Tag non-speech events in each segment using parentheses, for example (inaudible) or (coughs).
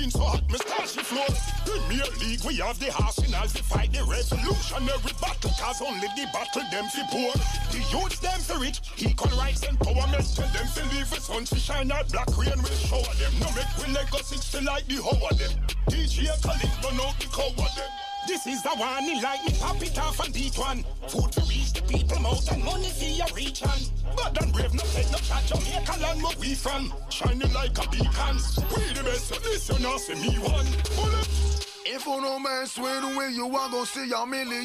been so hot, Miss Tashi float. Premier League, we have the arsenal to fight the revolutionary battle, cause only the battle them fi poor. The youth them for rich, equal rights and empowerment, tell them fi leave us on to shine out black rain, we show them. No make we Lagos, it's like the whole of them. DJ Khalid, not know the cover them. This is the one he like me, pop it off and beat one. Food to reach the people mouth and money for your region. But don't brave, no fed, no chat, Jamaica land where we from. Shining like a beacon. We the best, Listen you know, see me one. Bullet. If you no mess with way you are gonna see a million.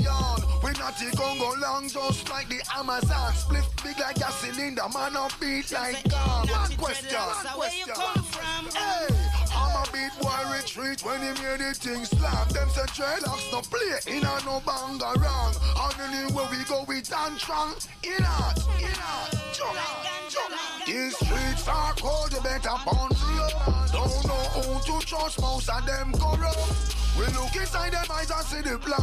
We not the Congo long, just like the Amazon. Split big like a cylinder, man, on beat like God. One question, one question. Where you come from? Hey a beat boy retreat when he hear the thing slam. Them say dreadlocks no play in a no bang around. And anywhere we go we dance strong. In out, in out, jump, jump. These streets are cold, you better bounce. Don't know who to trust, most of them corrupt. We look inside them eyes and see the plan.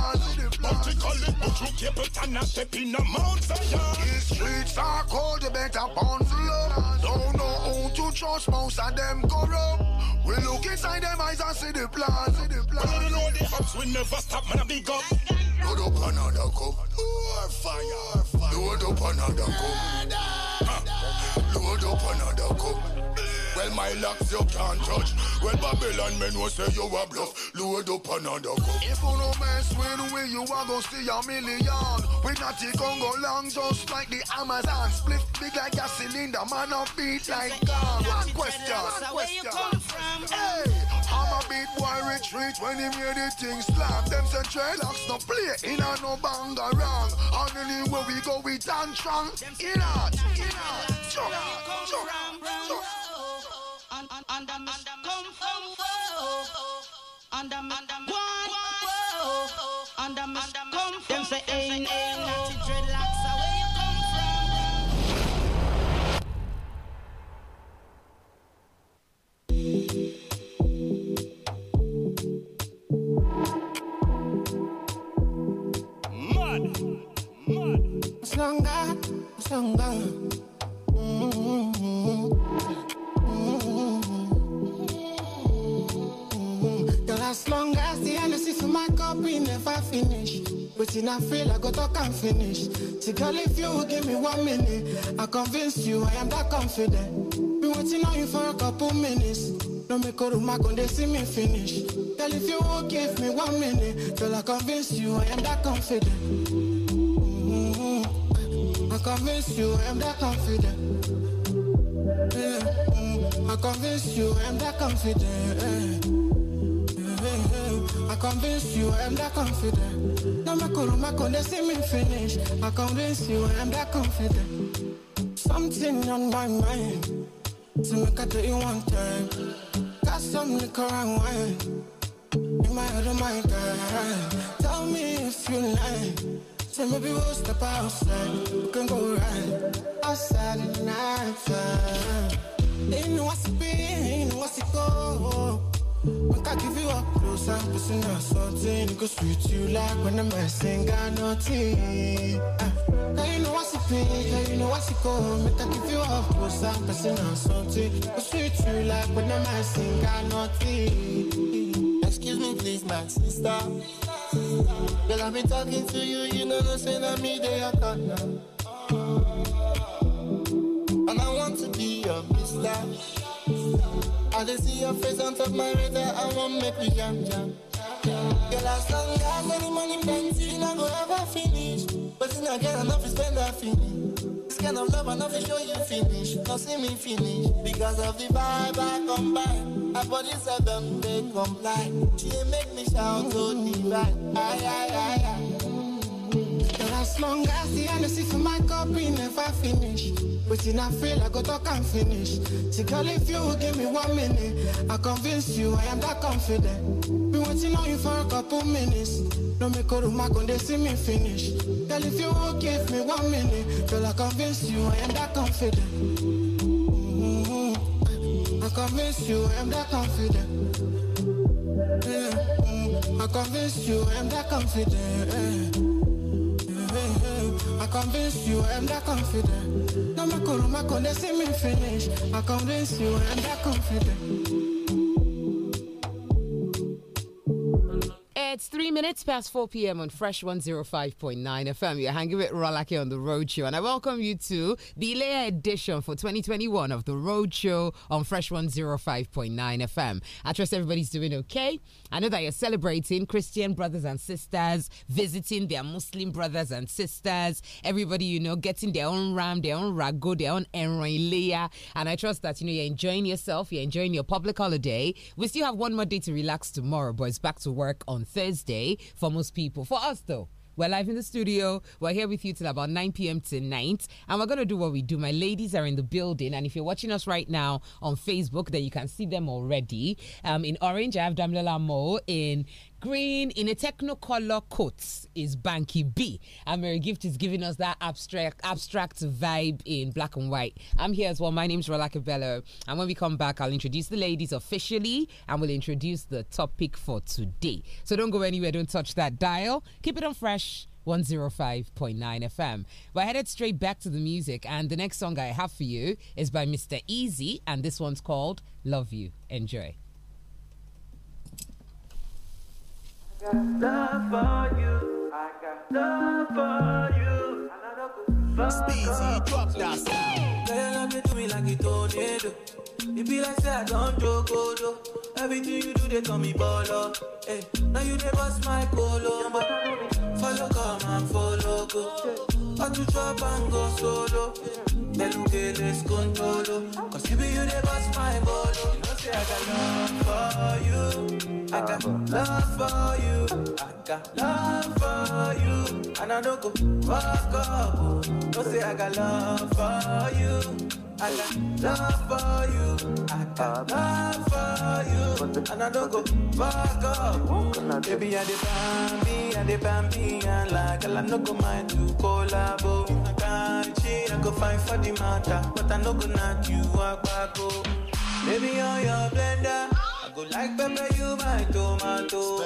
Optically, but you keep it and not step in the mountains. Zion. These streets are cold, you better bounce low. Don't know who to trust, most of them corrupt. We look inside them eyes and see the plan. See the plan. But you know the ups, we never stop, man, I big up. Load up another cup. Ooh, fire, fire. Load up another cup. Load up another cup. Well, my locks you can't touch. Well, Babylon men will say you a bluff. Load up another cup. If you no mess with we, you are gonna see a million. We not the Congo long, just like the Amazon. Split big like a cylinder, man on beat like God. One question, one question. Hey, I'm a big boy retreat when he hear the thing slam. Them say dreadlocks no play in a no banga wrong. And anywhere we go, we dance strong. In out, in out, jump, jump, jump and and and come from foe and and one foe and and come from them say ain't natty dreadlocks away you come from. Mud, mud. Slanga, slanga. As long as the Hennessy for my cup, we never finish. But in I feel I go talk and finish. See, girl, if you give me one minute, I convince you I am that confident. Been waiting on you for a couple minutes. No make a room, I they see me finish. Girl, if you will give me one minute, till I convince you I am that confident. Mm-hmm. I convince you I am that confident. Yeah. Mm-hmm. I convince you I am that confident. Yeah. I convince you I'm that confident. No makoro mako, they see me finish. I convince you I'm that confident. Something on my mind. to make I tell you one time. Got some liquor and wine. In my head, my time. Tell me if you like. So maybe we'll step outside, we can go right outside at night time. In what's been, in what's it go? Make I give you up close. I'm pussy not something It go sweet you like when I'm sing got nothing Now ah, you know what's it be, now you know what's it go Make I give you up close. I'm pussy not something It go sweet you like when I'm sing got nothing Excuse me please my sister Girl I've been talking to you, you know no say that me they are caught now And I want to be your mister I just see your face on top my radar. I want make me jam jam. Girl, as long as any money plenty, I go ever finish. But it's not I enough if spend that finish. This kind of love, I know if show you finish. Don't see me finish because of the vibe I combine. I body seven, they comply. She make me shout, so oh, divine. Aye, aye, aye, aye me. But as long as the energy for my cup, we never finish. But Within I feel I go talk and finish. See girl, if you give me one minute, I convince you I am that confident. Been waiting on you for a couple minutes. No make a room, I they see me finish. Girl, if you give me one minute, girl, I convince you I am that confident. Mm-hmm. I convince you I am that confident. Yeah. Mm-hmm. I convince you I am that confident. Yeah. I convince you I'm that confident. No makoro my they see me finish. I convince you I'm that confident. It's three minutes past 4 p.m. on Fresh 105.9 FM. You're hanging with Rolake on the Road Show, and I welcome you to the layer edition for 2021 of the Road Show on Fresh 105.9 FM. I trust everybody's doing okay. I know that you're celebrating Christian brothers and sisters, visiting their Muslim brothers and sisters, everybody, you know, getting their own ram, their own rago, their own enron layer. And I trust that, you know, you're enjoying yourself, you're enjoying your public holiday. We still have one more day to relax tomorrow, but it's back to work on Thursday. Thursday for most people. For us, though. We're live in the studio. We're here with you till about 9 p.m. tonight. And we're going to do what we do. My ladies are in the building. And if you're watching us right now on Facebook, then you can see them already. Um, in orange, I have Damlela Mo. In green in a technicolor coat is Banky B. And Mary Gift is giving us that abstract abstract vibe in black and white. I'm here as well. My is Rolaka Bello. And when we come back, I'll introduce the ladies officially and we'll introduce the topic for today. So don't go anywhere, don't touch that dial. Keep it on fresh. 105.9 FM. We're headed straight back to the music, and the next song I have for you is by Mr. Easy, and this one's called Love You. Enjoy. Steezy, drop that sound. you be like say I don't joke, oh, Everything you do, they call me baller. Hey, now you they bust my colo, follow come and follow go. I to drop and go solo. Beluke les controlo. Cause you be you they bust my bolo. I got love for you. I got love for you. I got love for you. And I don't go fuck up. Don't say I got love for you. I got love for you. I got love for you. And I don't go fuck up. Baby, I depend me, I depend me. And like, I no go mind to collabo. can't cheat, I go fight for the matter. But I no go knock you, I go. Baby, on your blender, I go like pepper, you my tomato.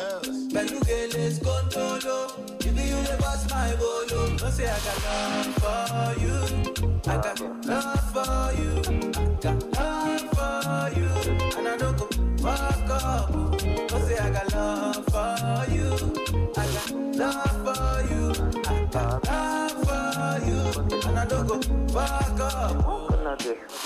Pelugeles control. give you the boss my bolo. No say I got love for you, I got love for you, I got love for you, and I don't go fuck up. No say I got love for you, I got love for you, I got love for you, and I don't go fuck up.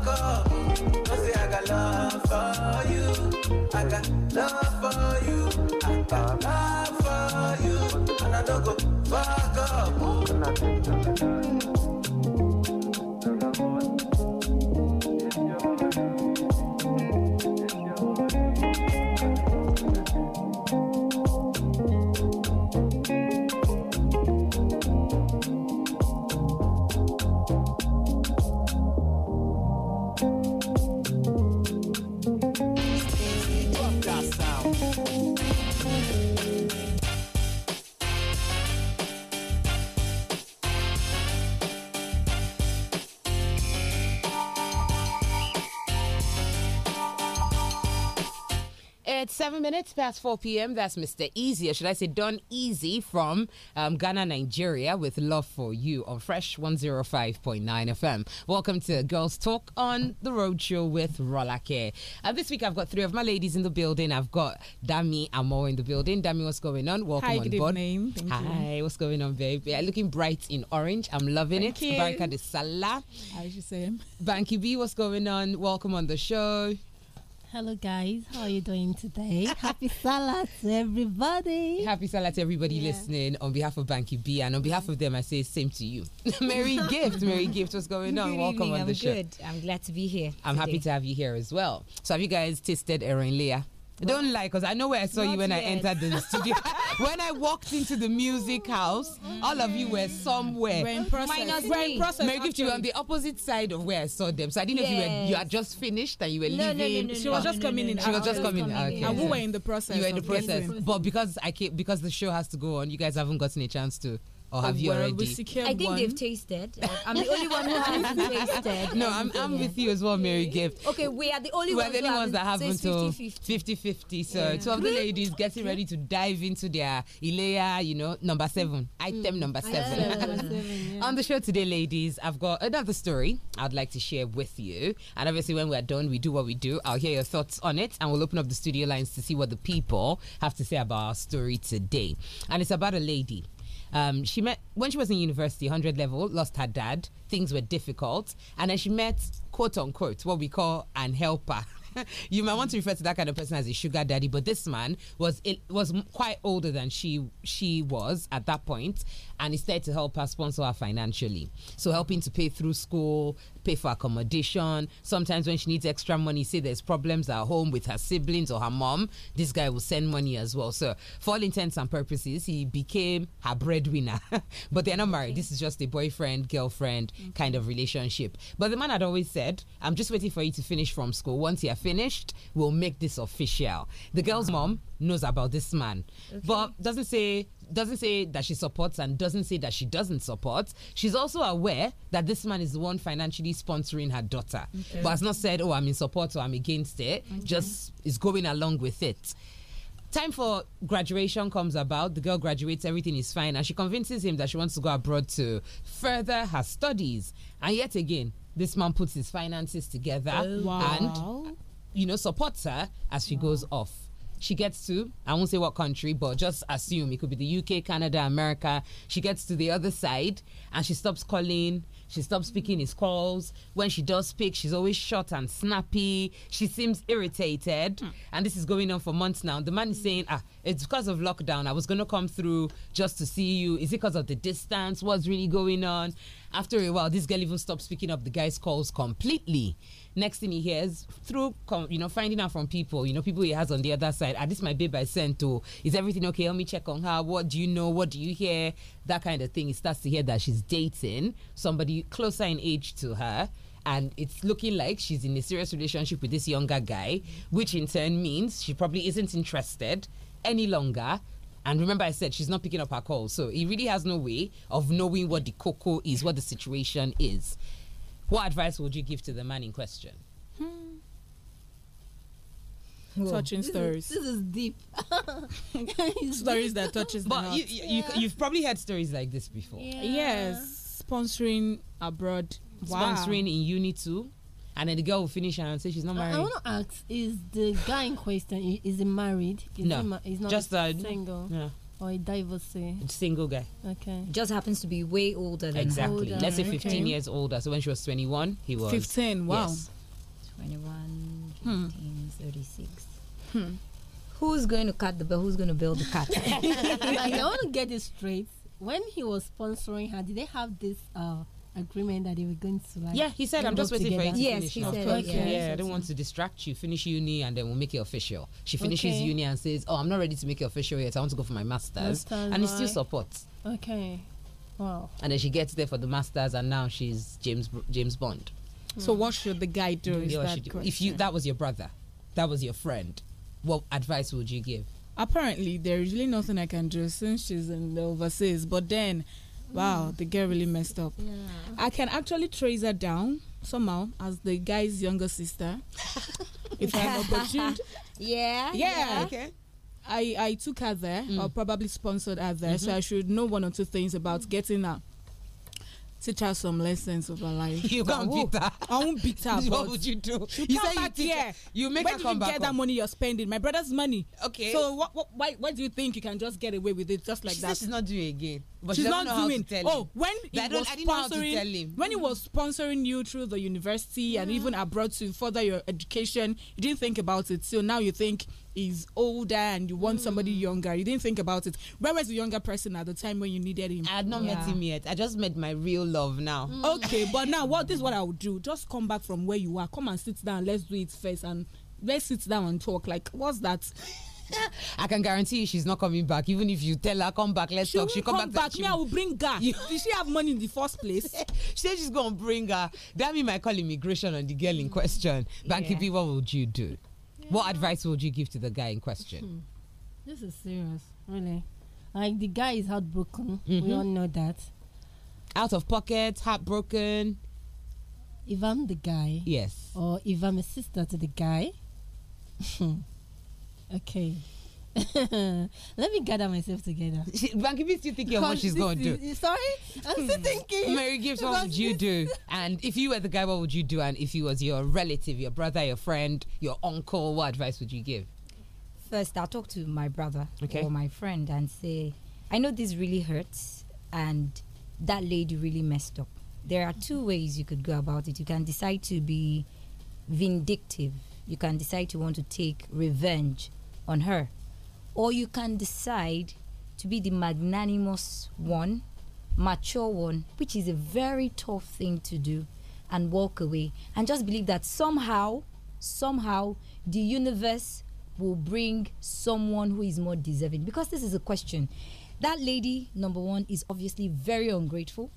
vagabundo. minutes past 4 p.m. That's Mr. Easy, or should I say Don Easy from um, Ghana, Nigeria, with Love for You on Fresh 105.9 FM. Welcome to Girls Talk on the Road Show with Rolake. And uh, this week I've got three of my ladies in the building. I've got Dami Amo in the building. Dami, what's going on? Welcome Hi, on good board. Thank Hi, you. what's going on, babe? looking bright in orange. I'm loving Thank it. You. Baraka de Salah. How's your same? Banky B, what's going on? Welcome on the show. Hello, guys. How are you doing today? (laughs) Happy Salah to everybody. Happy Salah to everybody yeah. listening on behalf of Banky B. And on behalf of them, I say same to you. (laughs) Merry (laughs) Gift. Merry Gift. What's going on? Good Welcome evening. on I'm the show. I'm good. I'm glad to be here. I'm today. happy to have you here as well. So, have you guys tasted Erin Leah? don't lie, because I know where I saw you when yet. I entered the studio. (laughs) (laughs) when I walked into the music house, mm. all of you were mm. somewhere. We're in process. Minus we're in process. Mary Gift, you were on the opposite side of where I saw them. So I didn't yes. know if you were you had just finished and you were no, leaving. No, no, no, she was just coming in. She was just coming in. Okay. And we were in the process. You were in the process. But because I came, because the show has to go on, you guys haven't gotten a chance to or have you already? I think one. they've tasted. (laughs) I'm the only one who hasn't (laughs) tasted. No, I'm, I'm with you as well, Mary Gift. Okay, we are the only We're ones, the only ones that haven't. 50 50. So, yeah. two of the ladies getting ready to dive into their Ilea, you know, number seven, item mm. (laughs) number seven. On the show today, ladies, I've got another story I'd like to share with you. And obviously, when we're done, we do what we do. I'll hear your thoughts on it and we'll open up the studio lines to see what the people have to say about our story today. And it's about a lady um, she met when she was in university, 100 level, lost her dad. Things were difficult, and then she met quote unquote what we call an helper. (laughs) you might want to refer to that kind of person as a sugar daddy, but this man was it was quite older than she she was at that point, and he started to help her sponsor her financially. So helping to pay through school, pay for accommodation. Sometimes when she needs extra money, say there's problems at home with her siblings or her mom, this guy will send money as well. So, for all intents and purposes, he became her breadwinner. (laughs) but they're not married. This is just a boyfriend, girlfriend mm-hmm. kind of relationship. But the man had always said, I'm just waiting for you to finish from school. Once you're finished, we'll make this official. The girl's mom knows about this man, okay. but doesn't say doesn't say that she supports and doesn't say that she doesn't support. She's also aware that this man is the one financially sponsoring her daughter, okay. but has not said, "Oh, I'm in support" or "I'm against it." Okay. Just is going along with it time for graduation comes about. The girl graduates, everything is fine, and she convinces him that she wants to go abroad to further her studies. And yet again, this man puts his finances together oh, wow. and, you know, supports her as she wow. goes off she gets to, I won't say what country, but just assume it could be the UK, Canada, America. She gets to the other side and she stops calling. She stops speaking his calls. When she does speak, she's always short and snappy. She seems irritated. Mm. And this is going on for months now. The man is saying, ah, it's because of lockdown. I was going to come through just to see you. Is it because of the distance? What's really going on? After a while, this girl even stops picking up the guy's calls completely. Next thing he hears through, you know, finding out from people, you know, people he has on the other side, are ah, this my babe I sent to? Oh, is everything okay? Help me check on her. What do you know? What do you hear? That kind of thing. He starts to hear that she's dating somebody closer in age to her and it's looking like she's in a serious relationship with this younger guy, which in turn means she probably isn't interested any longer. And remember, I said she's not picking up her calls, so he really has no way of knowing what the cocoa is, what the situation is. What advice would you give to the man in question? Hmm. touching this stories. Is, this is deep. (laughs) stories that touches. But you, you, yeah. you, have probably had stories like this before. Yeah. Yes, sponsoring abroad, wow. sponsoring in uni too, and then the girl will finish and say she's not married. I, I want to ask: Is the guy in question is he married? Is no, he ma he's not just a single. Yeah or a divorcee? Single guy. Okay. Just happens to be way older than Exactly. Older, Let's say 15 okay. years older. So when she was 21, he was 15. Wow. Yes. 21, hmm. 15, hmm. 36. Hmm. Who's going to cut the bill? Who's going to build the cut? (laughs) I want to get this straight. When he was sponsoring her, did they have this uh, agreement that they were going to like. Yeah, he said, I'm just waiting together. for it yes, finish. He said, okay. yeah, yeah, I don't want to distract you. Finish uni and then we'll make it official. She finishes okay. uni and says, Oh, I'm not ready to make it official yet. I want to go for my master's. master's and he still supports. Okay. Wow. And then she gets there for the master's and now she's James James Bond. Mm. So hmm. what should the guy do? do? If you that was your brother, that was your friend, what advice would you give? Apparently, there is really nothing I can do since she's in the overseas. But then Wow, the girl really messed up. Yeah. I can actually trace her down somehow as the guy's younger sister. (laughs) if I'm opportune. Yeah. Yeah. yeah. Okay. I, I took her there, mm. or probably sponsored her there, mm -hmm. so mm-hmm. I should know one or two things about mm -hmm. getting her teach us some lessons of her life. (laughs) You can't beat her. I won't beat her. (laughs) what would you do? You, you not back you here. You make Where her did you get that money you're spending? My brother's money. Okay. So what, what, why, why do you think you can just get away with it just like she that? she's not doing again. But she's she not doing. oh, when it was sponsoring, when he was sponsoring you through the university mm and even abroad to further your education, you didn't think about it. So now you think is older and you want mm. somebody hmm. younger. You didn't think about it. Where was the younger person at the time when you needed him? I had not yeah. met him yet. I just met my real love now. Mm. Okay, but now what this is what I would do. Just come back from where you are. Come and sit down. Let's do it first and let's sit down and talk. Like what's that? (laughs) I can guarantee you she's not coming back. Even if you tell her come back, let's she talk. She come, come back. back. To, she Me, I will bring her. You. Did she have money in the first place? (laughs) she said she's gonna bring her. That we might call immigration on the girl in question. Banky yeah. B, what would you do? What advice would you give to the guy in question? Hmm. This is serious, really. Like the guy is heartbroken. Mm -hmm. We mm-hmm. all know that. Out of pocket, heartbroken. If I'm the guy, yes, or if I'm a sister to the guy, (laughs) hmm, okay, (laughs) Let me gather myself together. B is still thinking of what she's going to do. Sorry? I'm still hmm. thinking. Mary Gibbs, what would you do? And if you were the guy, what would you do? And if he was your relative, your brother, your friend, your uncle, what advice would you give? First, I'll talk to my brother okay. or my friend and say, I know this really hurts and that lady really messed up. There are two ways you could go about it. You can decide to be vindictive, you can decide to want to take revenge on her or you can decide to be the magnanimous one, mature one, which is a very tough thing to do, and walk away and just believe that somehow, somehow, the universe will bring someone who is more deserving. Because this is a question. That lady, number one, is obviously very ungrateful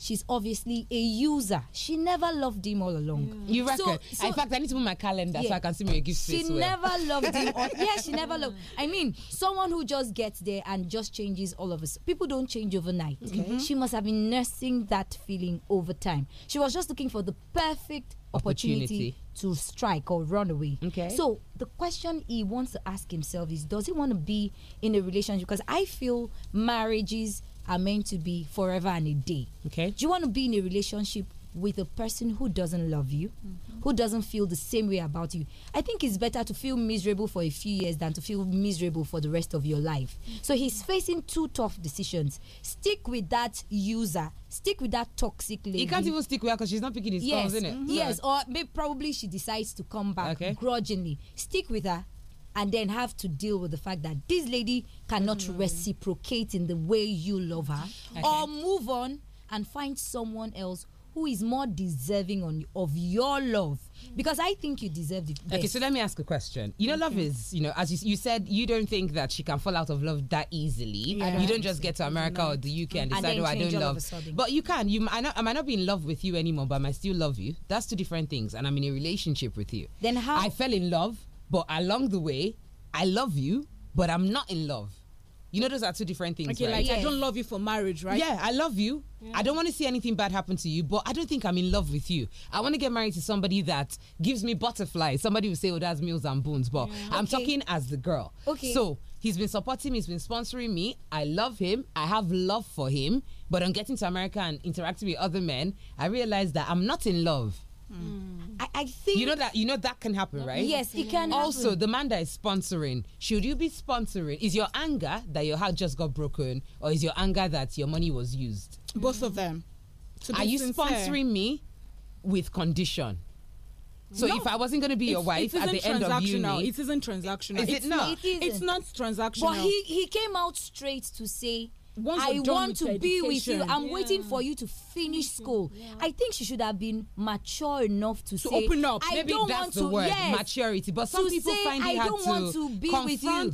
she's obviously a user. She never loved him all along. Mm. You reckon? So, so, in fact, I need to put my calendar yeah. so I can see my gift. She never well. loved him. All, (laughs) yeah, she never loved. I mean, someone who just gets there and just changes all of us. People don't change overnight. Okay. Mm -hmm. She must have been nursing that feeling over time. She was just looking for the perfect opportunity, opportunity to strike or run away. Okay. So the question he wants to ask himself is, does he want to be in a relationship? Because I feel marriages are meant to be forever and a day. Okay. Do you want to be in a relationship with a person who doesn't love you, mm -hmm. who doesn't feel the same way about you. I think it's better to feel miserable for a few years than to feel miserable for the rest of your life. Mm -hmm. So he's facing two tough decisions. Stick with that user. Stick with that toxic lady. He can't even stick with her because she's not picking his yes. isn't it? Mm -hmm. Yes, or maybe probably she decides to come back okay. grudgingly. Stick with her and then have to deal with the fact that this lady cannot mm. reciprocate in the way you love her okay. or move on and find someone else who is more deserving on, of your love mm. because I think you deserve it. Okay, so let me ask a question. You know, okay. love is, you know, as you, you, said, you don't think that she can fall out of love that easily. Yeah. Don't you don't just get to America or the UK and decide, and oh, I don't love. But you can. You, I, not, I might not be in love with you anymore, but I might still love you. That's two different things, and I'm in a relationship with you. Then how? I fell in love but along the way, I love you, but I'm not in love. You know, those are two different things. Okay, right? like yeah. I don't love you for marriage, right? Yeah, I love you. Yeah. I don't want to see anything bad happen to you, but I don't think I'm in love with you. I want to get married to somebody that gives me butterflies. Somebody will say, oh, that's meals and bones, but yeah. I'm talking as the girl. Okay. So he's been supporting me, he's been sponsoring me. I love him. I have love for him. But on getting to America and interacting with other men, I realized that I'm not in love. Mm. I, I, think you know that you know that can happen, right? Yes, it can. Also, happen. the man that is sponsoring, should you be sponsoring? Is your anger that your heart just got broken, or is your anger that your money was used? Both of them. Are you sincere. sponsoring me with condition? So no. if I wasn't going to be your it's, wife at the end of uni, it isn't transactional. Is it, it's not? it's not transactional. But he he came out straight to say once I want to be education. with you. I'm yeah. waiting for you to finish school. Yeah. I think she should have been mature enough to, to say, open up. I Maybe don't that's want the to, word, yes, maturity. But some people say, find it I don't want to, to with you.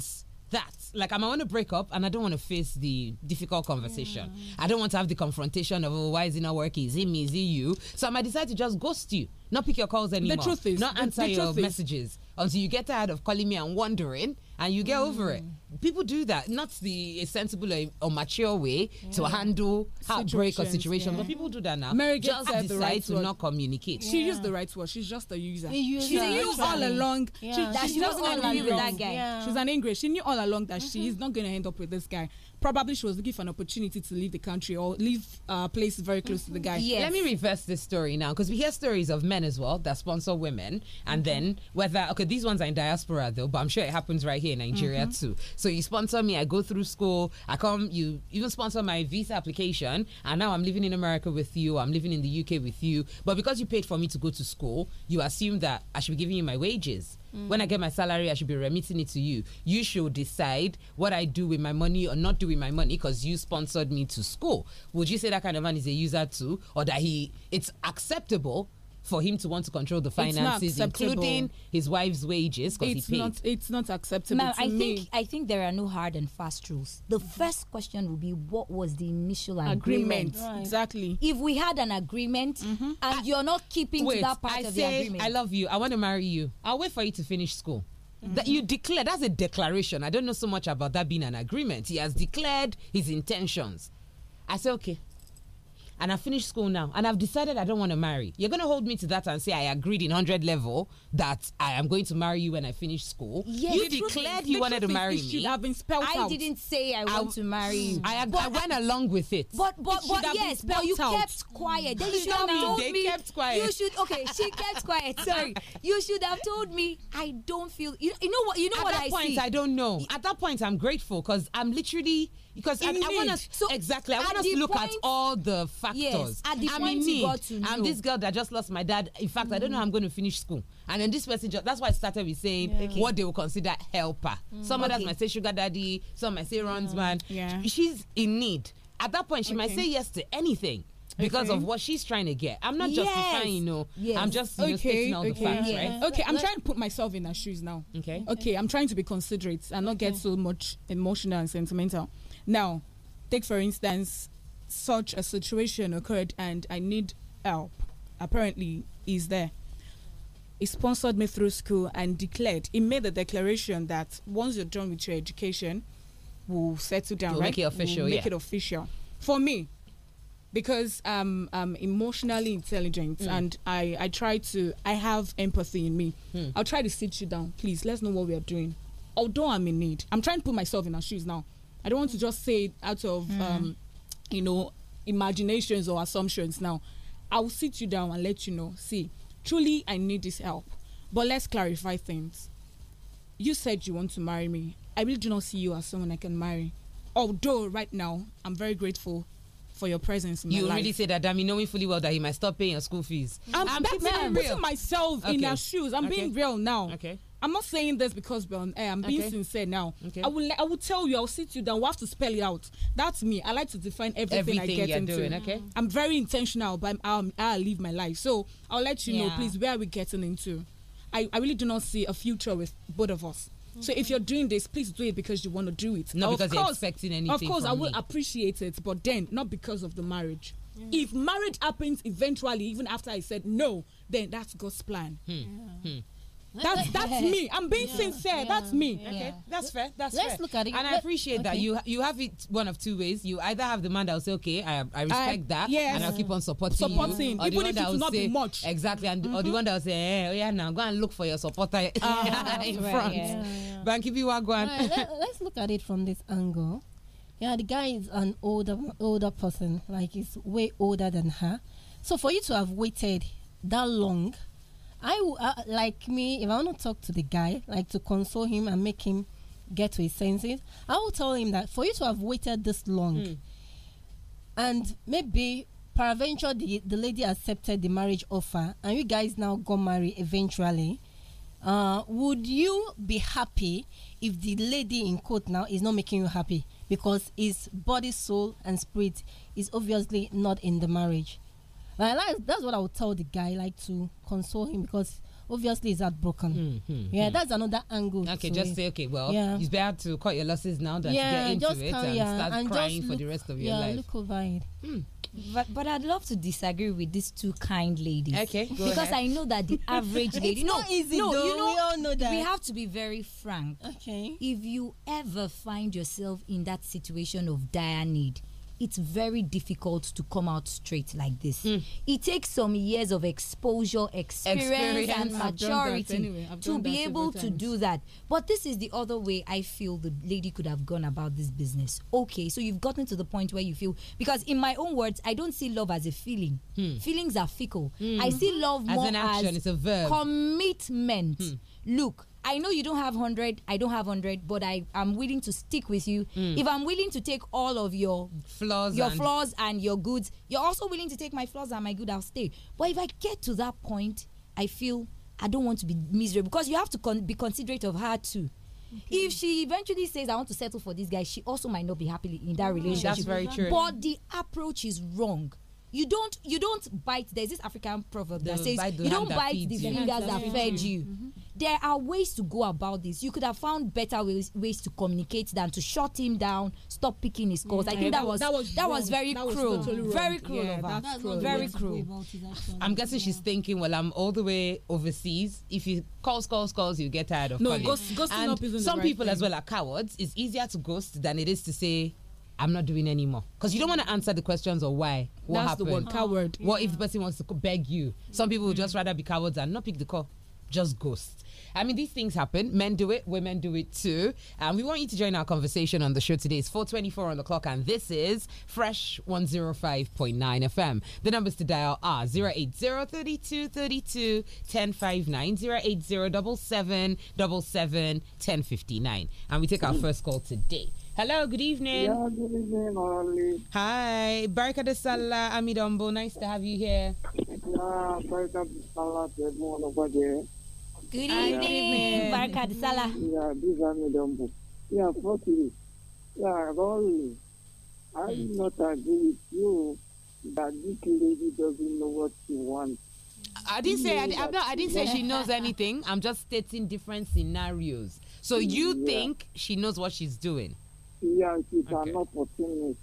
That like I'm, I want to break up and I don't want to face the difficult conversation. Yeah. Mm. I don't want to have the confrontation of oh, why is it not working? Is it me? Is it you? So I might decide to just ghost you, not pick your calls anymore, the truth is, not the, answer your is, messages until you get tired of calling me and wondering and you get mm. over it. Mm. People do that. Not the sensible or, or mature way yeah. to handle heartbreak or situation, yeah. but people do that now. Mary just said decide right to word. not communicate. She used the right word. She's just a user. A user. She knew all along. Yeah, she, she, she was all With that guy. She's an English. She knew all along that mm -hmm. she is mm-hmm. not going to end up with this guy probably she was looking for an opportunity to leave the country or leave a uh, place very close mm -hmm. to the guy. Yeah. Let me reverse this story now because we hear stories of men as well that sponsor women, and mm -hmm. then whether okay, these ones are in diaspora though, but I'm sure it happens right here in Nigeria mm -hmm. too. So you sponsor me, I go through school, I come, you even sponsor my visa application, and now I'm living in America with you, I'm living in the UK with you, but because you paid for me to go to school, you assume that I should be giving you my wages. Mm. When I get my salary, I should be remitting it to you. You should decide what I do with my money or not do with my money because you sponsored me to school. Would you say that kind of man is a user too, or that he it's acceptable for him to want to control the finances, including his wife's wages. It's not. It's not acceptable. Now, I me. think I think there are no hard and fast rules. The first question would be what was the initial agreement? agreement. Right. Exactly. If we had an agreement mm -hmm. and I, you're not keeping wait, to that part I of say, the agreement, I love you. I want to marry you. I'll wait for you to finish school. Mm -hmm. That you declare that's a declaration. I don't know so much about that being an agreement. He has declared his intentions. I say, okay, and I finished school now and I've decided I don't want to marry, you're going to hold me to that and say I agreed in 100 level that I am going to marry you when I finish school. Yes, you declared you wanted to marry me. Have been spelled I out. didn't say I, I want to marry you. I, I, I went along with it. But but, but yes, but you out. kept quiet. Then you (laughs) should have told me. Kept quiet. You should okay. She kept quiet. Sorry. You should have told me. I don't feel. You, you know what? You know At what I see. At that point, I don't know. At that point, I'm grateful because I'm literally because I, I want us so exactly. I want us to look point, at all the factors. Yes, at the I'm point in need. to I'm this girl that just lost my dad. In fact, mm. I don't know I'm going to finish school. And then this person just, that's why I started with saying yeah. okay. what they will consider helper. Mm. Some okay. others might say sugar daddy, some might say runs yeah. man. Yeah. She's in need. At that point, she okay. might say yes to anything because okay. of what she's trying to get. I'm not yes. justifying, you know. Yes. I'm just you okay, know, stating all okay. the facts, yeah. right? Okay, I'm trying to put myself in her shoes now. Okay. Okay, I'm trying to be considerate and not get so much emotional and sentimental. Now, take for instance, such a situation occurred and I need help. Apparently, is there. He sponsored me through school and declared, he made the declaration that once you're done with your education, we'll settle down, we'll right? Make it official, we'll make yeah. it official. For me, because um, I'm emotionally intelligent mm. and I, I try to, I have empathy in me. Mm. I'll try to sit you down. Please, let's know what we are doing. Although I'm in need, I'm trying to put myself in her shoes now. I don't want to just say it out of mm. um, you know imaginations or assumptions. Now, I'll sit you down and let you know. See, truly, I need this help, but let's clarify things. You said you want to marry me. I really do not see you as someone I can marry. Although right now, I'm very grateful for your presence in you life. You really say that, I mean, knowing fully well that he might stop paying your school fees. I'm, I'm, I'm putting myself okay. in your shoes. I'm okay. being real now. Okay. I'm not saying this because we're on air. I'm being okay. sincere now. Okay. I will I will tell you, I'll sit you down. We'll have to spell it out. That's me. I like to define everything, everything I get into. Doing, okay. Mm. I'm very intentional but um, I live my life. So I'll let you yeah. know, please, where are we getting into? I, I really do not see a future with both of us. So if you're doing this, please do it because you want to do it. Not of because course, you're expecting anything. Of course, I will me. appreciate it, but then not because of the marriage. Yeah. If marriage happens eventually, even after I said no, then that's God's plan. Hmm. Yeah. Hmm. That's (laughs) that's me. I'm being yeah, sincere. Yeah, that's me. Yeah. Okay, that's fair. That's Let's fair. look at it. And I appreciate okay. that you you have it one of two ways. You either have the man that will say, okay, I, I respect I, that, yes. and I'll keep on supporting, supporting you, or even the one if that will not say, much. Exactly, and mm -hmm. or the mm-hmm. one that will say, eh, oh yeah, now go and look for your supporter uh, (laughs) in front. Yeah, you, Banky Biwagwan. let, let's look at it from this angle. Yeah, the guy is an older older person, like he's way older than her. So for you to have waited that long I uh, like me if I want to talk to the guy, like to console him and make him get to his senses. I will tell him that for you to have waited this long, mm. and maybe peradventure the, the lady accepted the marriage offer, and you guys now got married eventually. Uh, would you be happy if the lady in court now is not making you happy because his body, soul, and spirit is obviously not in the marriage? Like, that's, what I would tell the guy, like to console him because obviously he's heartbroken. Mm, yeah, mm. that's another angle. Okay, just it. say okay. Well, yeah. it's better to cut your losses now than yeah, to get into it and yeah, start and crying for the rest of your yeah, life. look over it. Hmm. But but I'd love to disagree with these two kind ladies. Okay, because ahead. I know that the (laughs) average lady. no, easy. No, though. you know, we all know that. We have to be very frank. Okay. If you ever find yourself in that situation of dire need, it's very difficult to come out straight like this. Mm. It takes some years of exposure, experience, experience. and maturity anyway. to be able to do that. But this is the other way I feel the lady could have gone about this business. Okay, so you've gotten to the point where you feel because in my own words, I don't see love as a feeling. Mm. Feelings are fickle. Mm. I hmm. see love as more an action, as it's a verb. commitment. Hmm. Look, I know you don't have 100, I don't have 100, but I am willing to stick with you. Mm. If I'm willing to take all of your flaws your and flaws and your goods, you're also willing to take my flaws and my good, I'll stay. But if I get to that point, I feel I don't want to be miserable because you have to con be considerate of her too. Okay. If she eventually says, I want to settle for this guy, she also might not be happy in that mm, relationship. That's very true. But the approach is wrong you don't you don't bite there's this african proverb the that says you don't bite the fingers that fed you, you. Mm -hmm there are ways to go about this. You could have found better ways, ways to communicate than to shut him down, stop picking his calls. I think yeah, that, was that was, that was very that cruel, was totally very cruel yeah, of her. cruel. Very cruel. I'm guessing she's thinking, well, I'm all the way overseas. If you calls, calls, calls, you get tired of no, calling. Ghost, ghosting up isn't some right people thing. as well are cowards. It's easier to ghost than it is to say. I'm not doing anymore because you don't want to answer the questions or why. What That's happened? the word coward. What yeah. if the person wants to beg you? Some people would just rather be cowards and not pick the call, just ghost. I mean, these things happen. Men do it, women do it too. And um, we want you to join our conversation on the show today. It's 424 on the clock, and this is Fresh 105.9 FM. The numbers to dial are 080 32 32 1059, 080 77 77 1059. And we take our first call today. Hello, good evening. Yeah, good evening, Ollie. Hi, Barikada Salah Amidombo. Nice to have you here. Yeah, Barikada Salah, everyone over there. Good evening, Barakat Salah. Yeah, this army don't book. Yeah, forty. Yeah, Rory. I do hmm. not agree with you that this lady doesn't know what she wants. I didn't say I, am not, I didn't say she knows anything. I'm just stating different scenarios. So you yeah. think she knows what she's doing? Yeah, she's okay. an opportunist,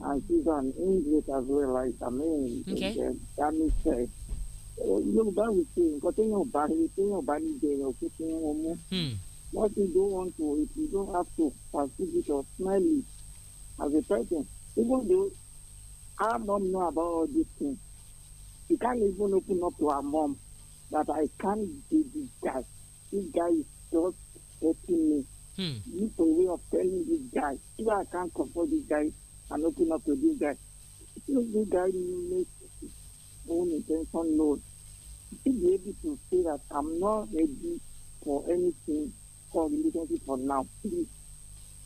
and she's an English as well. Like I mean, okay. that makes yorùbá wí pé nǹkan téèyàn bá rí téèyàn bá ní jẹrẹ òkú tí wọn mú nothing don want to if you don't have to perceive or smell it as a person even though I don't know about all these things she can't even open up to her mom that i can't be this guy this guy is just helping me hmm. this a way of telling this guy if i can't comfort this guy and open up to this guy this guy make own intention no. you be able to say that I'm not ready for anything for relationship for now. Please,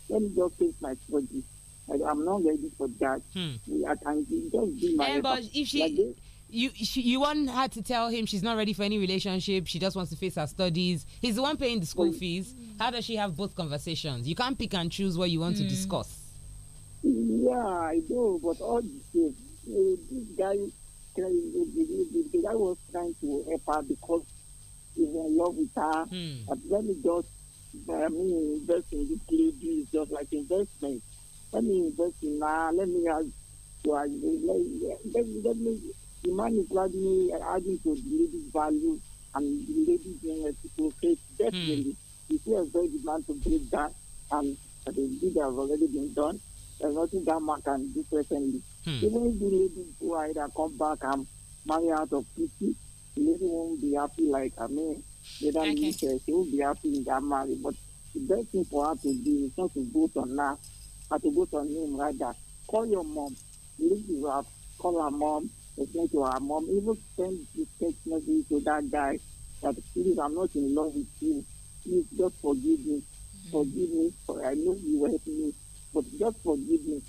let me just face my body. I'm not ready for that. Hmm. I can just be my. Yeah, eh, but if she. Like you she, you want her to tell him she's not ready for any relationship. She just wants to face her studies. He's the one paying the school fees. How does she have both conversations? You can't pick and choose what you want mm. to hmm. discuss. Yeah, I do, but all the same, uh, this guy I the guy was trying to help her because he's in love with her. Hmm. But let me just, I mean, invest in this lady is just like investment. Let me invest in her. Let me have, well, let, let, let me, the man is me adding to the lady's value and the lady being case. Definitely, hmm. you see a very demand to break that, and the deed has already been done. There's nothing that man can do presently. Hmm. Even if the lady go either come back and marry out of pity, the lady won't be happy like I mean, whether okay. her, she won't be happy in that marriage. But the best thing for her to do is not to vote on her, but to vote on him rather. Call your mom. Leave you up. Call her mom. Explain to her mom. Even send the text message to that guy that please, I'm not in love with you. Please just forgive me. Mm-hmm. Forgive me. For I know you were me. for just forgiveness.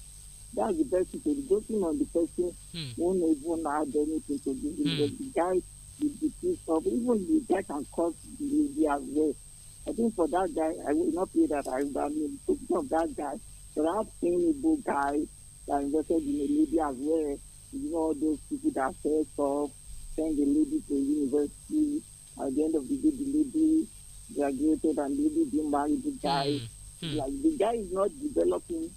That's the best thing to do. Joking on the person mm. won't even add anything to this. Mm. The guy, the, piece of even the guy can cause the media as well. I think for that guy, I will not say that I, I mean, speaking of that guy, but I've seen Igbo guys that invested in the media as well. You know, those people that first off send the lady to university. At the end of the day, the lady graduated and lady didn't marry the guy. Mm. Hmm. Like the guy is not developing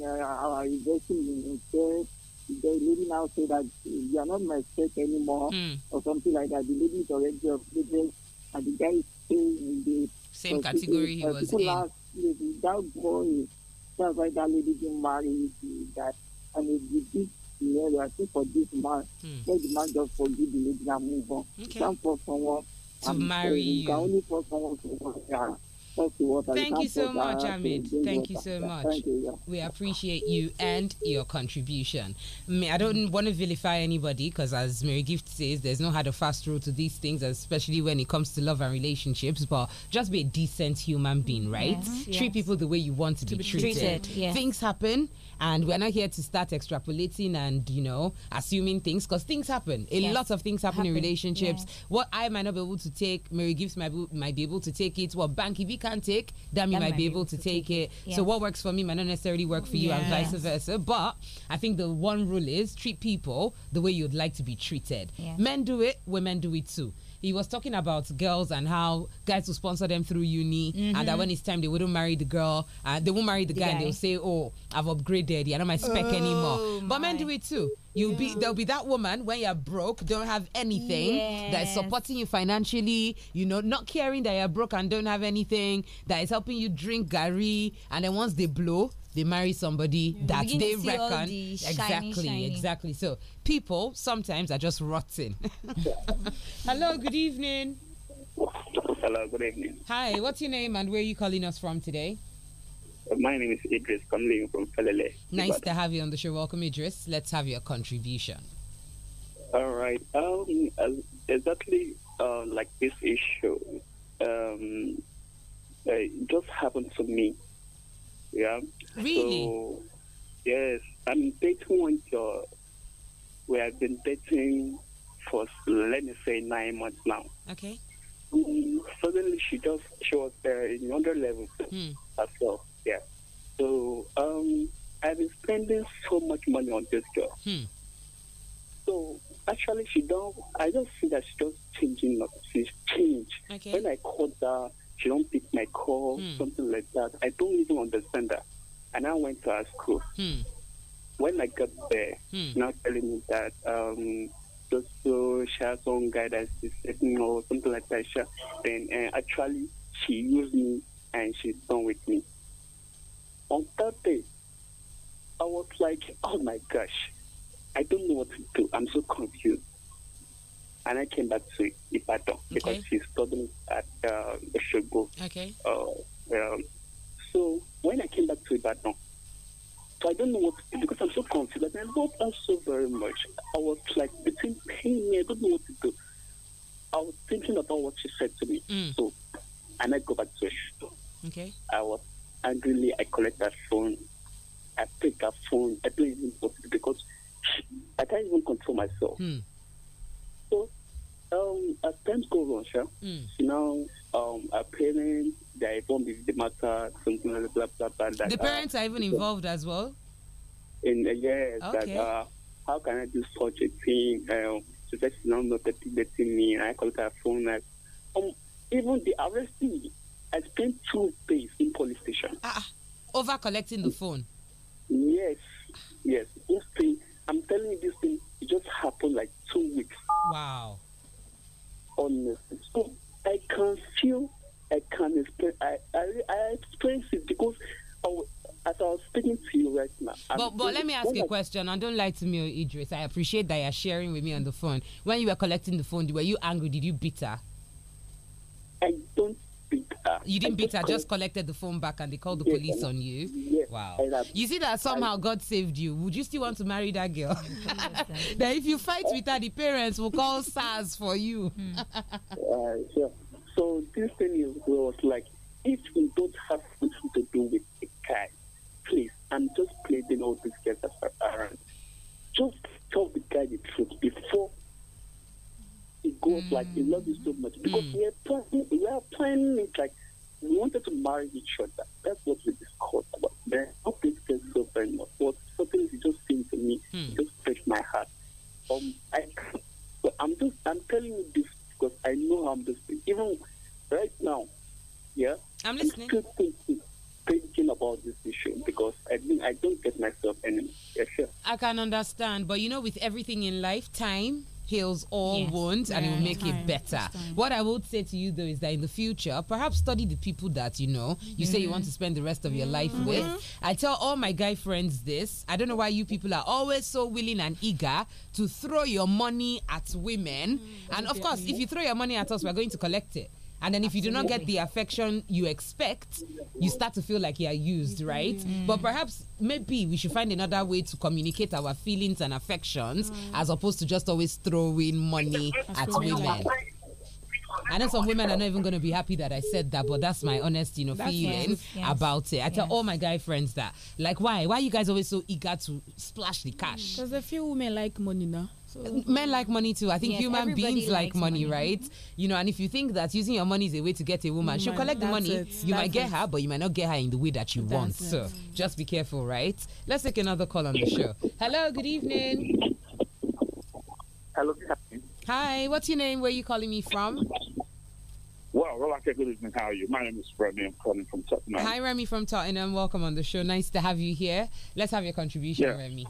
uh, our investing in itself. The lady now say that you are not my step anymore mm. or something like that. The lady is already updated and the guy is staying in the same uh, category uh, he was in. Last, that boy, that's why that lady didn't marry that. And if it's the big scenario, I think, for this man. Mm. Let the man just forgive the lady and move on. Okay. You can't force someone to marry you. You can only force someone to marry her. Thank you so much, Ahmed. Thank you so much. We appreciate you and your contribution. I, mean, I don't want to vilify anybody because, as Mary Gift says, there's no hard or fast rule to these things, especially when it comes to love and relationships. But just be a decent human being, right? Yes, mm-hmm. Treat yes. people the way you want to, to be, be, treated. treated yes. Things happen and we're not here to start extrapolating and you know assuming things because things happen. A yes. lot of things happen, happen. in relationships. What I might not be able to take, Mary gives might be, might be able to take it. What Banky B can't take, Dami might, might be able, to, take, it. So what works for me might not necessarily work for you, and vice versa. But I think the one rule is treat people the way you'd like to be treated. Men do it, women do it too he was talking about girls and how guys will sponsor them through uni, mm -hmm. and that mm-hmm. when it's time they wouldn't marry the girl, and uh, they won't marry the guy. They'll say, "Oh, I've upgraded. You're not my spec oh, anymore." My. But men do it too. You'll yeah. be there'll be that woman when you're broke, don't have anything yes. that is supporting you financially. You know, not caring that you're broke and don't have anything that is helping you drink gari, and then once they blow, they marry somebody that they reckon the exactly, shiny, exactly. So people sometimes are just rotten. (laughs) Hello, good evening. Hello, good evening. Hi, what's your name and where are you calling us from today? My name is Idris Kamling from Felele. Nice to have you on the show. Welcome, Idris. Let's have your contribution. All right. Um, uh, exactly uh, like this issue, um, uh, it just happened to me. Yeah. Really? So, yes, I'm dating one girl. We have been dating for let me say nine months now. Okay. suddenly she just she was uh, in another level mm. as well. Yeah. So um, I've been spending so much money on this girl. Hmm. So actually, she don't. I don't see that she's just changing. Up. She's changed. Okay. When I call her, she don't pick my call. Hmm. Something like that. I don't even understand that and I went to our school. Hmm. When I got there, hmm. not telling me that um, just to share some guidance, you or something like that, then uh, actually she used me and she's done with me. On that day, I was like, oh my gosh, I don't know what to do. I'm so confused. And I came back to Ipato okay. because she's studying at uh, Shogo. Okay. Uh, um, so when I came back to Ibadan, so I don't know what because I'm so confused. I love her so very much. I was like between pain, I don't know what to do. I was thinking about what she said to me. Mm. So and I go back to her. Okay. I was angrily I collect that phone. I take that phone. I don't even because I can't even control myself. Mm. So um as times go on, sure, mm. you know um, are parents, they are involved in the matter, something like blah, blah, That, the parents uh, are even involved so, as well? In uh, Yes, okay. that uh, how can I do such a thing? Um, so that's not motivating me. I call her phone. Like, um, even the arresting, I spent two days in police station. Ah, ah over collecting the phone? Yes, yes. This I'm telling you, this thing, it just happened like two weeks. Wow. Honestly. So, I can feel, I can explain, I, I, I experience it because I, as I was speaking to you right now. but but let me ask you a question, and don't lie to me, Idris. I appreciate that you're sharing with me on the phone. When you were collecting the phone, were you angry? Did you bitter? I don't her. You didn't beat her, just collected the phone back and they called the police on you. wow. You see that somehow God saved you. Would you still want to marry that girl? (laughs) yes, if you fight with her, the parents will call SARS for you. Hmm. (laughs) Uh, So this thing is was like, if you don't have something to do with a guy, please, I'm just pleading all these guys around. Just tell the guy the truth before God like He loved you so much because mm. we are planning we are planning it like we wanted to marry each other. That's what we discussed about. Then I think there's so very much. But something he just saying to me mm. just breaks my heart. Um I but I'm just I'm telling you this because I know how I'm just even right now, yeah. I'm listening. I'm still thinking, thinking about this issue because I mean I don't get myself anymore. Yeah, sure. I can understand, but you know, with everything in life, time heals all yes. wounds yeah, and it will make time, it better. What I would say to you though is that in the future, perhaps study the people that you know you mm. say you want to mm-hmm. spend the rest of your mm. life mm-hmm. with. I tell all my guy friends this. I don't know why you people are always so willing and eager to throw your money at women. Mm, and of course, if you throw your money at us, we're going to collect it and then if Absolutely. you do not get the affection you expect you start to feel like you are used right mm. but perhaps maybe we should find another way to communicate our feelings and affections mm. as opposed to just always throwing money at women I know some women are not even going to be happy that I said that, but that's my honest, you know, that's feeling yes, yes, about it. I tell yes. all my guy friends that, like, why? Why are you guys always so eager to splash the cash? Because mm. a few women like money now. Absolutely. Men like money too. I think yes, human beings like money, money, right? You know, and if you think that using your money is a way to get a woman, she'll collect the money. It. You that's might get it. her, but you might not get her in the way that you that's want. It. So just be careful, right? Let's take another call on the show. Hello, good evening. Hello, good afternoon. Hi, what's your name? Where are you calling me from? Well, well, okay, good evening. How are you? My name is Remy. I'm calling from Tottenham. Hi, Remy from Tottenham. Welcome on the show. Nice to have you here. Let's have your contribution, yeah. Remy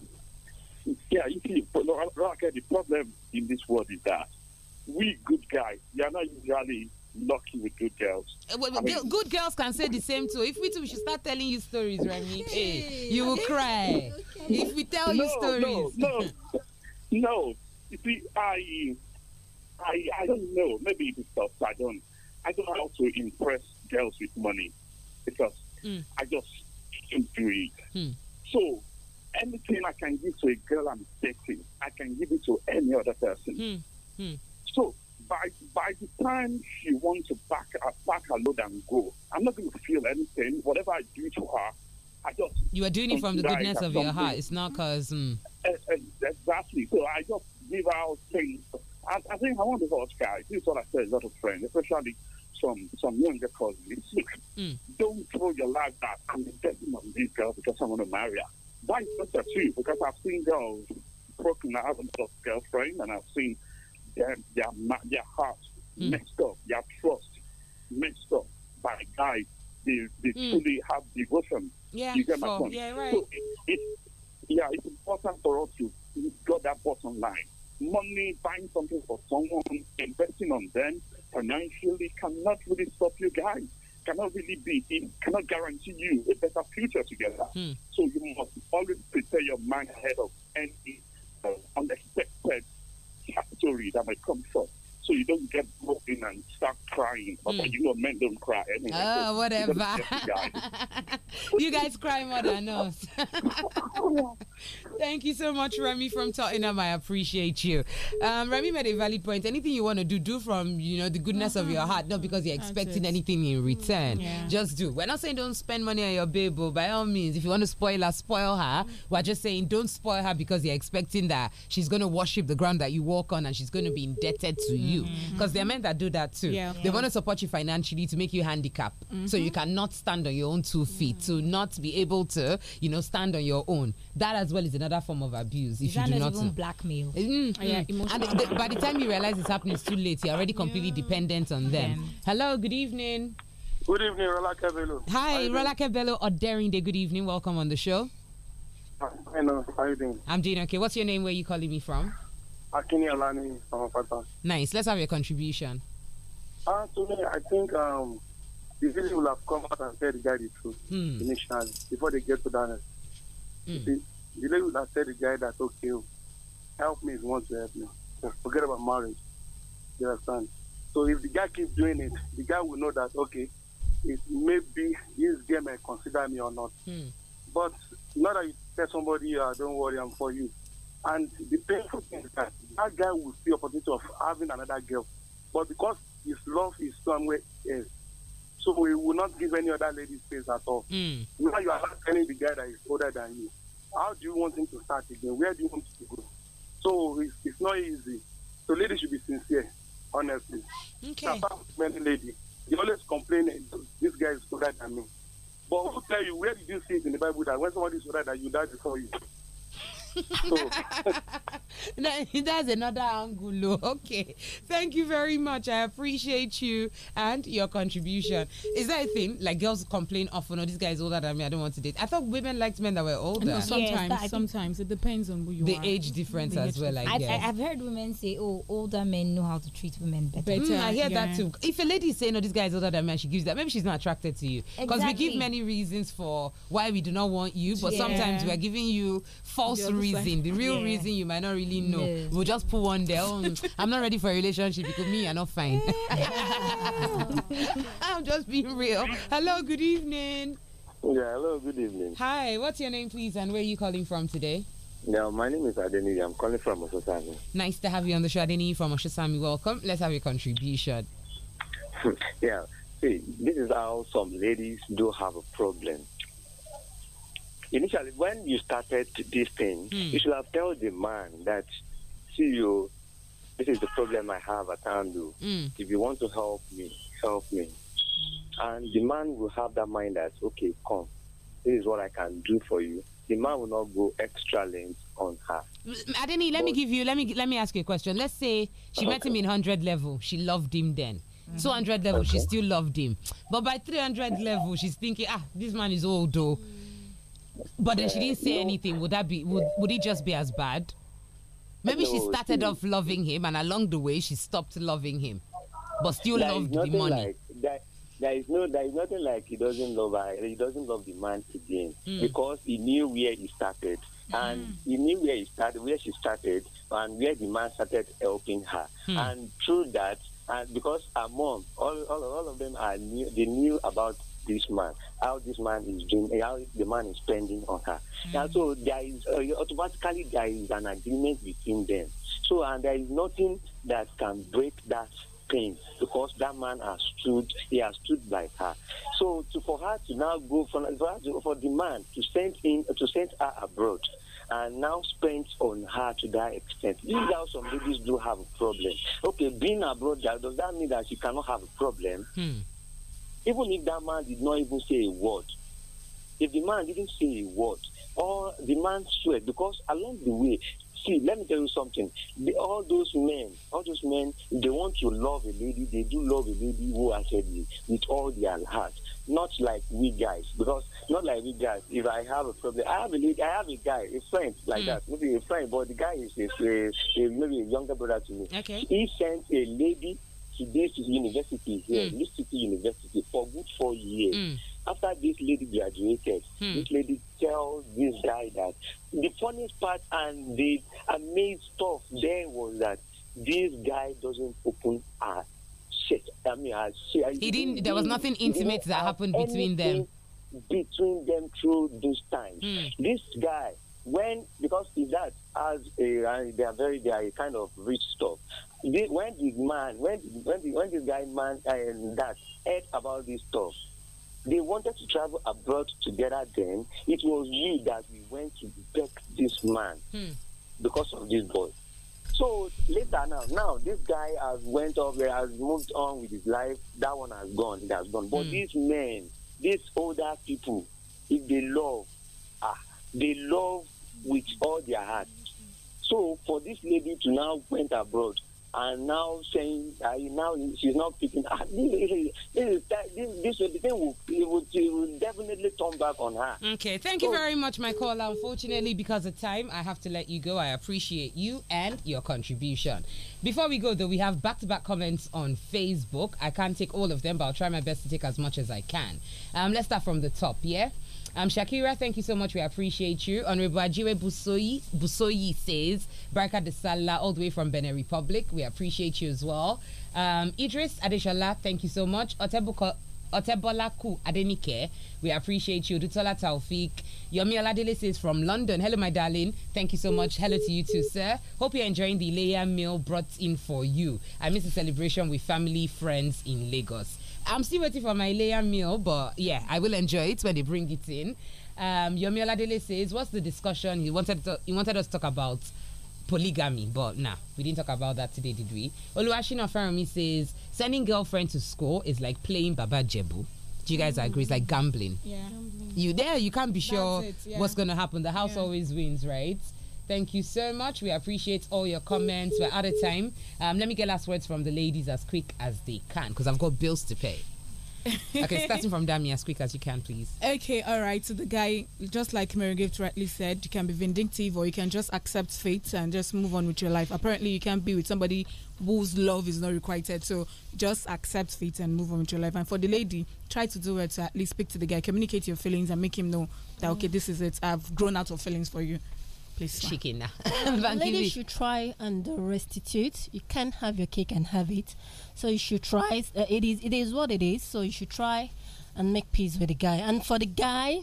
yeah, you see, the problem in this world is that we good guys, we are not usually lucky with good girls. Eh, well, I mean, good girls can say the same too. If we, too, we should start telling you stories, Remy, hey, hey, eh, you will cry. Okay. If we tell no, you stories, no, no, (laughs) no. You see, I, I, I don't know. Maybe it is tough. I don't. I don't know how to impress girls with money because mm. I just don't do it. Mm. So anything I can give to a girl I'm dating, I can give it to any other person. Hmm. Hmm. So by by the time she wants to back uh, back her load and go, I'm not going to feel anything. Whatever I do to her, I just you are doing it from the goodness of your heart. It's not because hmm. eh, eh, exactly. So I just give out things. I, I think I want to us guys. This is what I say a lot of friends, especially some some younger cousins. Look, mm. don't throw your life back. I'm betting on this girl because I want to marry her. That is a true because I've seen girls broken out of girlfriend and I've seen their, their, their hearts mm. messed up, their trust messed up by guys. They, they mm. truly have devotion. Yeah, you get my point? Yeah, right. So it, it, yeah, it's important for us to got that bottom line. Money, buying something for someone, investing on them financially cannot really stop you guys cannot really be, it cannot guarantee you a better future together. Hmm. So you must always prepare your mind ahead of any uh, unexpected story that might come from. So you don't get broken and start crying. But hmm. you know, men don't cry anyway. Oh, so ah, whatever. (laughs) you guys cry more than us. (laughs) Thank you so much, Remy from Tottenham. I appreciate you. Um, Remy made a valid point. Anything you want to do, do from you know the goodness mm -hmm. of your heart, not because you're expecting anything in return. Yeah. Just do. We're not saying don't spend money on your babe, but by all means, if you want to spoil her, spoil her. We're just saying don't spoil her because you're expecting that she's going to worship the ground that you walk on and she's going to be indebted to mm -hmm. you. Because mm-hmm. there are men that do that too. Yeah. They want to support you financially to make you handicapped, so you mm-hmm. cannot stand on your own two feet, to not be able to you know stand on your own. That as well is another another form of abuse if you do not even blackmail. Mm, mm. Oh, yeah, and the, by the time you realize it's happening, it's too late. You're already completely yeah. dependent on them. Yeah. Hello, good evening. Good evening, Rola Bello. Hi, Or daring day. Good evening. Welcome on the show. I know. How you doing? I'm doing okay. What's your name? Where are you calling me from? Akini Alani from Nice. Let's have your contribution. Uh, to me, I think um, the village will have come out and said the guy the truth mm. initially before they get to that. Mm. The lady would have said the guy that, okay, help me if you to help me. Just forget about marriage. You understand? So if the guy keeps doing it, the guy will know that, okay, it may be this guy may consider me or not. Hmm. But not that you tell somebody, uh, don't worry, I'm for you. And the painful thing is that that guy will see opportunity of having another girl. But because his love is somewhere else, so we will not give any other lady space at all. Mm. Now you are telling the guy that is older than you how do you want him to start again? Where do you want him to go? So it's, it's not easy. So ladies should be sincere, honestly. Okay. Many lady, you always complain eh, this guy is older than me. But who tell you where did you see it in the Bible that when somebody is older than you, die before you? (laughs) That's another angle. Oh, okay. Thank you very much. I appreciate you and your contribution. Is that a thing? Like girls complain often, oh, this guy is older than me. I don't want to date. I thought women liked men that were older. No, sometimes. Yes, sometimes. It depends on who you the are. The age difference the as age well, I, guess. I, have heard women say, oh, older men know how to treat women better. Mm, better mm, I hear yeah. that too. If a lady is saying, no, oh, this guy is older than me, and she gives that, maybe she's not attracted to you. Because exactly. we give many reasons for why we do not want you, but yeah. sometimes we're giving you false reasons reason. the real yeah. reason you might not really know. We'll just put one there. Oh, I'm not ready for a relationship because me, you're not fine. (laughs) (laughs) I'm just being real. Hello, good evening. Yeah, hello, good evening. Hi, what's your name, please, and where are you calling from today? Yeah, my name is Adeni. I'm calling from Oshosami. Nice to have you on the show, Adeni from Oshosami. Welcome. Let's have your contribution. (laughs) yeah, see, this is how some ladies do have a problem initially when you started this thing, mm. you should have told the man that, see you, this is the problem I have at Andu. Mm. If you want to help me, help me. And the man will have that mind that, okay, come, this is what I can do for you. The man will not go extra length on her. Adeni, let but, me give you, let me let me ask you a question. Let's say she okay. met him in 100 level. She loved him then. Mm -hmm. 200 level, okay. she still loved him. But by 300 level, she's thinking, ah, this man is old though. But then she didn't say anything. Would that be? Would would it just be as bad? Maybe no, she started she, off loving him, and along the way she stopped loving him, but still loved the money. Like, there, there is no, there is nothing like he doesn't love her. He doesn't love the man again mm. because he knew where he started, and mm. he knew where he started, where she started, and where the man started helping her. Mm. And through that, and because her mom, all, all, all of them are new, they knew about this man, how this man is doing, eh, how the man is spending on her. Mm. And so there is uh, automatically there is an agreement between them. So and there is nothing that can break that pain because that man has stood, he has stood by her. So to, for her to now go for, for the man to send in to send her abroad and now spent on her to that extent. This is how some ladies do have a problem. Okay, being abroad, does that mean that she cannot have a problem? Hmm. Even if that man did not even say a word, if the man didn't say a word, or the man swear, because along the way, see, let me tell you something. The, all those men, all those men, they want to love a lady. They do love a lady who has said with all their heart. Not like we guys, because not like we guys. If I have a problem, I have a lady, I have a guy, a friend like mm. that, maybe a friend, but the guy is, a, a maybe a younger brother to me. Okay. He sent a lady today's university here, mm. City University, for good four years. Mm. After this lady graduated, mm. this lady tells this guy that the funniest part and the amazing stuff there was that this guy doesn't open a shit. I mean, shit. He didn't. There was nothing intimate that happened between them. Between them through those times, hmm. this guy when because that as a uh, they are very they are a kind of rich stuff when this man, when when when this guy man and uh, that heard about this stuff, they wanted to travel abroad together. Then it was we that we went to beg this man hmm. because of this boy. So later now, now this guy has went off, has moved on with his life. That one has gone, it has gone. But hmm. these men, these older people, if they love, ah, they love with all their heart. So for this lady to now went abroad, and now saying uh, now she's not picking up. this, this, this, this will, it will, it will definitely turn back on her. Okay, thank so, you very much, my caller. Unfortunately, because of time, I have to let you go. I appreciate you and your contribution. Before we go, though, we have back to back comments on Facebook. I can't take all of them, but I'll try my best to take as much as I can. Um, let's start from the top, yeah? Um, Shakira, thank you so much. We appreciate you. Honorable Ajiwe Busoyi, Busoyi says, Baraka de Sala, all the way from Benin Republic. We appreciate you as well. Um, Idris Adeshala, thank you so much. Otebuko, Otebolaku Adenike, we appreciate you. Dutola Taufik, Yomi Oladele says from London. Hello, my darling. Thank you so much. Hello to you too, sir. Hope you're enjoying the layer meal brought in for you. I miss the celebration with family, friends in Lagos. I'm still waiting for my layer meal, but yeah, I will enjoy it when they bring it in. Um, Yomi Oladele says, "What's the discussion he wanted? To, he wanted us to talk about polygamy, but nah, we didn't talk about that today, did we?" Oluwashina Farami says, "Sending girlfriend to school is like playing Baba Jebu." Do you guys mm -hmm. agree? It's like gambling. Yeah. Gambling. You there? You can't be sure it, yeah. what's going to happen. The house yeah. always wins, right? Thank you so much. We appreciate all your comments. We're out of time. Um, let me get last words from the ladies as quick as they can because I've got bills to pay. (laughs) okay, starting from Dami as quick as you can, please. Okay, all right. So the guy, just like Mary Gift rightly said, you can be vindictive or you can just accept fate and just move on with your life. Apparently, you can't be with somebody whose love is not requited. So just accept fate and move on with your life. And for the lady, try to do it. to at least speak to the guy, communicate your feelings, and make him know that okay, mm. this is it. I've grown out of feelings for you. Please chicken. now. (laughs) (laughs) Ladies should try and restitute. You can't have your cake and have it, so you should try. Uh, it is it is what it is. So you should try and make peace with the guy. And for the guy,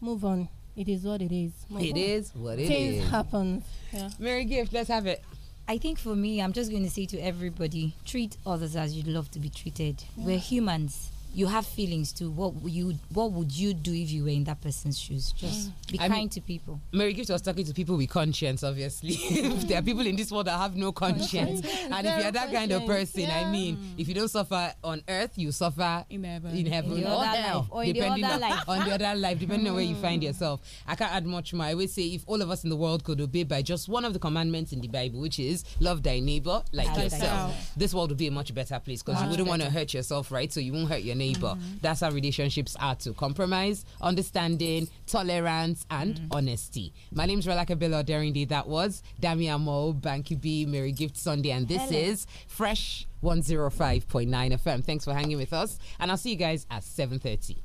move on. It is what it is. Move it on. is what it Things is. happen. Yeah. Merry Gift, let's have it. I think for me, I'm just going to say to everybody treat others as you'd love to be treated. Yeah. We're humans you have feelings too. What would you What would you do if you were in that person's shoes? Just mm. be I kind mean, to people. Mary Gift was talking to people with conscience. Obviously, (laughs) there are people in this world that have no conscience, and if you're that kind of person, yeah. I mean, if you don't suffer on earth, you suffer in heaven, in heaven in or hell, or the on, life. on the other life, depending on where you mm. find yourself. I can't add much more. I would say if all of us in the world could obey by just one of the commandments in the Bible, which is love thy neighbor like I yourself, this world would be a much better place because you wouldn't want to hurt yourself, right? So you won't hurt your neighbor. Mm. That's how relationships are to compromise, understanding, tolerance, and mm. honesty. My name's Rolaka Bill Oderindi. That was Dami Amo, Banky B, Merry Gift Sunday, and this Hello. is Fresh 105.9 FM. Thanks for hanging with us, and I'll see you guys at 7.30.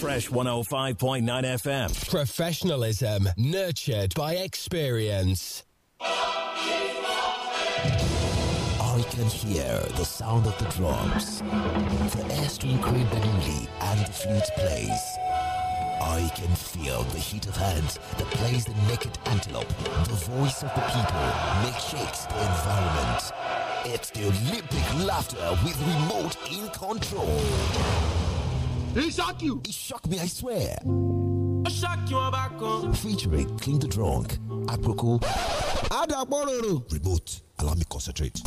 Fresh 105.9 FM. Professionalism nurtured by experience. can hear the sound of the drums, the airstream creep bellingly, and the flute plays. I can feel the heat of hands that plays the naked antelope. The voice of the people makeshakes the environment. It's the Olympic laughter with remote in control. It shocked you! It shocked me, I swear. I shocked you back on. Featuring Clean the Drunk, Aproko, Adaporo, Remote, allow me concentrate.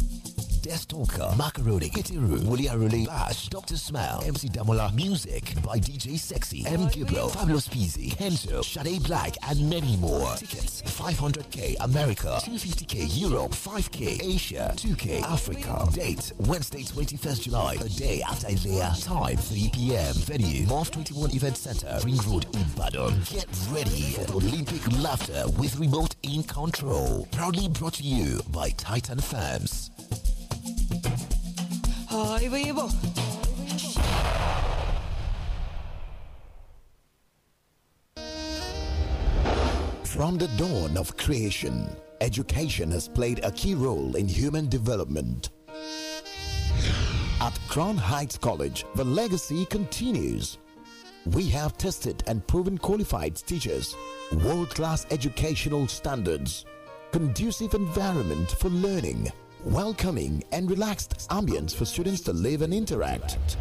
Death Talker, Macaroni, Kitiru, Wuli Arule, Bash, Dr. Smile, MC Damola, Music by DJ Sexy, M. Gabriel, Fabulous Peasy, Henzo, Sade Black, and many more. Tickets 500k America, 250k Europe, 5k Asia, 2k Africa. Date Wednesday, 21st July, a day after Ilea. Time 3 p.m. Venue Morph 21 Event Center, Ring Road, Ibadan. Get ready for Olympic laughter with remote in control. Proudly brought to you by Titan Firms vivo. From the dawn of creation, education has played a key role in human development. At Crown Heights College, the legacy continues. We have tested and proven qualified teachers, world class educational standards, conducive environment for learning welcoming and relaxed ambience for students to live and interact.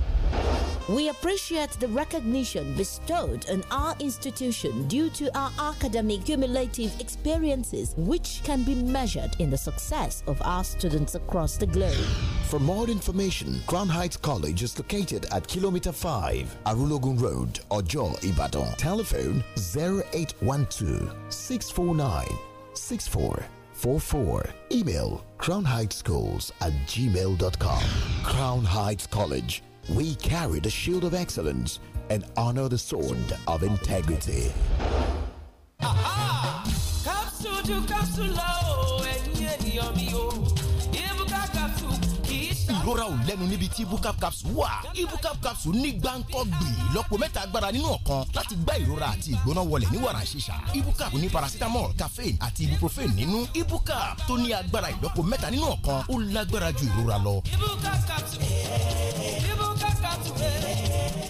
We appreciate the recognition bestowed on our institution due to our academic cumulative experiences, which can be measured in the success of our students across the globe. For more information, Crown Heights College is located at Kilometer 5, Arulogun Road, Ojo, Ibadan. Telephone 0812 649 64 844. Email Schools at gmail.com. Crown Heights College. We carry the shield of excellence and honor the sword of integrity. Aha! to oh, oh. ìrora ò lẹ́nu níbi tí ibucap capsule wà ibucap capsule ní gbáǹkọ́ gbì lọ́pọ̀ mẹ́ta agbára nínú ọ̀kan láti gbá ìrora àti ìgbóná wọlẹ̀ ní wàrà ṣíṣà ibucap ní paracetamol caffeine àti ibuprofen nínú ibucap tó ní agbára ìlọ́pọ̀ mẹ́ta nínú ọ̀kan ó lágbára ju ìrora lọ. ibucap capsule ibucap capsule.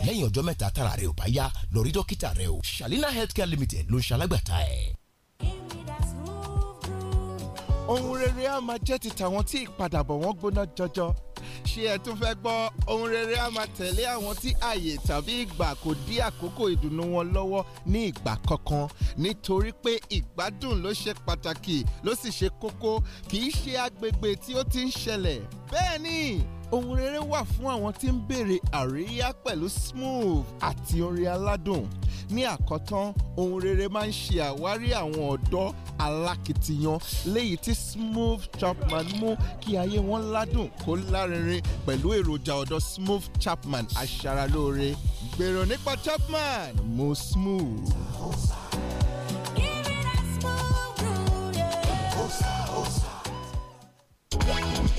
lẹ́yìn ọjọ́ mẹ́ta tára rẹ̀ ò bá yá lọ rí dókítà rẹ̀ o Shalina Healthcare Limited ló ń ṣalágbàtà ẹ̀ ohun rere á máa jẹ́ ti tàwọn tí ìpadàbọ̀ wọn gbóná jọjọ ṣé ẹ tún fẹ́ gbọ́ ohun rere á máa tẹ̀lé àwọn tí àyè tàbí ìgbà kò dí àkókò ìdùnnú wọn lọ́wọ́ ní ìgbà kankan nítorí pé ìgbádùn ló ṣe pàtàkì ló sì ṣe kókó kì í ṣe agbègbè tí ó ti ń ṣẹlẹ̀ bẹ́ẹ̀ ohun rere wà fún àwọn tí ń béèrè àríyá pẹ̀lú smooth àti orin aládùn ní àkọ́tán ohun rere máa ń ṣe àwárí àwọn ọ̀dọ́ alákìtiyan léyìí tí smooth chapman mú kí ayé wọn ládùn kó lárinrin pẹ̀lú èròjà ọ̀dọ̀ smooth chapman aṣaralóore gbèrò nípa chapman mo smooth.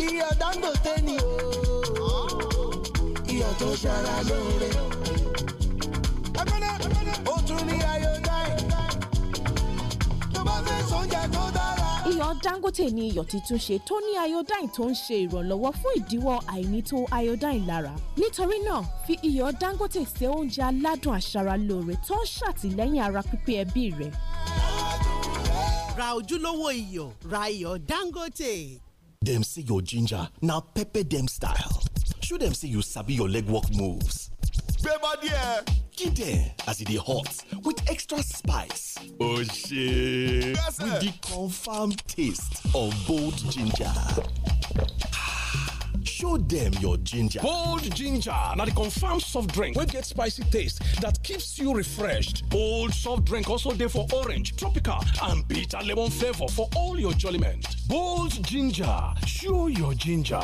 iye dangote ni o tún ṣara lóore. ó tún ní iodine tó bá fẹ́ sóúnjẹ tó dára. Iyọ̀ Dangote ni iyọ̀ titun ṣe tó ní iodine tó ń ṣe ìrànlọ́wọ́ fún ìdíwọ́ àìnító iodine lára. Nítorí náà, fi iyọ̀ Dangote ṣe oúnjẹ aládùn aṣaralóore tó ń ṣàtìlẹ́yìn ara pípé ẹbí rẹ̀. Ra ojúlówó iyọ̀, ra iyọ̀ Dangote. Dem say your ginger na pepper dem style. show dem say you sabi your legwork moves. Beba there! Gideon as it is hot with extra spice. Oh Oshie! With the confirmed taste of bold ginger. (sighs) show them your ginger. bold ginger not the confirmed soft drink We get spicy taste that keeps you refreshed. bold soft drink also dey for orange tropical and bitter lemon flavour for all your jolly bold ginger show your ginger.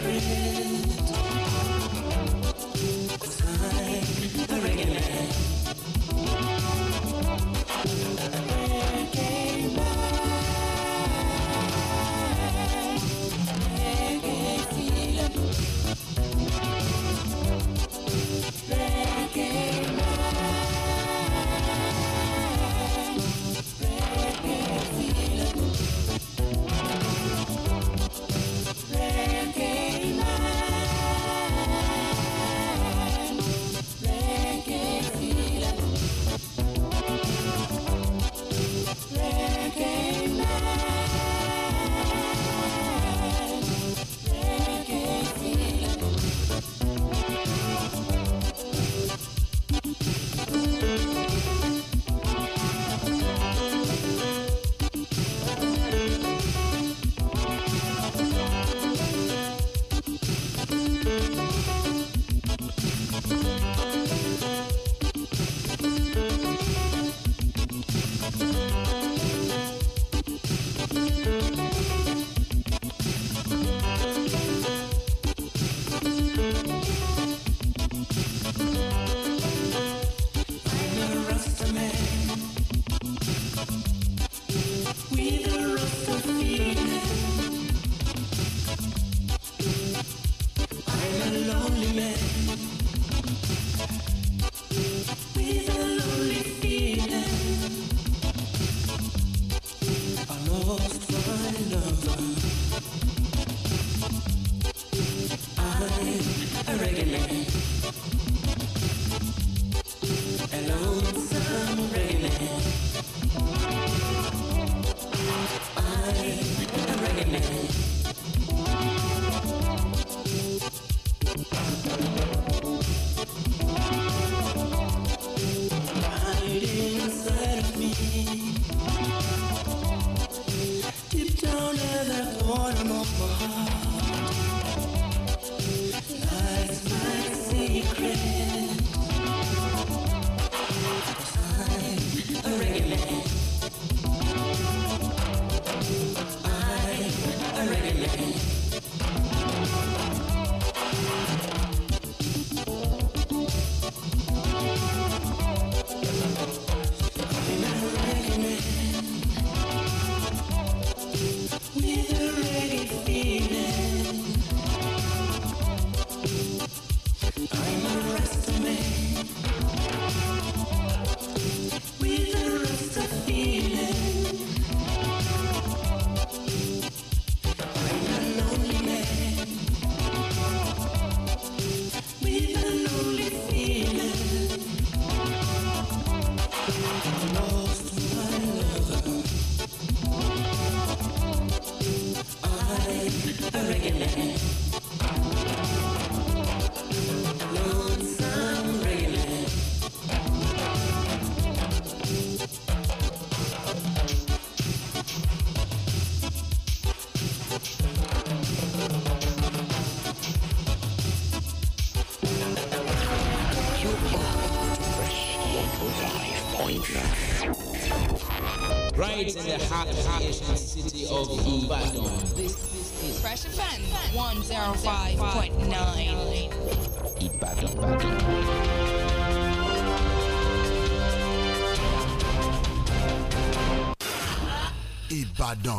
free.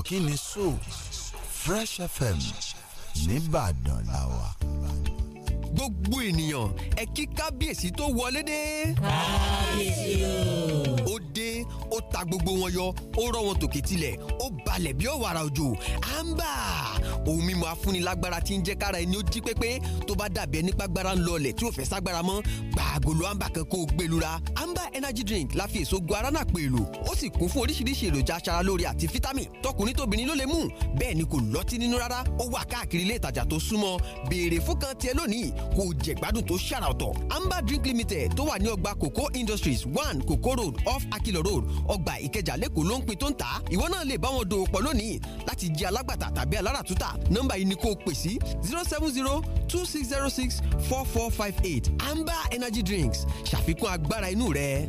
kíni sọ Fresh FM nìbàdàn làwà. gbogbo ènìyàn ẹ kí kábíyèsí tó wọlé dé. kábíyèsí o. ó dé ó ta gbogbo wọn yọ ó rọ wọn tòkè tilẹ̀ ó balẹ̀ bí ọ̀wàrà òjò àǹbà ohun mímu afúnilágbára tí ń jẹ́ kára ẹni ó jí pépé tó bá dàbí ẹni pàgbára ń lọlẹ̀ tí ò fẹ́ ságbára mọ́ gbàgòlò àǹbà kan kó o gbẹlura àǹbà energy drink la fi èso guarana pèlò ó sì kún fún oríṣiríṣi èròjà aṣaralóore àti fítámì tọkùnrin tóbìnrin ló lè mú bẹ́ẹ̀ ni kò lọ́tí nínú rárá ó wà káàkiri ilé ìtajà tó súnmọ́ béèrè fún kan tiẹ̀ lónìí kò jẹ̀gbádùn tó ṣàrà ọ̀tọ̀ amber drink limited tó wà ní ọgbà coco industries one coco road off akilo road ọgbà ìkẹjà lẹ́kọ̀ọ́ ló ń pin tó ń ta ìwọ náà lè bá wọn dòwò pọ̀ lónìí láti jẹ́ alágbàtà tàbí aláràtúntà nọ́mbà yìí ni kò pè sí zero seven zero two six zero six four four five eight amber energy drinks ṣàfikún agbára inú rẹ̀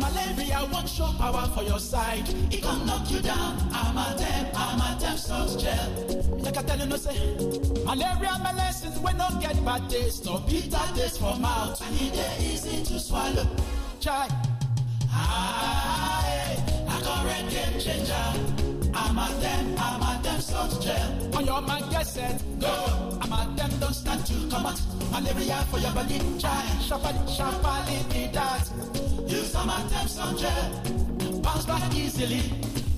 malaria won't show power for your side It can knock you down I'm I'm a a dem soft gel Like i tell you no say malaria lessons, when no get bad taste or bitter taste for mouth and e easy to swallow chai ginger. i correct game changer a amatem soft gel on your man get set go I'm a them don't stand to come out malaria for your body try sharply sharply be that use some attempt some gel bounce back easily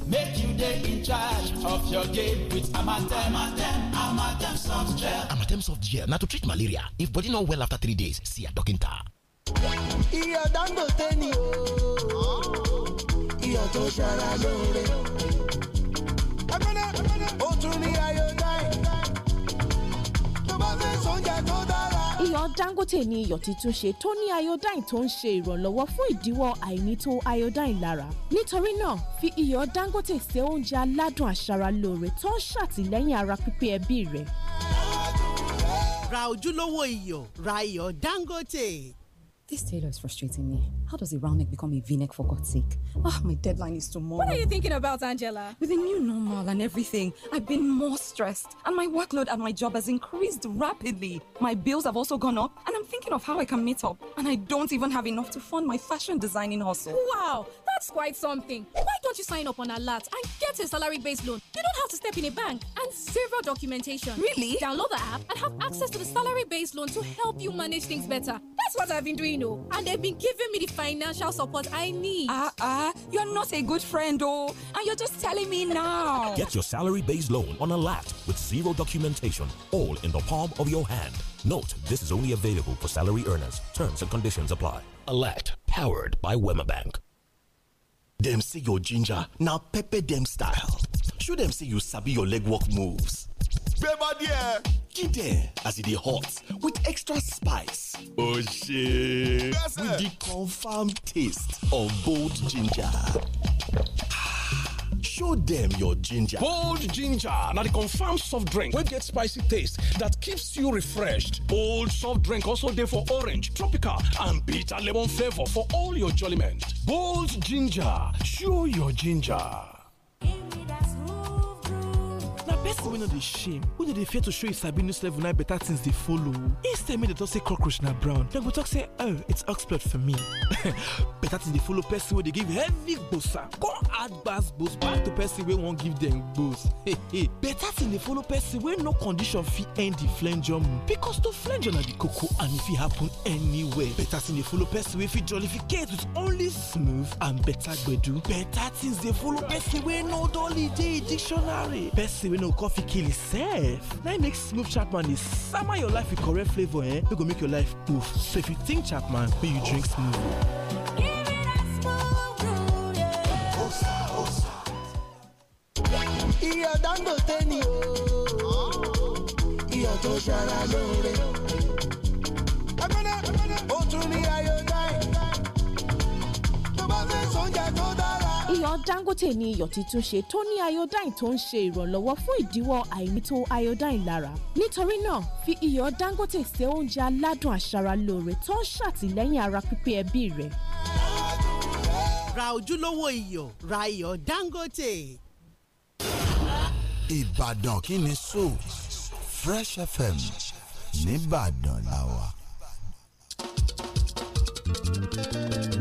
Make you day in charge of your game with Amatem, Amatem, Amatem soft gel. Amatem soft gel. Now to treat malaria. If body not well after three days, see a doctor. Iyọ̀ Dangote ni o, iyọ̀ tó ṣara lóore. Ó tún ní ayọ̀. oúnjẹ tó dára. iyọ̀ Dangote ni iyọ̀ titun ṣe tó ní iodine tó ń ṣe ìrànlọ́wọ́ fún ìdíwọ́ àìnító iodine lára. nítorí náà fi iyọ̀ Dangote ṣe oúnjẹ aládùn aṣaralóore tó ń ṣàtìlẹ́yìn ara pípé ẹbí rẹ̀. ra ojúlówó iyọ̀ ra iyọ̀ Dangote This tailor is frustrating me. How does a round neck become a v-neck for God's sake? Ah, oh, my deadline is tomorrow. What are you thinking about, Angela? With the new normal and everything, I've been more stressed. And my workload at my job has increased rapidly. My bills have also gone up, and I'm thinking of how I can meet up. And I don't even have enough to fund my fashion designing hustle. Wow, that's quite something. Why don't you sign up on Alert and get a salary-based loan? You don't have to step in a bank and zero documentation. Really? Download the app and have access to the salary-based loan to help you manage things better. That's what I've been doing you know, and they've been giving me the financial support I need. Ah, uh, ah, uh, you're not a good friend, oh, and you're just telling me now. (laughs) Get your salary based loan on a LAT with zero documentation, all in the palm of your hand. Note this is only available for salary earners. Terms and conditions apply. A lat powered by Bank. Dem see your ginger, now pepper dem style show dem say you sabi your legwork moves. Beba there! Gideon as e dey hot with extra spice. Oh shit! with the confirmed taste of bold ginger. (sighs) show dem your ginger. bold ginger na the confirmed soft drink wey get spicy taste that keeps you refreshed. bold soft drink also dey for orange tropical and bitter lemon flavour for all your jolliment. jollyment. bold ginger show your ginger. E me das luzes. na person wey no dey shame wey no dey fear to show you sabi news level na better things dey follow oh. instead make dem talk say cockroach na brown dem go talk say oh it's oxblood for me (laughs) better things dey follow person wey dey give heavy gbosa come add gbas gbos back to person wey wan give dem gbos (laughs) better things dey follow person wey no condition fit end the flenjor mu because to flenjor na the koko and e fit happen anywhere better things dey follow person wey fit jollificate with only smooth and better gbedu better things dey follow person wey no dolly dey dictionary person wey wey no coffee kill itself na im make smooth chapman dey sama your life with correct flavour eh wey go make your life poof so if you think chapman make you drink smooth. iyọ̀ dangote ni o iyọ̀ tó ṣara lóore ó tún ní ayọ̀ tó bá fẹ́ tó. iyọ̀ Dangote ni iyọ̀ titun ṣe tó ní iodine tó ń ṣe ìrànlọ́wọ́ fún ìdíwọ́ àìnító iodine lára. nítorí náà fi iyọ̀ Dangote ṣe oúnjẹ aládùn aṣaralóore tó ń ṣàtìlẹ́yìn ara pípé ẹbí rẹ̀. ra ojúlówó iyọ̀ ra iyọ̀ Dangote. Ìbàdàn kí ni sọ Fresh FM nìbàdàn làwà. thank you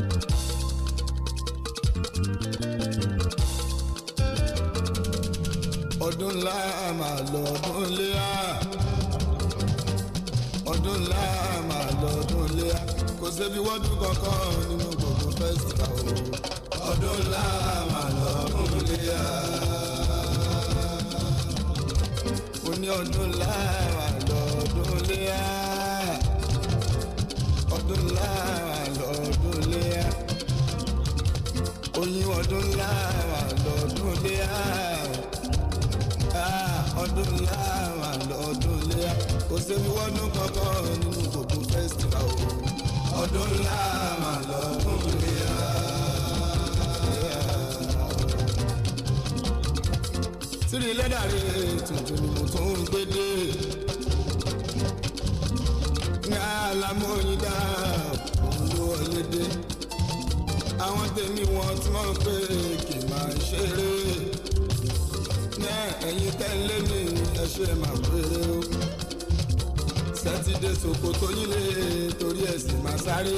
ọdún ńlá mà lọ́dún léyà ọdún ńlá mà lọ́dún léyà kò sébi wọ́dún kankan nínú gbogbo fẹ́sítà o ọdún ńlá mà lọ́dún léyà ó ní ọdún ńlá mà lọ́dún léyà ọdún ńlá mà lọ́dún léyà oyin ọdún ńlá mà lọ́dún léyà ọdún ní àmà lọ́dún léyà kò sébi wọ́dún kankan nínú gbogbo fẹ́sítà o ọdún ní àmà lọ́dún léyà. sírí lẹ́dàrí tuntun ni mo tún ń gbé dé ní alámọ̀yídá òun ló wọlé dé àwọn tèmi wọn tí wọ́n pè kì máa ṣeré ẹ̀yin tẹ̀lé mi ẹ ṣe máa pé o sátidé Sokoto, yín lè torí ẹ̀sìn máa sáré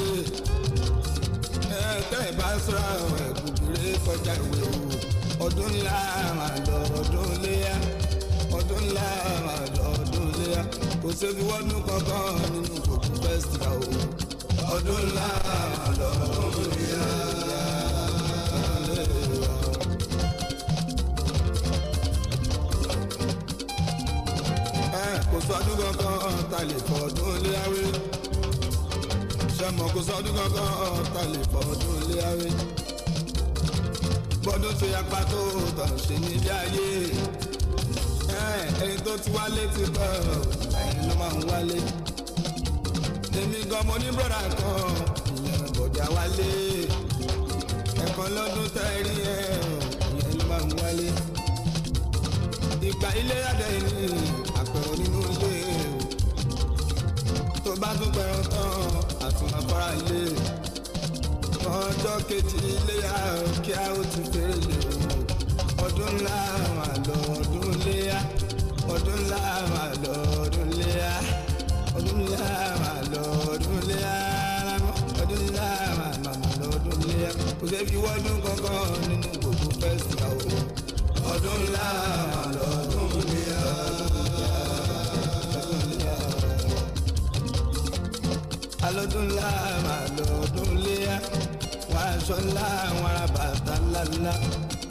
ẹ tẹ́ ẹ bá sọ́ra ẹ̀kúkúrẹ́ kọjá ìwé o ọdún ńlá máa ọdún léyà ọdún ńlá máa ọdún léyà kò sébi wọ́nú kankan nínú kòkó fẹ́sítà o ọdún ńlá máa ọdún léyà. sọdún kankan ta lè fọdún léyàwé. sẹ́mọ̀ kò sọdún kankan ta lè fọdún léyàwé. bọ́dún ṣe apá tó tàn ṣe níbi ayé. ẹni tó ti wálé ti bọ̀ ẹ̀yin ló máa ń wálé. èmi gan mo ní bọ́dà kan ìyẹn bọ̀dà wálé. ẹ̀kan lọ́dún tẹ́rí ẹ̀ ìyẹn ló máa ń wálé. ìgbà ilé yàtọ̀ ẹni àpẹẹrẹ bá tún pẹran tán àtún afárá ilé ọjọ́ kejì iléyà kí a ó ti fèrè lè ọdún ńlá àwọn àlọ́ ọdún léyà ọdún ńlá àwọn àlọ́ ọdún léyà ọdún ńlá àwọn àlọ́ ọdún léyà ọdún ńlá àwọn àlọ́ ọdún léyà kò sẹ́ fi wọ́dún kankan nínú gbogbo fẹ́sìtà o ọdún ńlá àwọn àlọ́ ọdún léyà. alọ́dún láàmà lọ́dún léyà wọ́n aṣọ láwọn ará bàtà lálá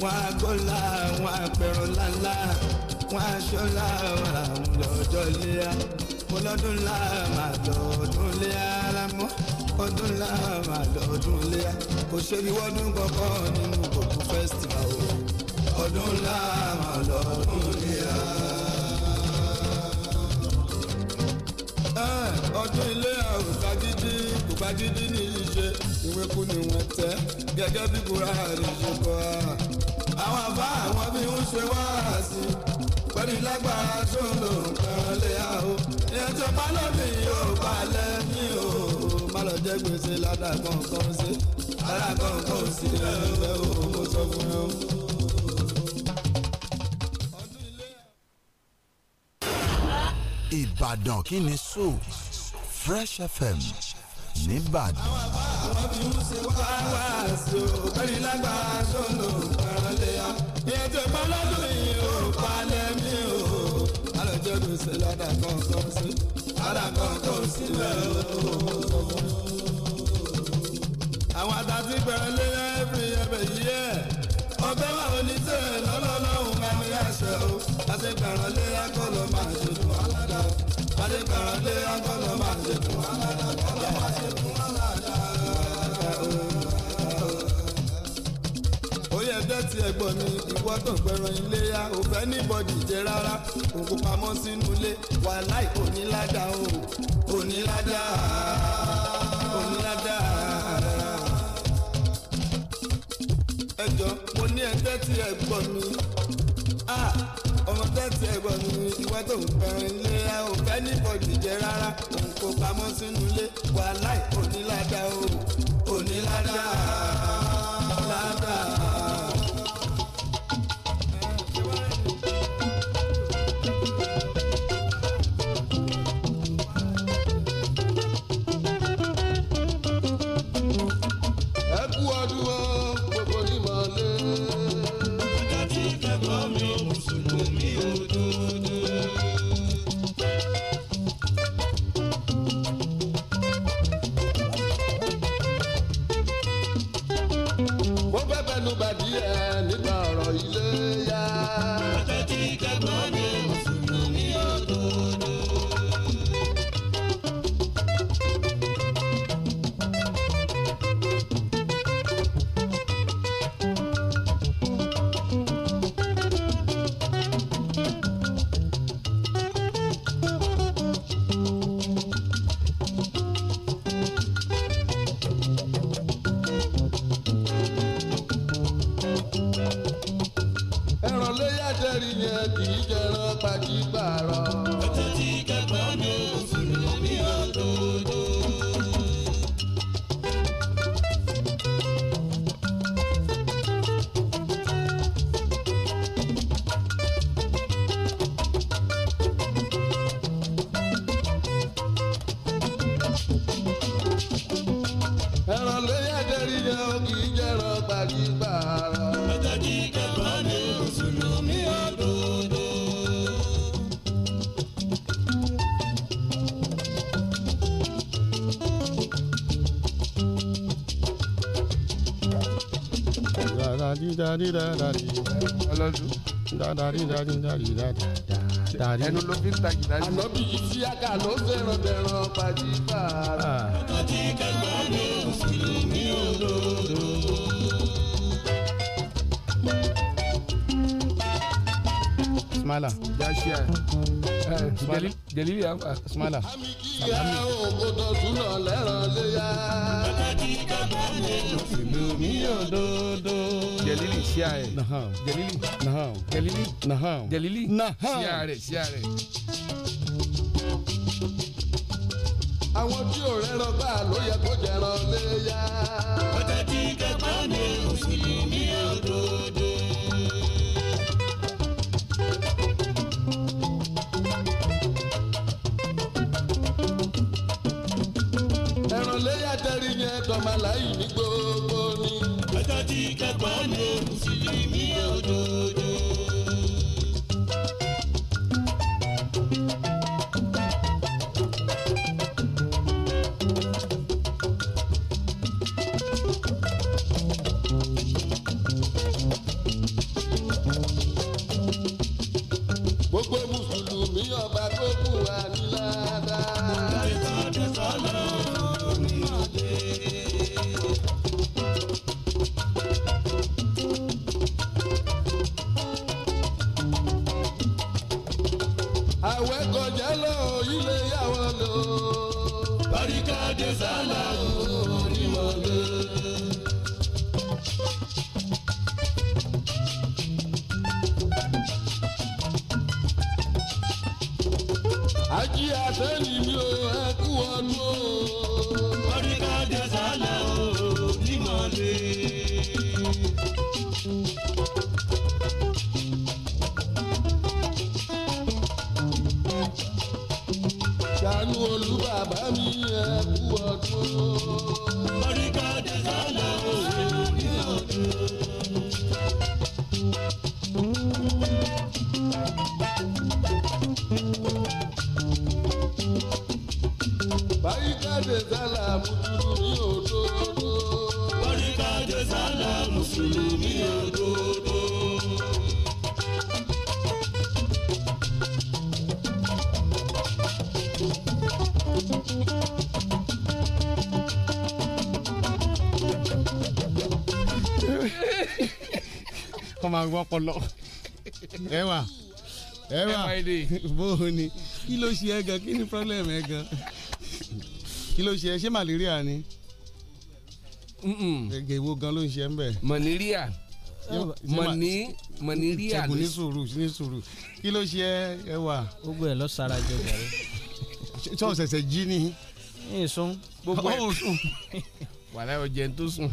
wọ́n agbó láwọn apẹ̀rọ lálá wọ́n aṣọ láwọn àmúlọ́jọ́ léyà ọlọ́dún láàmà lọ́dún léyà lámọ́ gbogbo fẹ́sítìmà o ọdún láàmà Ah, ọdún ilé àwòsá jíjí kò bá jíjí ní ìṣe ìwé kú ni wọ́n tẹ́ gẹ́gẹ́ bí Buhari ṣe kọ́ àwọn àbá àwọn bí ń ṣe wá sí pẹ̀lú lágbára tó lò kàn lé àwọ̀ ìyẹn tó bá lọ́bì yóò bá lẹ́yìn o má lọ jẹ́ gbèsè ládàá kọ̀ọ̀kan sí ládàá kọ̀ọ̀kan sí ẹ̀rọ ẹ̀ o mo sọ fún ẹ o. Ìbàdàn kí ni so Fresh FM nìbàdàn. àwọn tí ń ṣe wá wá sí o bẹ́ẹ̀ni lágbàá sọ̀nà ìgbàlódé ètò ìpàlọ́dún yìí ò palẹ̀ mí o. alọ́jọ́ ló ṣe lọ́dà kan sọ sí lọ́dà kan tó sí bẹ́ẹ̀ o. àwọn àtàtì bẹ̀rẹ̀ lé ẹ̀fìn ẹ̀bẹ̀ yìí ẹ̀ ọbẹ̀ wà oníṣẹ́ lọ́lọ́lọ́hùn bá mi àṣẹ o àṣegbàrànlé akọ́lọ́ máa ṣe fún aládàá àṣegbàrànlé akọ́lọ́ máa ṣe fún aládàá kọ́lọ́ máa ṣe fún aládàá ẹ̀dẹ́ ti ẹ̀gbọ́n ni ìwọ tó gbẹran iléyà ò fẹ́ níbọ̀dì jẹ rárá òkú pamọ́ sínú ilé wà láì onílàdà o onílàdà onílàdà ní ẹ tẹ́tí ẹ gbọ́ mi ọmọ tẹ́tí ẹ gbọ́ mi ìwà tó ń fẹ́rin lé àwọn fẹ́ ní bọ̀dì jẹ́ rárá òun kò pamọ́ sínú ilé wàhálà ìkònílàdà o ònílàdà. ọlọ́dún ẹnu ló fi ń ta jìdá Jasia. Eh, eh, Jeli Jeli ah. ya. Ismaila. Ìyá òkòtò súná lẹ́ràn léyà. Ọ̀nà tí kẹgbẹ́ ní mùsùlùmí olódo. Jelili share rẹ̀ Jelili Jelili Jelili Jelili share rẹ̀ share rẹ̀. máa wọ́pọlọ ẹwà ẹwà bóò ni kí ló ṣe ẹ gan kí ni problem ẹ gan kí ló ṣe ẹ ṣé màlíríà ni gègé wo gan ló ń ṣe ń bẹ. mọ̀níríà mọ̀ní mọ̀níríà ni. ṣẹ́gun ní sùúrù ní sùúrù kí ló ṣe ẹ wà. ó gbé ẹ lọ sára jẹ gàrí. ṣé o ṣẹ̀ṣẹ̀ jí ni. ní ìsún. gbogbo ẹ̀ wàhálà ọ̀jẹ̀ tó sùn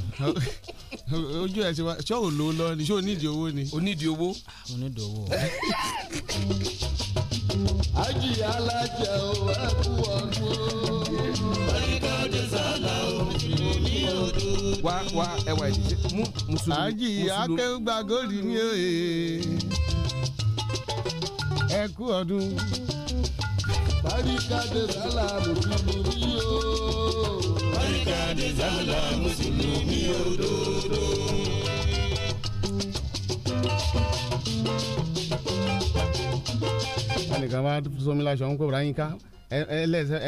ojú ẹ ṣe wá ṣé ò lówó lọ ni ṣé nídìí owó ni. o nídìí owó. o nídìí owó. ají alájà o ẹ kú ọdún o. oríkọ́dé sálà o mùsùlùmí odò. wá wá ẹwà ìdíje mú mùsùlùmí. ají akẹ́gbà gòdì ní òye ẹ kú ọdún. oríkọ́dé sálà mùsùlùmí o lálá mùsùlùmí òdodo. ẹnìkan bá sọmi láṣọ ń kó ra yín ká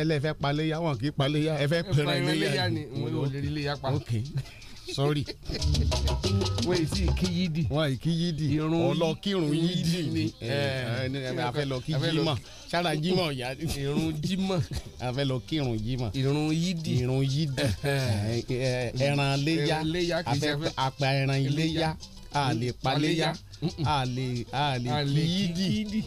ẹlẹ́fẹ́ paléyà wọn kì í paléyà ẹ fẹ́ pẹ̀rẹ̀ léyà ni. mo lè rí sorry. wọ́n yìí sí kí yídì. wọ́n yìí kí yídì. irun ọlọ́kírun yídì ni. a fẹ́ lọ kí jímọ̀ sára jímọ̀ ya. irun jímọ̀. a fẹ́ lọ kírun jímọ̀. irun yídì. irun yídì. ẹran iléyá. a fẹ́ apẹ ẹran iléyá. a lè hmm, paléyá. a lè a lè kí yídì.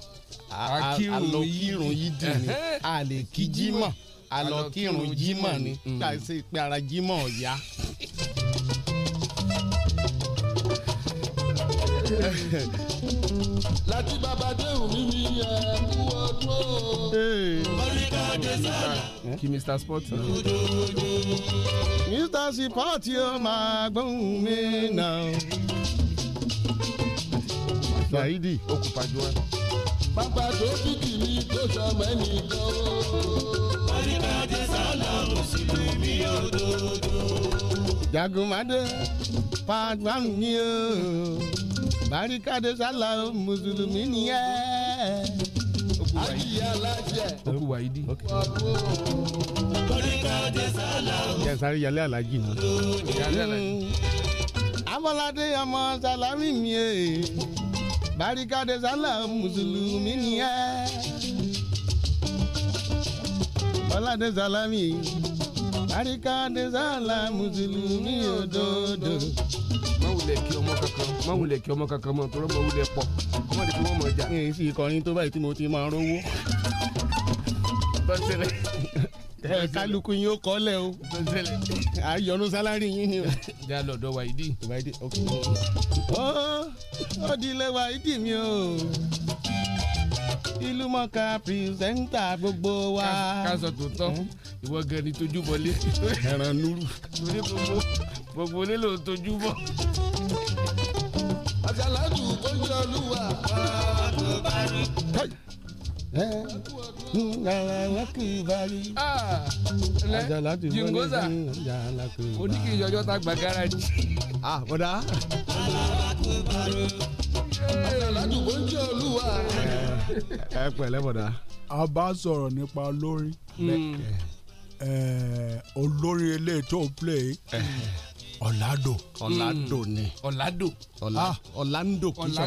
a lọ kírun yídì ni. a lè kí jímọ̀. a lọ kírun jímọ̀ ni. Hmm. kí a ṣe pé ara jímọ̀ ọ̀ya. láti bàbá déhùn mi ní ẹkú ọdún o. oríkàdé sọ́dà. kí mr sport náà. mr sport yóò máa gbóhùn mi náà. Saidi okùnfàjọ. bàbá tó kìkì mi tó sọmọ ẹnìkan o. oríkàdé sọ́dà mùsùlùmí òdodo. jagunmade pàgbà mi o. Barikade Salam mùsùlùmí nìyẹn. Oku Waidi. Barikade Salam. Jẹ̀sán yálé alájì ni. Yálé alájì. Abọ́ládé ọmọ Salami mi e. Barikade Salam mùsùlùmí nìyẹn. Abọ́ládé Salami. Barikade Salam mùsùlùmí ododo máa wulẹ̀ kí ọmọ kankan máa wulẹ̀ kí ọmọ kankan mọ̀ tọ́rọ́ máa wulẹ̀ pọ̀ ọmọ àdìpọ̀ wọn mọ̀ ọjà. ẹ ẹ sì kọrin tó báyìí tí mo ti máa rówó. bọ́sẹ̀lẹ̀. (laughs) kálukú yín ó kọ́lẹ̀ o. bọ́sẹ̀lẹ̀. àyọ̀nù sálárì yín ni o. ìjà lọ́dọ̀ wáìdì. wáìdì ok. ó ó dilẹ̀ wáìdì mi o ìlú mọ̀ká pírẹsẹ̀ńtà gbogbo wa. ká sọ tòótọ́ hmm? ìwọ gan ni tójú bọlé. ẹran nuru. torí gbogbo gbogbo nílò tójú bọ. àjàlá dùn kó yọ olúwa. ọdún bá rí. jingosa ah, ọjọọ gba ah, ọjọọ eh, ọjọọ sọ̀rọ̀ nípa olórin hmm. eh, olórin eléyìí tó ń play. Eh. ọ̀làdò hmm. ọ̀làdò ni ọ̀làdò ah, ọ̀làdò kì í ṣe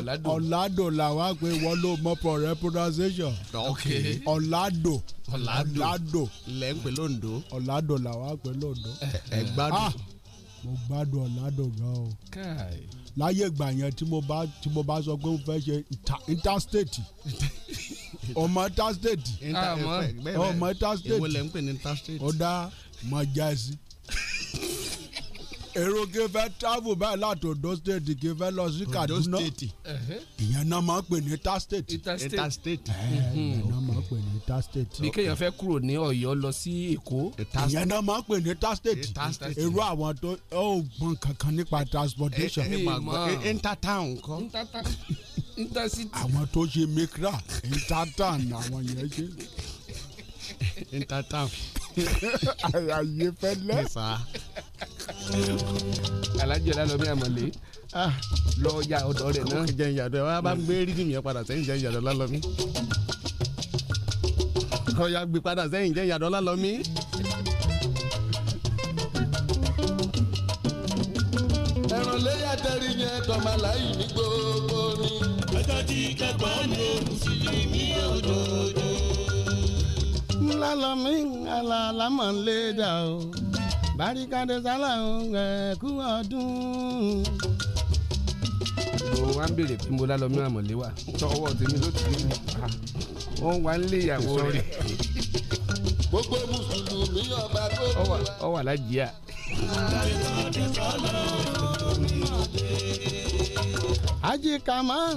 ọ̀làdò ọ̀làdò làwọn àgbẹ̀ wọn ló mọ for repronunciation ọ̀làdò ọ̀làdò lẹ́ ń pè lóńdó ọ̀làdò làwọn àgbẹ̀ lóńdó ẹ gbádùn ah, mo gbádùn ọ̀làdò gan o láyé ìgbà yẹn tí mo bá tí mo bá sọ pé mo fẹ́ ṣe interstate (laughs) ọmọ interstate ah, ọmọ interstate ọ̀dà mọ̀jẹ̀sí. (laughs) èrò gẹ́fẹ́ travel báyìí láti Ondo state gẹ́fẹ́ lọ sí Kaduna ìyẹn náà máa ń pè ní ìyẹn náà máa ń pè ní bí kéèyàn lọ sí Èkó. ìyẹn náà máa ń pè ní èrò àwọn tó kankan nípa transportation. intertown kọ́. intertown intercity. àwọn tó ṣe intertown àwọn (laughs) intertown. àyè fẹlẹ. alájọ lálọ bí àmọlé ah, lọ ya ọ̀dọ̀ rẹ̀ náà. jẹ ìyàdọ̀ wa bá ń gbé rídìmù yẹn padà sẹ́yìn jẹ ìyàdọ̀ lálọ mi. ọ̀ya gbé padà sẹ́yìn jẹ ìyàdọ̀ lálọ mi. ẹran léyà tẹ̀rí yẹn tọ́mọ aláì ní gbogbo ni. ẹjọ́ ti kẹ́kọ̀ọ́ ní òun sì ní òjòjò alálọ́mí alálámọ̀ ń lé dà o Barikade Sala ń kú ọdún. mo wá ń béèrè pé mo lálọ́ mi àmọ̀lé wa tọwọ́ tèmi ló ti rí wọ́n wá ń lé ìyàwó rẹ̀. gbogbo mùsùlùmí ọba tó bí wa. ọwọ́ alájíà. Barikade Sala ń kú ọdún. Ají Kamal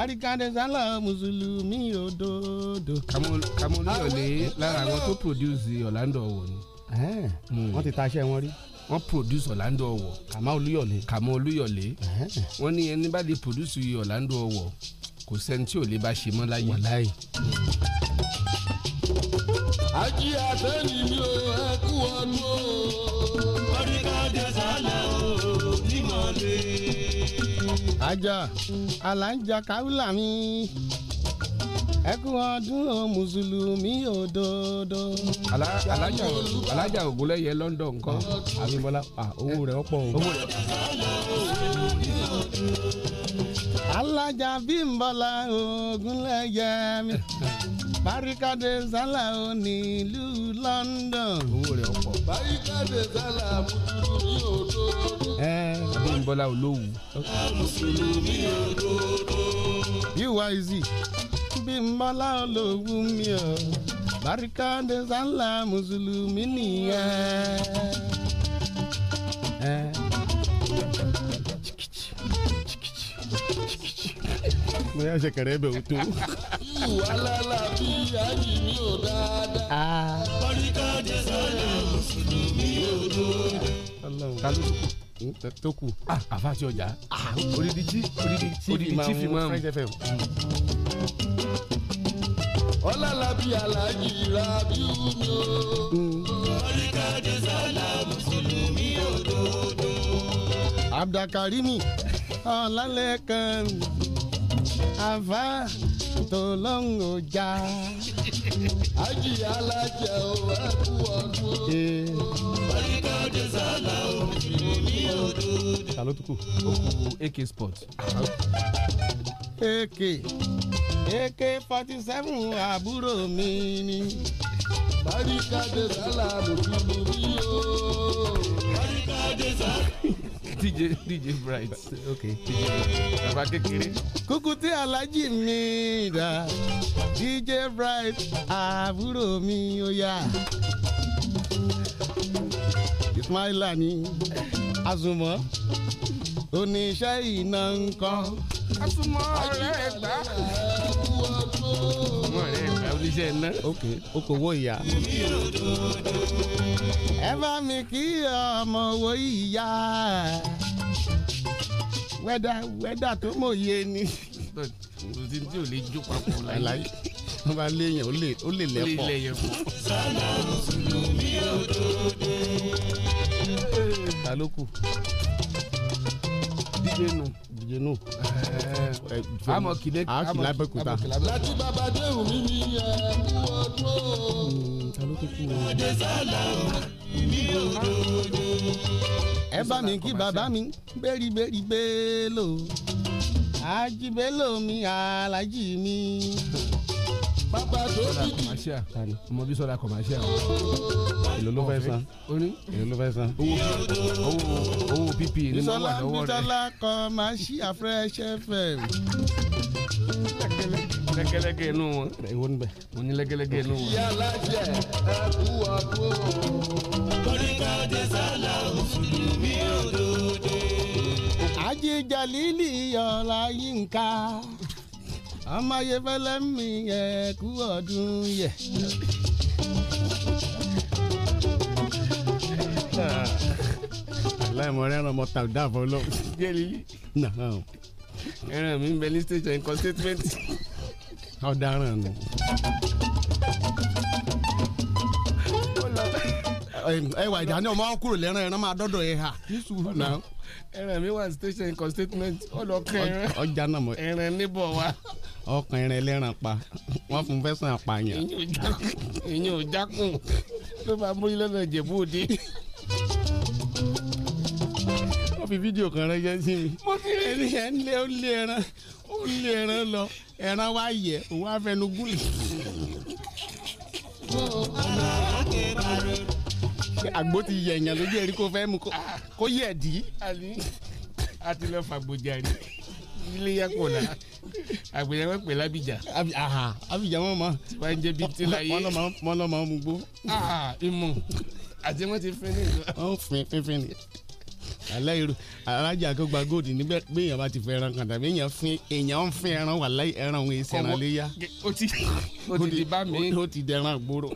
àríkàdésálà mùsùlùmí òdodo. kamolu yọ̀lé lára àwọn tó produce ọ̀làǹdọ̀ ọ̀wọ̀ ni. Hmm. wọ́n ti taṣẹ́ wọn rí wọ́n produce Orlando Ọ̀wọ̀. kàmá olúyọ̀lé. kàmá olúyọ̀lé. wọ́n ní ẹni bá lè produce Orlando Ọ̀wọ̀ kò sẹ́ni tí ò lè bá ṣe mọ́ láyé. wàláyé. ají àtẹ́yìn mi ò ẹ ọdún o. àjọ alájà káwùlà mi ẹ kú ọdún o mùsùlùmí òdodo. alájà alájà ògúnlẹ̀yẹ London nǹkan àbíbọ́lá owó rẹ̀ ọ̀pọ̀ o. alájà Bímbọ́lá ògúnlẹ̀yẹ mi. Barikade zala ò ní ìlú London. owó rẹ̀ ọ̀pọ̀. Barikade zala mùsùlùmí òdodo. ẹ Abímbọ́lá olówù. mùsùlùmí òdodo. yíwá izì Bímbọ́lá olówù mi o Barikade zala mùsùlùmí nìyẹn. mo yà ṣe kẹrẹ ẹbẹ òtó. ìwà lálàbí ayé mi ò dáadáa. kọ́ríkà jẹ́ sọ́yà mùsùlùmí òdodo. ta ló tó kù àfàṣì ọjà ah. odidi tí odidi tí fi máa ń. ọlálàbí alájì rábí mi ò. kọ́ríkà jẹ́ sọ́yà mùsùlùmí òdodo. abdakarimi ọ̀làlẹ̀ kan àfà tó lọ́hùn ọjà. Ájì alájà o, a kú ọdún o. Oríkà òde sálà o, ní òdodo. Ta ló tún kù? Ó AK sport. AK AK forty seven àbúrò mi ni. Oríkà òde sálà o, ní òdodo. Oríkà òde sálà. (laughs) DJ DJ Bright. Okay. Bàbá kékeré. Kúkú tí Alhaji mi dà DJ Bright àbúrò mi ó yá. Ismaila ni Azumọ oníṣẹ́ iná ń kan. asumọ rẹ gbà. asumọ rẹ gbà oníṣẹ́ iná. ok okòwò ìyá. ẹ bá mi kí ọmọ owó ìyá wẹ́dà wẹ́dà tó mòye ni. o ti tí o lè jó papọ̀ láyé wọ́n bá léèyàn ó lè lẹ́pọ̀. ó lè lẹ́yẹ̀ fún. sálà mùsùlùmí òdodo. ta ló kù jenu jenu amọ kìlẹ amọ kìlẹ abẹkuta. láti bàbá déhùn mi ni ẹ kú ọdún o adesala ní òdòdó. ẹ bá mi kí bàbá mi bẹ́rìbẹ́rì bẹ́ẹ̀ lò ájíbẹ́lò mi alájí mi bàbá tó dìdì. ọmọ bí sọdá kọmáṣíà èlò ló fẹ́ san èlò ló fẹ́ san owó owó pp nínú wà lọ́wọ́ rẹ̀. bisola kọmáṣíà fresh fm. lẹgẹlẹgẹ inú wọn. ìwọ níbẹ̀. mo ní lẹgẹlẹgẹ inú wọn. yàrá jẹ ẹ kú wà kú. kọ́nìkà ọjọ́ sálà mùsùlùmí òdòdó. Àjí Jàlílì yọ̀ọ̀la yínká amáyéfẹ́lẹ́ mi yẹ kú ọdún yẹ. aláìmọ̀ rẹ̀ ràn mọ́ tàbí dáàbò lọ. jẹ́rìí ẹran mi ń bẹ ní station nǹkan statement. ọ̀daràn nù. ẹwà ìdáná ọmọ kúrò lẹ́ràn ẹran máa dọ́dọ̀ ẹ̀ hà. ní sùúrù náà ẹran mi wà station constituent ọlọkàn ẹran ọjà náà mọ ẹran níbọ wa. ọkàn ẹran ẹlẹ́ran pa wọ́n fún fẹ́sàn apààyàn. ìyẹn ò jákùn ló máa mú lọ́nà ìjẹ̀bú òde. wọ́n fi fídíò kan ránṣẹ́ sí mi. mo fi rẹ̀ ní ẹ̀ ń lé ó lé ẹran ó lé ẹran lọ ẹran wá yẹ òun á fẹnu gúlì. ọ̀nà àkèrè àrò àgbo ti yẹ èèyàn lójú ẹ̀rí kó fẹ́ mu kó ah. yẹ̀ dí. a ti lọ fàgbọ̀jà rí iléyà kò la àgbẹ̀yà wọn pè lábìjà. àbíjà wọn mọ. wọn jẹ bíi ti la yé. wọn lọ máa ń mugbó. imú àti wọn ti fẹ́ nìyẹn. wọn fin fínfín ni aláìrò alájà tó gba góòdì níbẹ̀ bí èèyàn bá ti fẹ́ ẹran kan tàbí èèyàn fin èèyàn ń fin ẹran wà láì ẹran òun èsì ẹran léyà. o ti di bá mi. o ti dẹran gbòòrò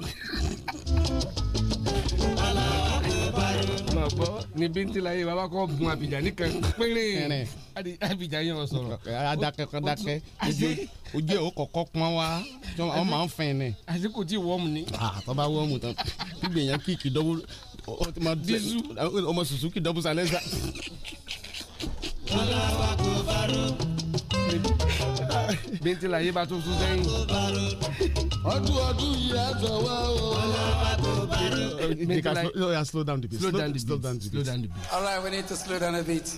mọ̀ gbọ́ ní bíntín láyé bàbá kọ́ gun àbíjà nìkan péré àbíjà yẹn wọ́n sọ̀rọ̀. adakẹ́ kadakẹ́ ojú ẹ̀ ó kọ̀kọ́ pọ́n wá wọ́n máa ń fẹ́ ni. àsìkò tí wọ́ọ̀mù ni. àtọ́ bá wọ́ọ̀mù tán gbìyànjú kíkì dọ́wọ́ ọmọ Suzuki dọ́wọ́ sálẹ́sà. ọlọ́wà kò bá rò. bí n ti bá sún sẹ́yìn. ọdún ọdún yìí á sọ wá o. Oh, slow down the beat. slow down the beat. slow down the beat. all right we need to slow down a bit.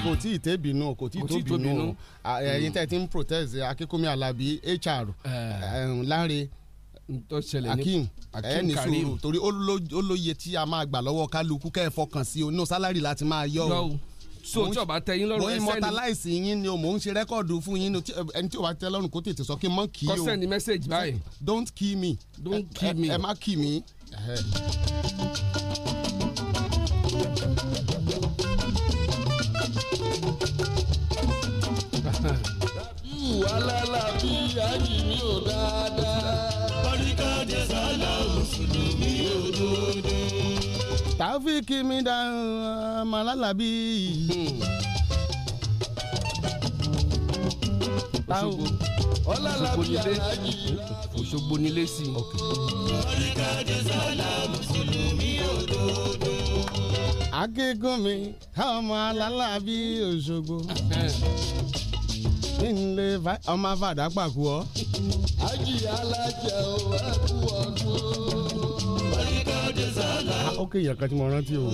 kò tí ì tẹ́ bínú kò tí ì tó bínú eh, mm. ẹ̀yin tẹ́ ti ń protest Akínkúnmí Alábí HR eh. Láre Akeem ẹni sùúrù torí ó lóye tí a máa gbà lọ́wọ́ kálukú kẹ́ ẹ fọkàn sí onú sálárì láti máa yọ o so tí o bá tẹ yín lọ́rùn ẹsẹ̀ ni mo immortalize yín ni o mò ń ṣe rẹ́kọ̀dù fún yín eh, ẹni tí o bá tẹ lọ́rùn kó tètè sọ kí n mọ̀ kí o kọ́sẹ̀ message báyìí don't kill me don't kill me ẹ má kill me. alálàbí ájì mi ò dáadáa. Bọ́díkà jẹ́ sálà Mùsùlùmí òdodo. Tàfíìkì mi dá màlálàbí. Òṣogbo Òṣogbo nílé Òṣogbo nílé sí. Bọ́díkà jẹ́ sálà Mùsùlùmí òdodo. Akíkún mi, ọmọ alálàbí Òṣogbo nílé ọmọ afàdá pàkú ọ. ajì alájà ò wá kú ọdún ó kéèyàn kan tí mo rántí o.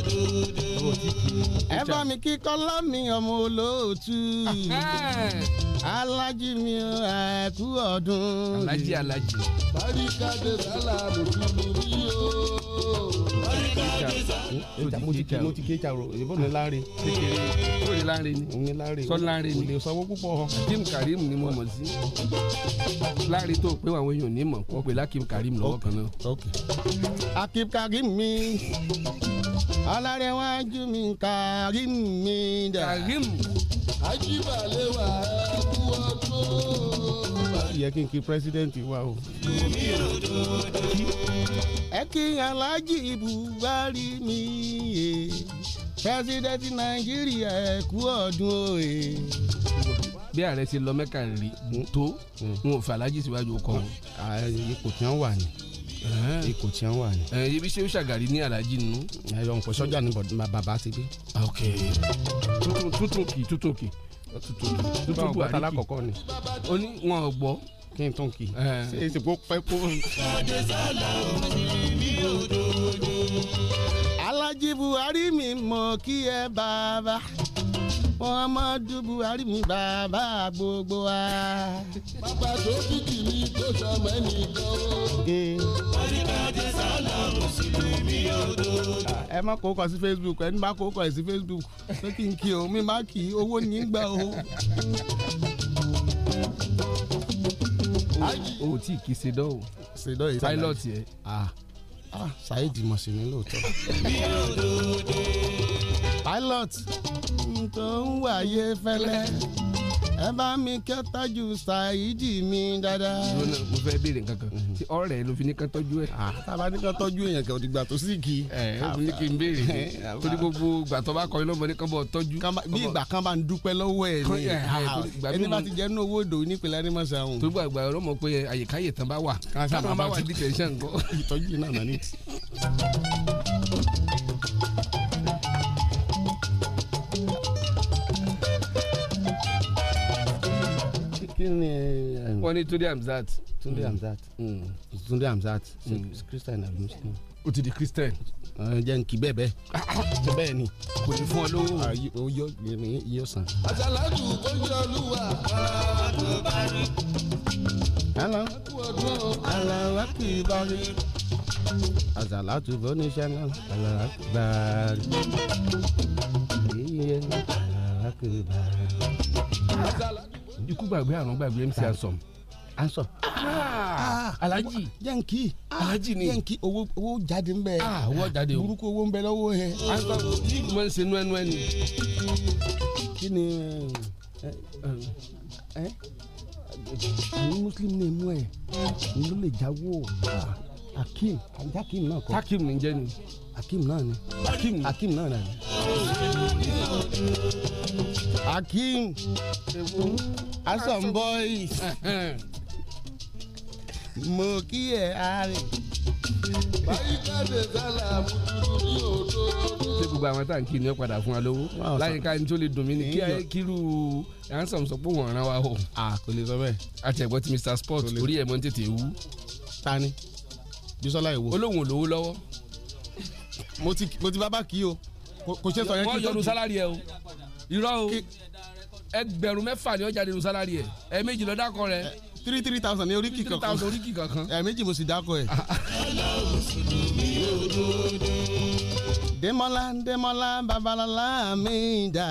ẹ bá mi kí kọ́lá mi ọmọ olóòtú alájí mi ẹ̀kú ọdún. alájí alájí. baríkàdé sálà mo ti lù mí o. baríkàdé sálà. mo ti kéèjà ro èyí bó ni láre. kékeré bó ni láre ni. òun ni láre. sọ láre ni. olè sanwó púpọ̀. Akim Karim ni mo mọ̀ sí. láre tó pé àwọn èèyàn ní mọ̀ wọ́n pè lákim Karim lọ́wọ́ kan náà. Akim Karim mi alárẹ̀wájú mi Karim mi dà. Karim. ajíbalẹ̀ wà kú ọdún. yẹ kí n kí president wa o. èmi ò dodo. ẹ kí aláàjì Buhari mi yé president Nàìjíríà ẹ kú ọdún o yé bí ààrẹ ti lọ mẹ́ka rí hmm. tó hmm. n ò fẹ́ aláàjì síwájú kọ́. ipò tí wọ́n wà ní ikò tí wọn wà ní. ibi ṣé ó ṣàgàrí ní alájí nínú. ẹ yọ nǹkan sọjà ní bàbá ti gbé. ok tuntun kì tuntun kì tuntun kì alákọ̀ọ́kọ́ ni. ó ní wọn ò gbọ́. kí n tún kì í. ṣé èsì kó pẹ́ kó. alájí Buhari mi mọ̀ kí ẹ bàbá. Muhammadu Buhari mi bàbá gbogbo wa. bàbá tó kìkì mi tó sọmọ ẹnìkan o. wọ́n ní ká jẹ sálà mùsùlùmí òdo. ẹ má kó kọ sí Facebook ẹni bá kó kọ sí Facebook pé kí n kí o mi má kí owó ní gbà o. o ò tí ì kí sedọ́ o sedọ́ yìí pilot yẹ. ah ah Saheed mọ̀ sí ni lóòótọ́. mi ò dòde pilot tó ń wáyé fẹ́lẹ́ ẹ bá mi kẹ́ tájú ṣàyíjì mi dáadáa. mo fẹ́ béèrè nǹkan kan tí ọ̀rẹ́ ló fi ní ká tọ́jú ẹ̀. Ah, tába ní ká tọ́jú èèyàn kẹ́ o ti gbà tó sí kì í. ẹ ẹ ní kí n béèrè (laughs) torí gbogbo ìgbà tó bá kọ́ ilé ọmọdé kan bọ̀ tọ́jú. bí ìgbà kan bá ń dúpẹ́ lọ́wọ́ ẹ̀ ni ah, ẹni bá ti jẹ́ inú owó ìdò nípìnlẹ̀ ẹni mọ̀ṣá òun. torí gbàgbà ọlọ́mọ pé àyíkáyè tán bá wà. káàkiri àbá wà kí ni. Eh, wọ́n ní Túndé Hamzat. Túndé hmm. Hamzat hmm. Túndé Hamzat hmm. Christian àbí Muslim. o ti di Christian. Eh, jẹ́ n kì bẹ́ẹ̀ bẹ́ẹ̀ (coughs) bẹ́ẹ̀ ni. kò ní fún ọ lówó. o ah, yọ yọ san. àtàlájú ojú olúwa àtúbárí. hello. aláwa kì í bá rí. àtàlájú oníṣẹ́ náà aláwa kì í bá rí. iye aláwa kì ikú gbàgbé àrùn gbàgbé mc ansom. ansom. Ah. Ah, alaji. jẹ́ǹkì. Ah, alaji ni. jẹ́ǹkì owó owó jáde ń bẹ. owó jáde o. burúkú owó ń bẹ lọ́wọ́ ẹ. ansom yìí mo ń ṣe nuẹ́nu ẹni. kí ni àwọn muslim ní imú ẹ ní ló lè jáwó akim ajakim náà kọ. takim ní jẹ́ ni akeem náà ni akeem náà ni akeem asomboy (laughs) mo kí ẹ àárẹ̀. báyìí káde sálà mutulu ní odò. ṣé gbogbo àwọn tá à ń kí ni ó padà fún wa lówó láyé ká ní tó lè dùn mí ni kí ẹ kírú handsome sọ pé wọ́n ràn wá o. a kò lè sọ bẹ́ẹ̀. àtẹ̀gbọ́ ti Mr Sport orí ẹ̀ mọ́ tètè wú. ta ni Bísọ́lá ìwo. olóhùn olówó lọ́wọ́ mo ti mo ti bábà kí o kò ṣe sọ yẹn kí n tó jù. wọ́n yọnu sálárì ẹ o irọ́ o ẹgbẹ̀rún mẹ́fà ni ó jáde nu sálárì ẹ ẹ méjì lọ dákọ rẹ. three three thousand ní oríkì kankan three thousand oríkì kankan. ẹ méjì mo sì dákọ ẹ. Démọ́lá Démọ́lá babalala mi dà.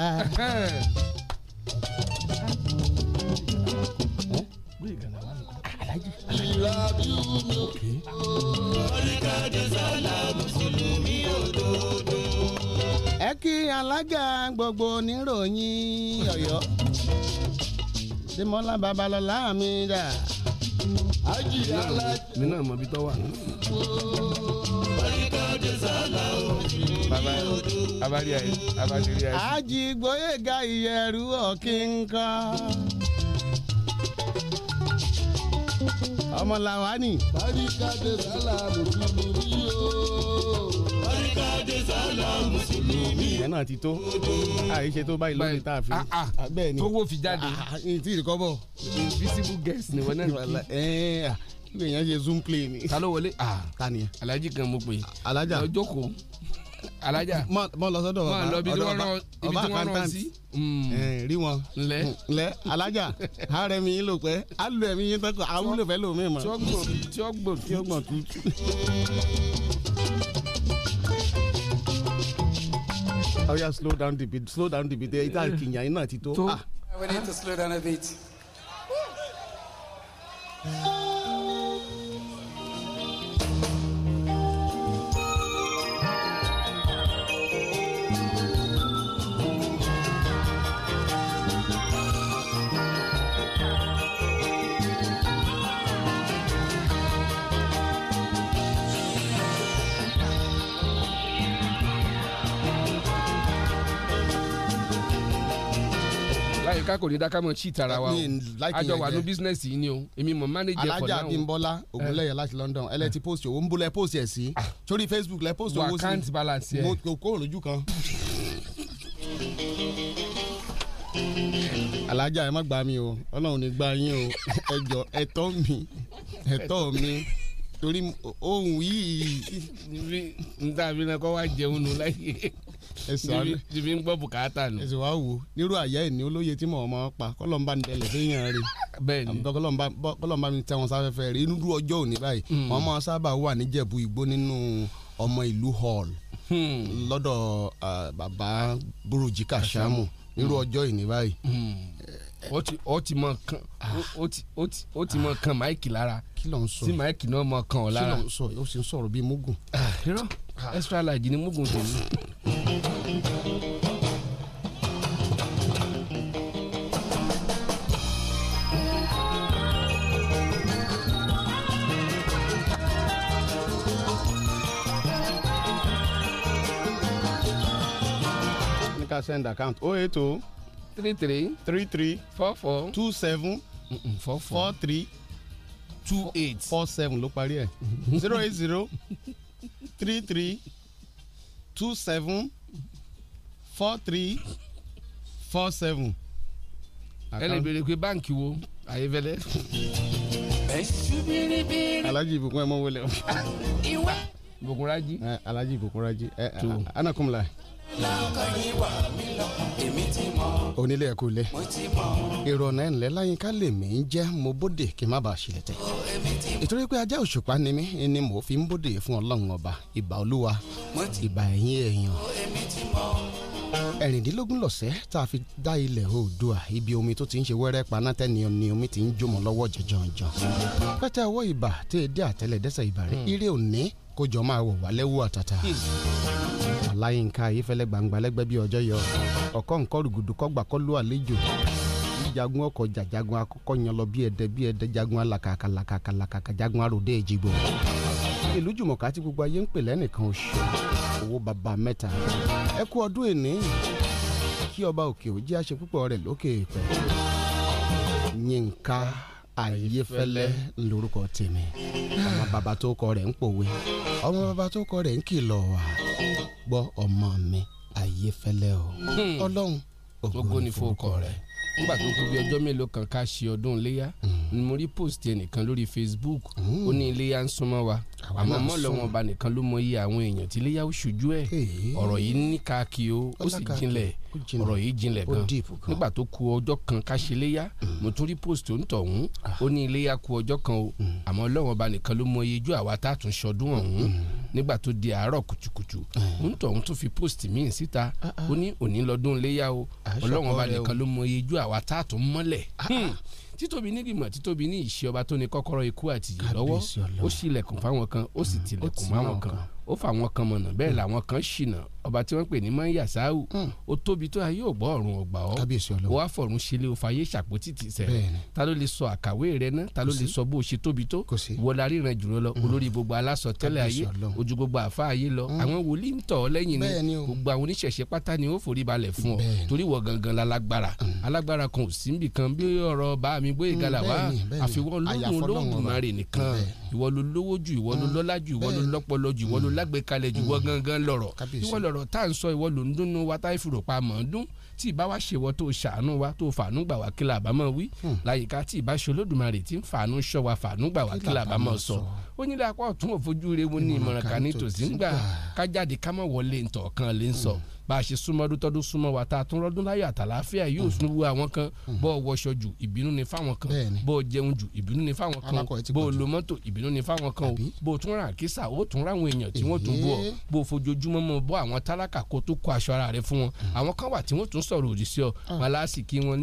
Alaji. Okay. alága gbogbo oníròyìn Ọ̀yọ́ Dèmọ́lá Babalọ́lá mi dà. mi náà mọ ibi tó wà. bàbá abali ayé abali ayé. ají gboyega ìyẹ̀rú ọ̀kínkàn. ọmọ làwání. baríkàdé sálà mùsùlùmí o. baríkàdé sálà mùsùlùmí yẹn náà ti tó àìṣe tó báyìí lónìí tá a fi ah, ah. Ah, bẹ́ẹ̀ ni tówó fi jáde tí ì kọ́bọ̀ visible guest ni wọ́n náà ẹ̀ ṣe zoom play ni. ta ló wọlé ta ni alhaji kan mo pè é lọ jókòó alaja mọ lọ sọ́dọ̀ ọba ọba ọba ọba accountant hmm. rí wọn nlẹ nlẹ hmm, alaja (laughs) ààrẹ mi yín ló pẹ alùpẹ mi yín tán kọ awúlò fẹ lómi mọ tí ó gbọn tí ó gbọn tuntun. oya slow down the beat slow down the beat ẹ ìta kìnyà iná ti tó. Ah. we need to slow down a bit. dáká kò ní dáká mọ̀ tara wa o àjọ wà ní bísínẹ́sì yìí ni o èmi mọ̀ mánéjì ẹ̀fọ́ náà o. alájà Abímbọ́lá Ògúnlẹ̀yẹ láti London ẹ ti post owó ń bó lẹ post ẹ sí ah. sórí Facebook lẹ post owó sí wàkántì balance ẹ mo kó òrùjú kan. alájà ẹ má gbà mí o Ọlọ́run ní gbà yín o ẹ jọ mi ẹ mi torí ohun yìí. n tàbí náà kọ́ wá jẹun nù láyé jìbí ń gbọ́ bùkátà nù. ẹsẹ̀ wá wò nírú àyà ẹ̀ ní olóye tí mò ń mọ́ pa kọ́lọ́mbà ń tẹ̀lé séyàn rẹ̀ bẹ́ẹ̀ni kọ́lọ́mbà mi tẹ wọn sáfẹ́fẹ́ rẹ̀ inú dúró ọjọ́ òní báyìí wọ́n hmm. máa sábà wà níjẹ̀bú igbó nínú ọmọ ìlú hall hmm. lọ́dọ̀ bàbá burújí kàṣámù nírú hmm. ọjọ́ òní báyìí. ó ti mọ kan máìkì lára kí ló ń sọ tí máìkì náà mọ kan ọ̀ lára kí ló ń sọ ó sì ń sọ̀rọ̀ bíi mugun. Ah, extra ah. large ni mugun tèmi. ká send account oh eight oh three three three three four four two seven four four four three two eight four seven ló parí ẹ̀ zero eight zero three three two seven four three four seven. ẹ lè béèrè pé báǹkì wo ayéfẹ́lẹ́. Alhaji Ìbùkún ẹ mọ wọlé o. Ìbùkún Rájí. Alhaji Ìbùkún Rájí Ana kumla lọ́kàn yín wà mí lọ́kàn èmi ti mọ̀. onílé ẹ̀kú lé èrò ọ̀nà ẹ̀ǹlẹ́ láyínká lè mí jẹ́ mo bóde kí n má bàa ṣílẹ̀ tẹ̀. ìtorí pé ajá òṣùpá ni mí ni mò ń bóde fún ọlọ́run ọba ìbà olúwa ìbà ẹ̀yìn èèyàn ẹ̀rìndínlógún lọ̀sẹ̀ tá a fi dá ilẹ̀ oòdùà ibi omi tó ti ń ṣe wẹ́rẹ́ panátẹ́ ni omi omi ti ń jómọ lọ́wọ́ jẹjọ́njọ́ pẹ́tẹ́ ọwọ́ ibà tẹ́ ẹ dé àtẹlẹ́dẹ́sẹ̀ ibà rẹ̀ ire òní kó jọ máa wọ̀ wálẹ́wọ́ àtàtà. aláyínká ayéfẹ́lẹ́ gbangba lẹ́gbẹ́ bí ọjọ́ yọ ọ̀kọ́ nǹkan rògbòdò kọ́gbà kọ́ ló àlejò jagun ọkọ̀ jàjagun akọ́kọ́ yan lọ bí ẹ̀dẹ́ bí ẹ̀dẹ́ jagun alàkàkàlàkàkàkà jagun àròdé èjìgbò ìlú jùmọ̀ká tí gbogbo ayé ń pè lẹ́nìkan oṣù owó bàbá mẹ́ta ẹ kú ọba òkè òjì àṣẹ púpọ̀ rẹ̀ lókè yínká ayéfẹ́lẹ́ tèmi ọmọ bàbá tó kọ rẹ̀ gbọ́ ọmọ mi ayéfẹ́lẹ́ o hmm. ọlọ́run ògo ni fọkọ rẹ nígbà tó kú bí ọjọ́ mélòó kan ká ṣe ọdún iléyà ni hmm. mo rí post ẹnìkan lórí facebook hmm. ó ní iléyà ń súnmọ́ wa àmọ́ mọ́lọ́wọ́n ọba nìkan ló mọ iye àwọn èèyàn tí iléyà ó ṣojú ẹ̀ ọ̀rọ̀ yìí ní káàkiri ó sì jinlẹ̀ ọ̀rọ̀ yìí jinlẹ̀ gan nígbà tó ku ọjọ́ kan káṣeléyà mm. mo tún rí post onítọ̀hún ah. ó ní iléyà ku ọjọ́ kan o mm. àmọ́ ọlọ́wọ́n ọba nìkan ló mọ iyejú àwa tá a tún ṣọdún ọ̀hún mm. nígbà tó di àárọ̀ kùtùkùtù onítọ̀hún tún fi post míì síta ah, ah. ó ní òní lọ́dún iléyà o ọlọ́wọ́n ọba nìkan ló mọ iyejú àwa tá a tún mọ́lẹ̀ hmm. títóbi nígbìmọ̀ títóbi ní ìṣe ọba tó ní kọ́kọ́rọ́ ikú àtìyè lọ́wọ́ ó ṣílẹ̀kùn fáwọn kan ó sì tilẹ̀kùn máwọn kan ó fà wọn kan mọ̀nà bẹ́ẹ̀ làwọn kan ṣìnà ọba tí wọ́n pè ní mọ́ńyà sáhù hmm. ó tóbi tó ayé ògbọ́ ọ̀run ọgbà ọ́ wọ́n á fọ̀run ṣẹlẹ̀ òfàyè ṣàpótì ti sẹ̀ ta ló lè sọ àkàwé rẹ ná ta ló lè sọ bó o ṣe tóbi tó wọ́n la ríran jùlọ lọ hmm. olórí gbogbo aláṣọ tẹ́lẹ̀ ayé ojú gbogbo àfa ayé lọ hmm. àwọn wòlíì ń tọ̀ ọ́ lẹ́yìn ni gbogbo àwọn oníṣẹ̀ṣẹ̀ pátá ni ó forí balẹ̀ fún ọ torí wọ gangan lálágbára alágbára kan ò sí nbìkan bí ọ̀rọ̀ bá mi bóyá ìgalà wá àfiwọ́ lóhùn lóhùn márè nìkan ìwọ ló lówó ju ìwọ ló lọ́lá ju ìwọ ló lọ́pọlọ ju ìwọ ló lágbèkalẹ̀ ju ìwọ gangan lọ̀rọ̀ ìwọ lọ̀rọ̀ ọ̀rọ̀ tá à ń sọ ìwọ ló ń dúnnú wa táyé fúrò pa mọ̀ ń dún tí ìbá wa ṣèwọ tó ṣàánú wa tó fàánú gbà wá kílà àbámọ̀ wí hmm. láyìíká tí ìbá ṣe olódùmarè tí ń fàánú ṣọ wa fàánú gbà wá kílà àbámọ̀ sọ ó ní dàpọ̀ tún òfojú rewu ní ìmọ̀ràn kan nítòsí ń gbà kájáde ká mọ̀ wọlé ntọ̀ kan lè ń sọ. Hmm bá a ṣe súnmọ́ ọdún tọ́dún súnmọ́ wa tá a tún rọ́dún láyọ̀ àtàláfíà yóò sún mm. wú àwọn kan mm. bọ́ ọ wọṣọ jù ìbínú ni fáwọn kan bọ́ ọ jẹun jù ìbínú ni fáwọn kan bọ́ ọ lo mọ́tò ìbínú ni fáwọn kan bọ́ ọ tún ra àkísà ó tún ra àwọn èèyàn tí wọ́n tún bú ọ bọ́ ọ fojoojúmọ́ mọ́ bọ́ àwọn tálákà kó tó kó aṣọ ara rẹ fún wọn mm. àwọn kan wà tí wọ́n tún sọ̀rọ̀ òdì ọ ah. wọn kí wọn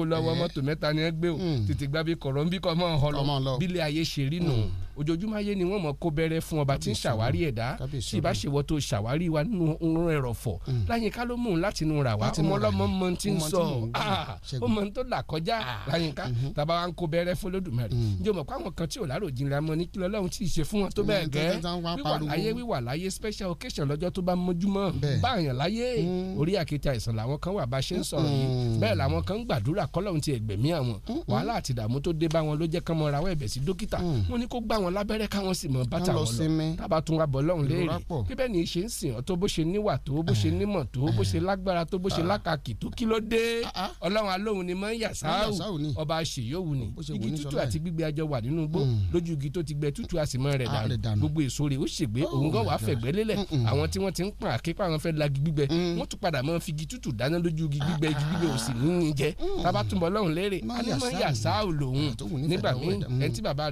nílò ẹ (laughs) mẹ́ta ni ẹ gbé o hmm. tètè gbàbí kọ̀rọ̀ ń kọ́ ọmọ ọ̀hún lọ bílẹ̀ ayé ṣe rí nù. Hmm ojoojúmọ́ ayé ni wọ́n mọ̀ kó bẹ̀rẹ̀ fún ọba tí ń ṣàwárí ẹ̀dá tí ìbá ṣe wọ́n tó ṣàwárí wa nínú oorun ẹ̀rọ̀fọ̀ mm. láyínká ló mú un láti inú ra wa ọmọ ọlọ́mọ mọ ti ń sọ ó ah, mm. mọ tó là kọjá ah. láyínká mm-hmm. tàbá wa ń kó bẹ̀rẹ̀ fún lódùmarè njẹ́ mm. o mọ̀ pé àwọn kan tí ò lárò jìnlẹ̀ amọ̀ ní kí lọ́lọ́run tí ì ṣe fún wọn tó bẹ́ẹ̀ gẹ́ wíwà láyé special occasion lọ́jọ́ tó bá mọ́júmọ́ báyàn láyé orí àkéte àìsàn làwọn kan wà bá ṣe ń sọ̀rọ̀ yìí bẹ́ẹ̀ làwọn kan ń gbàdúrà kọ́lọ́run ti ẹ̀gbẹ̀mí àwọn mm-hmm. wàhálà àtìdààmú wọn lábẹ́rẹ́ káwọn sì mọ bàtà wọn lọ tábà tún wa bọ̀ lọ́hùn léèrè bíbẹ́ ni ṣe ń sìn ọ́ tó bó ṣe níwà tó bó ṣe nímọ̀ tó bó ṣe lágbára tó bó ṣe ah. lákàkì tó kí ló dé ah, ah. ọlọ́run alóhùn ni mọ́ ń yà sáàù ọba ṣèyóhùn ni igi tútù àti gbígbẹ ajọ wà nínú gbó mm. lójú igi tó ti gbẹ tútù a sì mọ rẹ̀ dànù gbogbo èso rẹ̀ ó ṣègbè oh òun gan wàá fẹ̀gbẹ́ lélẹ̀ àwọn tí wọ́n ti ń pàn àképa wọn fẹ́ lagi gbígbẹ mm. wọ́n tún padà mọ́ fi igi tútù dáná lójú igi gbígbẹ igi gbígbẹ ò sì jẹ mm. tábà túnbọ̀ lọ́hùn léèrè a mọ́ yà sáàù lòun nígbà míì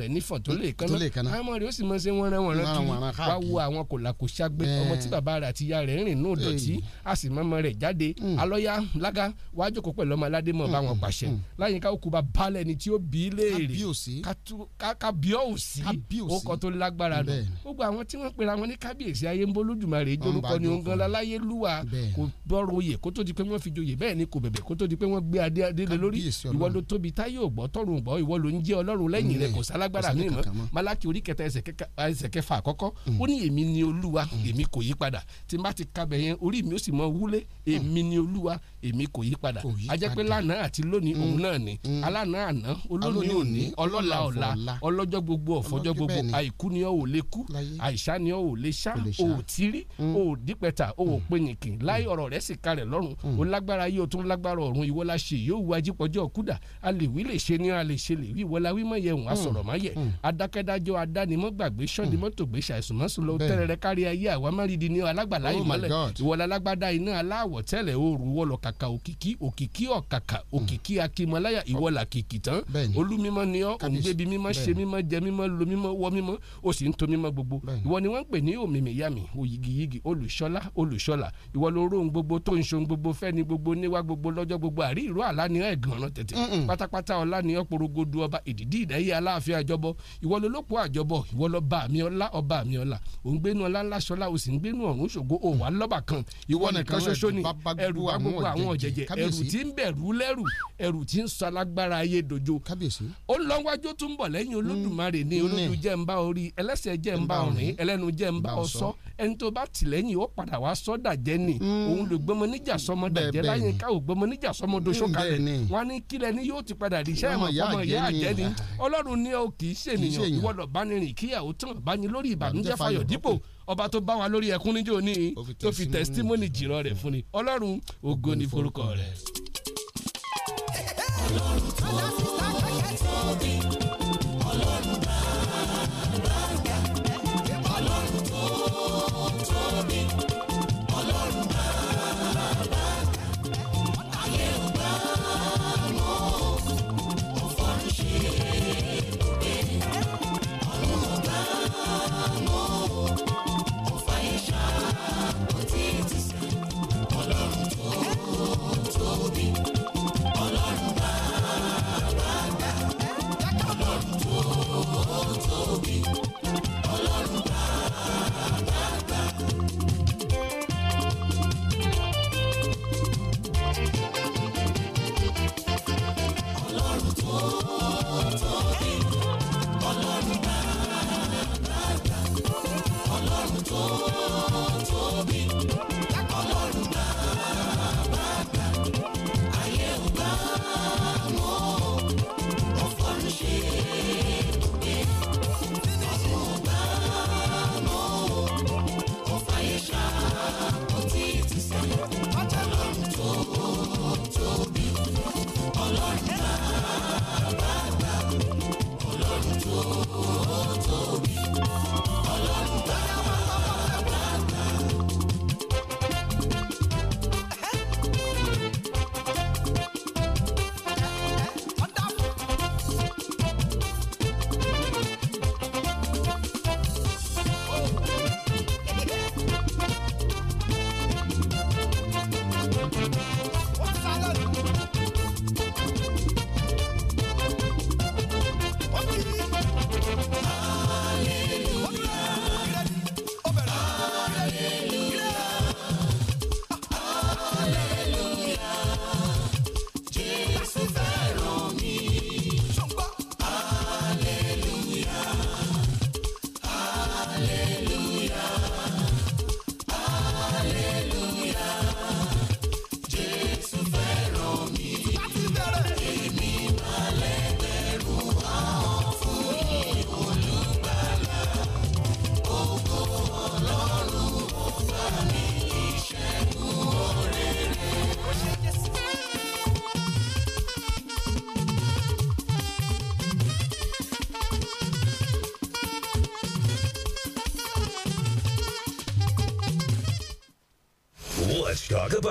ẹni lè kaná. àwọn ọmọ rẹ ó sì máa ṣe wọn rán wọn rán kiri wá wo àwọn kòlàkò ṣàgbé ọmọ tí bàbá rẹ àti ìyá rẹ ń rìn náà dọ̀tí a sì mọ ọmọ rẹ jáde hmm. alọ́yà lága wàá jókòó pẹ̀lú ọmọ aládé mọ̀ bá wọn hmm. pàṣẹ hmm. láyìnká ó kú bá balẹ̀ ni tí ó bí léèrè kábíòsí ó kọ́ tó lágbára nù gbogbo àwọn tí wọ́n pera wọn ní kábíyèsí ayé ń bólúdùmarè jórúkọ ni òǹgan láláyé lúwa kò bọ́rọ̀ oyè kó tó di pé wọ́n fi joyè bẹ́ẹ̀ ni kò bẹ̀bẹ̀ kó tó di pé wọ́n gbé adé adé lórí ìwọ ló tóbi táyé ògbọ́ tọ́rùn ògbọ́ ìwọ ló ń jẹ́ ọlọ́run lẹ́yìn rẹ̀ kò sálágbára láti orí kẹta ẹsẹ̀ kẹfà àkọ́kọ́ ó hmm. ní èmi ni olúwa hmm. èmi kò yí padà tí n bá ti kabẹ̀ yẹn orí mi ó sì mọ wúlé hmm. èmi ni olúwa èmi kò yí padà ajẹ́ pé lánàá àti lónìí òun náà ni alánàá àná olónìí òní ọlọ́la ọ̀la ọlọ́jọ́ gbogbo ọ̀fọ́jọ́ gbogbo àìkú ni ọ ò lè kú àìsá ni ọ ò lè sá ò tírí o ò dípẹ́ta ò pinyìnkì láì ọ̀rọ̀ rẹ̀ sì kalẹ̀ lọ́rùn o lágbára yìí tún lágbára ọ̀run ìwọ la ṣe yóò wájú pọ̀jọ́ kúdà a lè wí lè ṣe ni a lè ṣe lè wí ìwọ wí mọ̀ yẹ òun a adájọ́ adánimọ̀gbàgbé sọ́ndimọ́tò hmm. gbé ṣàìsùn mọ́sùn lọ tẹ́rẹ̀rẹ́ kárí ayé àwa márìndín ní alágbàlá oh ìmọ́lẹ̀ ìwọlá alágbádá iná aláwọ̀ tẹ́lẹ̀ oòrùn wọlọ̀ kàkà òkìkí òkìkí ọ̀kàkà hmm. òkìkí akímọ̀láyà ìwọlà kìkì tán olúmímọ́ ni ọ́ òǹgbẹ́bí mímọ́ ṣe mímọ́ jẹ mímọ́ lo mímọ́ wọ mímọ́ ó sì ń to mímọ́ gbogbo ìwọ ni wọ́n ń pè ní òmìmì yàmì òyìgìyìgì olùṣọ́lá olùṣọ́lá ìwọ ló róhun gbogbo tó ń ṣohun gbogbo fẹ́ni gbogbo níwá gbogbo lọ́jọ́ gbogbo àrí ìró àlá ni ẹ̀ gan-an tètè pátápátá ọlá ni ọ́ porogodo ọba ìdìdí ìdáyé aláàfin àjọbọ ìwọ ló ló rọ́pò àjọbọ̀ ìwọ lọ bá mi ọlá ọba mi ọlá òun gbénu ọlá ńlá ṣọlá o sì ń gbénu ọ̀run ṣògo o wà lọ́bà kan ìwọ nìkan ṣoṣo ni ẹrù wa gbogbo àwọn ọ̀jẹ̀jẹ̀ ẹrù tí ń bẹ̀rù lẹ́rù ẹrù tí ń sọ alágbára ayé dojo ó lọ wájú tó ń bọ̀ lẹ́yìn olódùmarè ni mm-hmm. olójú jẹ́ ń bá orí ẹlẹ́sẹ̀ jẹ́ ń bá ọ̀rìn ẹlẹ́nu jẹ́ ń bá ọ̀sọ́ ẹni tó bá tìlẹ́yìn ó padà wá sọ́dà jẹ́ ni mm. òun lè gbọ́mọ níjà sọmọ dàjẹ́ láyé ká ò gbọ́mọ níjà sọmọ doṣó mm, kalẹ̀ wọn ní kílẹ̀ ni yóò ti padà ríṣẹ́ ìmọ̀ ọmọ ìyá àjẹ́ ni ọlọ́run ni ó kì í ṣènìyàn ìwọ lọ bá ní rìn kíyàwó tán bá ní lórí ìbànújẹ́ fayọ̀ dípò ọba tó bá wa lórí ẹkún níjó ní tó fi tẹsítímọ́nì jìrọ̀ rẹ̀ fún ni ọlọ́run ògo ni forúkọ rẹ̀. ọlọ́run tó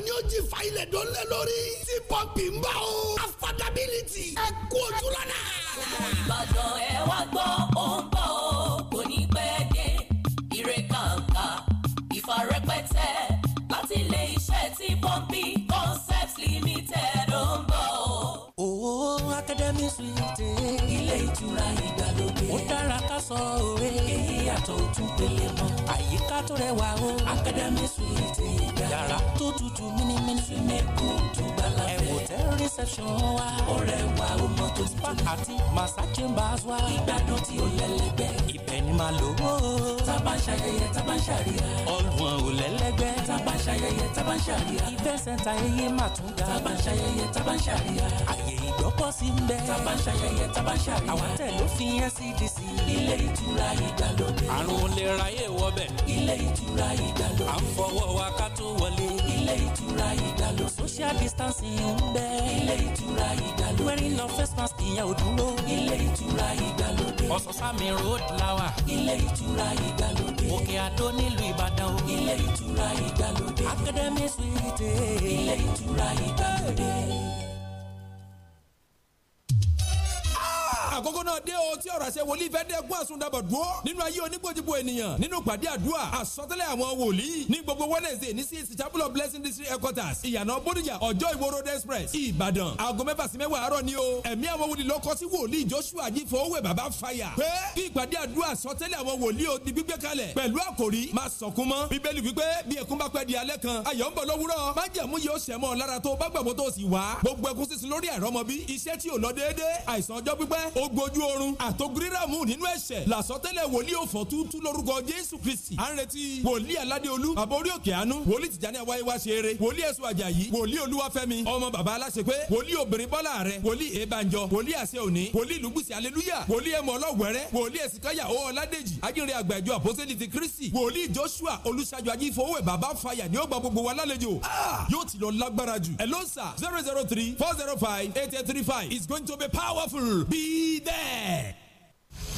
ni ó jí bá ń ṣàríyá. àwọn tẹ̀ ló fi NCDC. ilé ìtura ìgbàlódé. àrùn ra ráyè wọbẹ̀. ilé ìtura ìgbàlódé. à ń fọwọ́ wa ká tó wọlé. ilé ìtura ìgbàlódé. social distancing ń bẹ. ilé ìtura ìgbàlódé. wearing of face mask ìyẹn ò dúró. ilé ìtura ìgbàlódé. ọ̀sán-sámi road lawa. ilé ìtura ìgbàlódé. òkè àdó nílùú Ìbàdàn o. ilé ìtura ìgbàlódé. academy nípasẹ̀ wòlíì fẹ́dẹ́gún àsundàbọ̀ dúró nínú ayé onígbòjìbò ènìyàn nínú pàdé àdúrà àsọtẹ́lẹ̀ àwọn wòlíì ní gbogbo Wednesday ní CAC chapel of blessing district headquarters ìyànà bódìjà ọjọ́ ìwó road express Ìbàdàn aago mẹ́fà sí mẹ́wàá àárọ̀ ni o ẹ̀mí àwọn wòlíì ló kọ sí wòlíì Joshua jí fowówẹ̀ bàbá fàyà pé kí ìpàdé àdúrà àsọtẹ́lẹ̀ àwọn wòlíì ó di gbígbé kalẹ̀ pẹ̀lú àkòrí máa sọ̀kún mọ́ bíbélì wípé bí ẹkún bá pẹ́ di alẹ́ kan ayọ̀ ń bọ̀ lówùrọ̀ májẹ̀mú yóò ṣẹ̀mọ́ lára tó bá gbàgbọ́ tó sì wá gbogbo ẹkún sísun lórí àrọ́mọbí iṣẹ́ tí ò lọ déédéé àìsàn ọjọ́ pípẹ́ ó gbojú oorun àtóg ríràmù nínú ẹ̀ṣẹ̀ làsọtẹ́lẹ̀ wòlíì òfò tútú lórúkọ jésù kristi à ń retí wòlíì aládéolú bàbá orí òkè àánú wòlíì tìjàní àwáyé wá ṣe eré wòlíì ẹ̀sùn àjàyí wòlíì olúwafẹ́mi ọmọ bàbá aláṣepé wòlíì obìnrin bọ́lá rẹ wòlíì èèbànjọ wòlíì àṣẹ òní wòlíì lùgbùsì aleluya wòlíì ẹmọ ọlọ́wẹ̀rẹ́ wòlíì ẹ̀sìnkáyà ó ọládèjì ajínrere àgbà àpọ́sẹ́lì ti kristi wòlíì joshua olùṣàjọ ajífowóẹ̀ bàbá fàyà ni ó gba gbogbo wa lálejò ah, yóò ti lọ lágbára jù ẹ̀ ló ń sà zero zero three four zero five eight eight three five it's going to be powerful be there.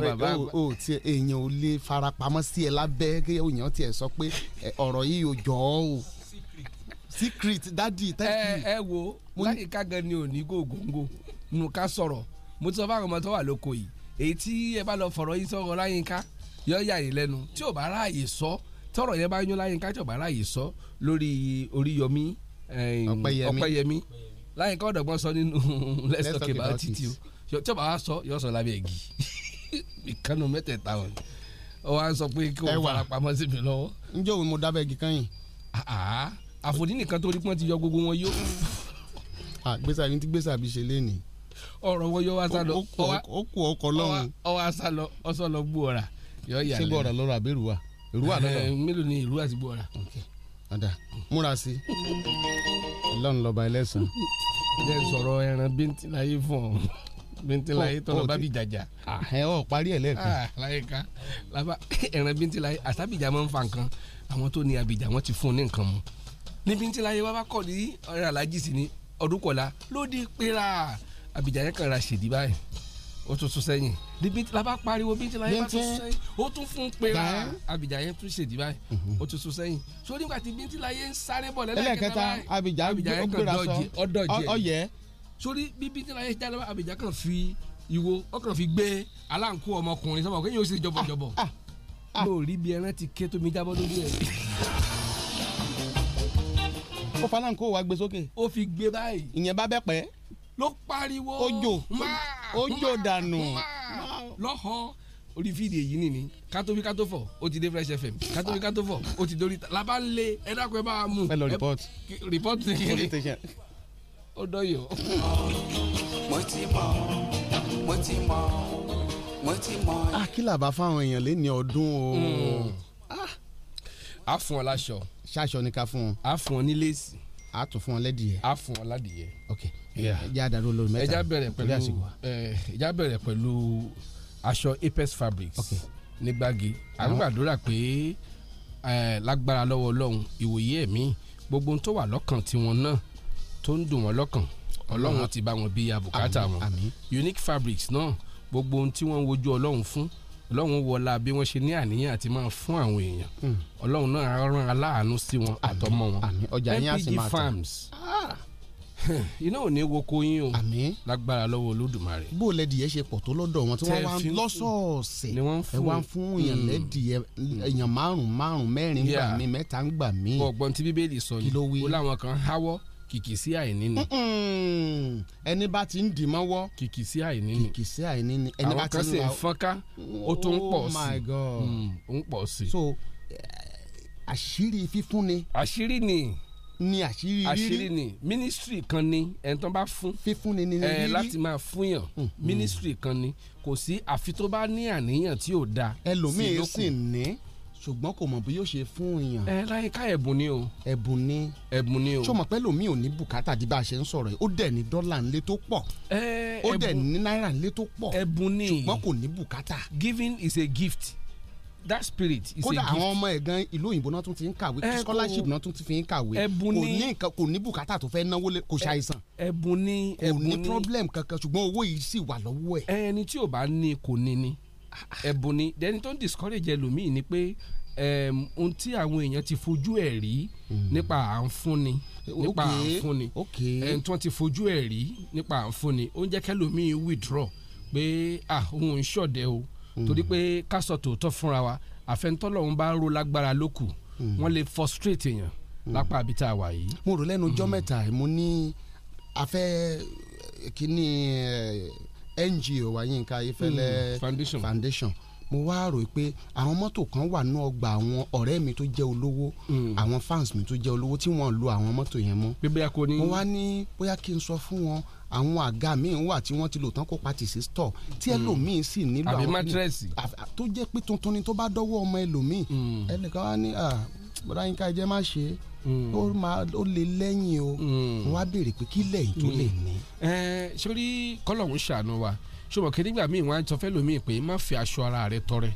bàbá àgbà. o ti èèyàn ò lè farapamọ́ sí ẹ lábẹ́ kí èèyàn tiẹ̀ sọ pé ọ̀rọ̀ yìí ò jọ ọ́ o secret dadi thank you. ẹ ẹ wo láyìíká gan ni ò ní gògóńgò nù ká sọ̀rọ̀ mo ti sọ fáwọn ọmọ tó wà lóko yìí èyí tí ẹ bá lọ fọ̀rọ̀ yín sọ̀rọ̀ láyìíká yọ yà yín lẹ́nu tí ò bá ráàyè sọ tọ̀rọ̀ yẹn bá yún láyìíká tí ò bá ráàyè sọ lórí oríyọmí ọpẹ́yẹmí láyìíká ọ̀dọ̀gbọ́n sọ nínú (laughs) let's talk about it o tí ò bá wá sọ yọ sọ lábẹ́ ẹ̀gì. (laughs) ìkànnì mẹ́tẹ̀ẹ̀ta wọn wá sọ pé kí o fara pamọ́ sí mi lọ́wọ́. njẹ́ òun mo dábẹ́ igi kan yìí. àfòdí nìkan tó rí pọ́n ti yọ gbogbo wọn yó. gbèsè àbí ti gbèsè àbí ṣe wọn yọ wá ó ọkọ ọ wá lọ ọ̀rà lọ́rọ̀ àbí mélòó ni ọ̀dà bíntíláyé tọ́lọ́ bá bí jàjà. ẹ ọ parí ẹ lẹ́ẹ̀kan. Ah, láyìíká lábá (coughs) ẹran bíntíláyé àtàbíjà máa ń fa nǹkan àwọn tó ní àbíjà wọn ti fún ní nǹkan mu. ní bíntíláyé wàá bá kọ̀ ní ọ̀rẹ́ alájí ni ọdún kọ̀la lóde péra àbíjà yẹn kàn ra ṣèdí báyìí ó tún tún sẹ́yìn níbi tí labá pariwo bí tí labá tún tún sẹ́yìn ó tún fún un abidjan yẹn tún ṣèdí báyìí mhm. ó tún tún sẹ́yìn so nígbà tí bí tí la yẹn ń sáré bọ̀ lẹ́lẹ́kẹta abidjan yẹn gbéra sọ ọdọ̀jẹ sórí bíbí tí láyé dáná àbíjà kan fi ìwo ọkàn fi gbé aláǹkó ọmọkùnrin sọmọ kéèyàn ó sì jọbọjọbọ ah, ah, ah. mo rí bí ẹran ti ké tómi jábọ́ lórí ẹ̀. ó faláǹkó wa gbé sókè. ó fi gbé báyìí. ìyẹn bá bẹ́ pẹ́. ló pariwo ojo ojo dànù. lọ́họ̀ọ́ orí fídì èyí nìní kátó fi kátó fọ ó ti dé fresh fm kátó fi kátó fọ ó ti dórí labalẹ ẹ dákun ẹ bá wa mú. ẹ lọ rìpọ́tì. rìpọ́tì kiri ó dọ̀yọ̀. mo ti mọ mo ti mọ mo ti mọ. akílà ah, bá fáwọn èèyàn lé ní ọdún o. Hmm. Ah. a fún ọ láṣọ. ṣáṣọ ni ká fún ọ. a fún ọ ní léèsì. a tún fún ọ lẹ́dìyẹ. a fún ọ ládìyẹ. ok ẹja adarú olórí mẹ́ta ẹja bẹ̀rẹ̀ pẹ̀lú bẹ̀rẹ̀ pẹ̀lú aṣọ Apex Fabrics ní gbági à ń gbàdúrà pé lágbára lọ́wọ́ Ọlọ́run ìwòye ẹ̀mí gbogbo ohun tó wà lọ́kàn tiwọn náà tó ń dùn wọ́n lọ́kàn ọlọ́run ti bá wọn bí abùkátà wọn unique fabrics náà gbogbo ohun tí wọ́n ń wojú ọlọ́run fún ọlọ́run wọlá bí wọ́n ṣe ní àníyàn àti máa fún àwọn èèyàn hmm. ọlọ́run náà rán aláàánú sí wọn àtọmọ wọn mpg farms ah! (laughs) iná ò ní woko yín o lágbára lọ́wọ́ olódùmarè. bó o lẹ́dìyẹ ṣe pọ̀ tó lọ́dọ̀ wọn tí wọ́n wá lọ́sọ̀ọ̀sẹ̀ ẹ wá fún èèyàn hmm. lẹ́dìyẹ hmm. èèyàn márùn-ún márùn-ún mẹ́rin gbà mí mẹ́ta ń gbà mí. ọgbọ́n tí bíbélì sọ ni ó láwọn kan háwọ́ kìkì sí àìní ni. ẹni bá ti ń dì mọ́wọ́. kìkì sí àìní ni. kìkì sí àìní ni. ẹni bá ti ń lọ àwọn kan sì ń fọ́nká ó tún ń pọ̀ oh sí. oh my god mm, ó ń pọ̀ sí. so eh, àṣírí fífúnni. àṣírí ni ni àṣírí rírí àṣírí ni ministry kan ni ẹni tó bá fún fífúnni ni eh, rírí ẹ láti máa fún yàn mm, mm. ministry kan ni kò sí àfi tó bá ní àníyàn tí ò da ẹlòmíín sì ní ṣùgbọ́n kò mọ̀ bí yóò ṣe fún èèyàn. ẹ láyé ká ẹ̀bùn ni o. ẹ̀bùn ni. ẹ̀bùn ni o. ṣọmọ pẹ́ lómi ò ní bùkátà di bá a ṣe ń sọ̀rọ̀ yìí ó dẹ̀ ní dọ́là ńlé tó pọ̀. ẹ ẹ̀bùn ó dẹ̀ ní náírà ńlé tó pọ̀. ẹ̀bùn ni ṣùgbọ́n kò ní bùkátà. giving is a gift that spirit is Koda a gift. kódà àwọn ọmọ ẹ̀ ìlú òyìnbó náà tún ti ń kàwé scholarship náà tún ti fi ń kàwé kò ní bùkátà tó fẹ́ náwó kò ṣàìsàn kò ní problem kankan ṣùgbọ́n owó yìí sì wà lọ́wọ́ ẹ̀. ẹni tí ò bá ní kò ní ni ẹ̀bùn ni dẹni tó ń discourage ẹlòmíì ni pé ohun tí àwọn èèyàn ti fojú ẹ̀ rí hmm. nípa à ń fúnni nípa à ń fúnni ẹni tó ti fojú ẹ̀ rí nípa à ó ń jẹ́ kẹlòmíì withdraw pé ah òun ń ṣọ̀dẹ̀ o hmm. torí pé ká sọ tòótọ́ fúnra wa àfẹnutọ́lọ́hún bá ń ro lágbára lókù hmm. wọ́n lè frustrate èèyàn lápá àbíta wà yìí. mo rò lẹ́nu ọjọ́ mẹ́ta mo ní afẹ́ kínní NGO wa Yínká Ayéfẹ́lẹ́ hmm, foundation foundation mo wá rò pé àwọn mọ́tò kan wà ní ọgbà àwọn ọ̀rẹ́ mi tó jẹ́ olówó hmm. àwọn fans mi tó jẹ́ olówó tí wọ́n lo àwọn mọ́tò yẹn mọ́. mo wá ní bóyá kí n sọ fún wọn àwọn àga míì wà tí wọ́n ti lò tán kó pati sí store tí hmm. ẹlòmíì sì nílò àwọn àbí mátírẹ́sì tó jẹ́ pé tuntun ni tó bá dọ́wọ́ ọmọ ẹlòmíì ẹnìkan wá ní bọ́dá yín ká ẹ jẹ́ má ṣe é Mm. ó máa ó lè lẹ́yìn o mm. wọ́n á béèrè pé kí lẹ́yìn tó lè mm. ní. ẹ sórí kọlọ̀hún ṣàánú wa ṣùgbọ́n kí nígbà míì wọ́n á sọ fẹ́ lómi pé má fi aṣọ ara rẹ tọrẹ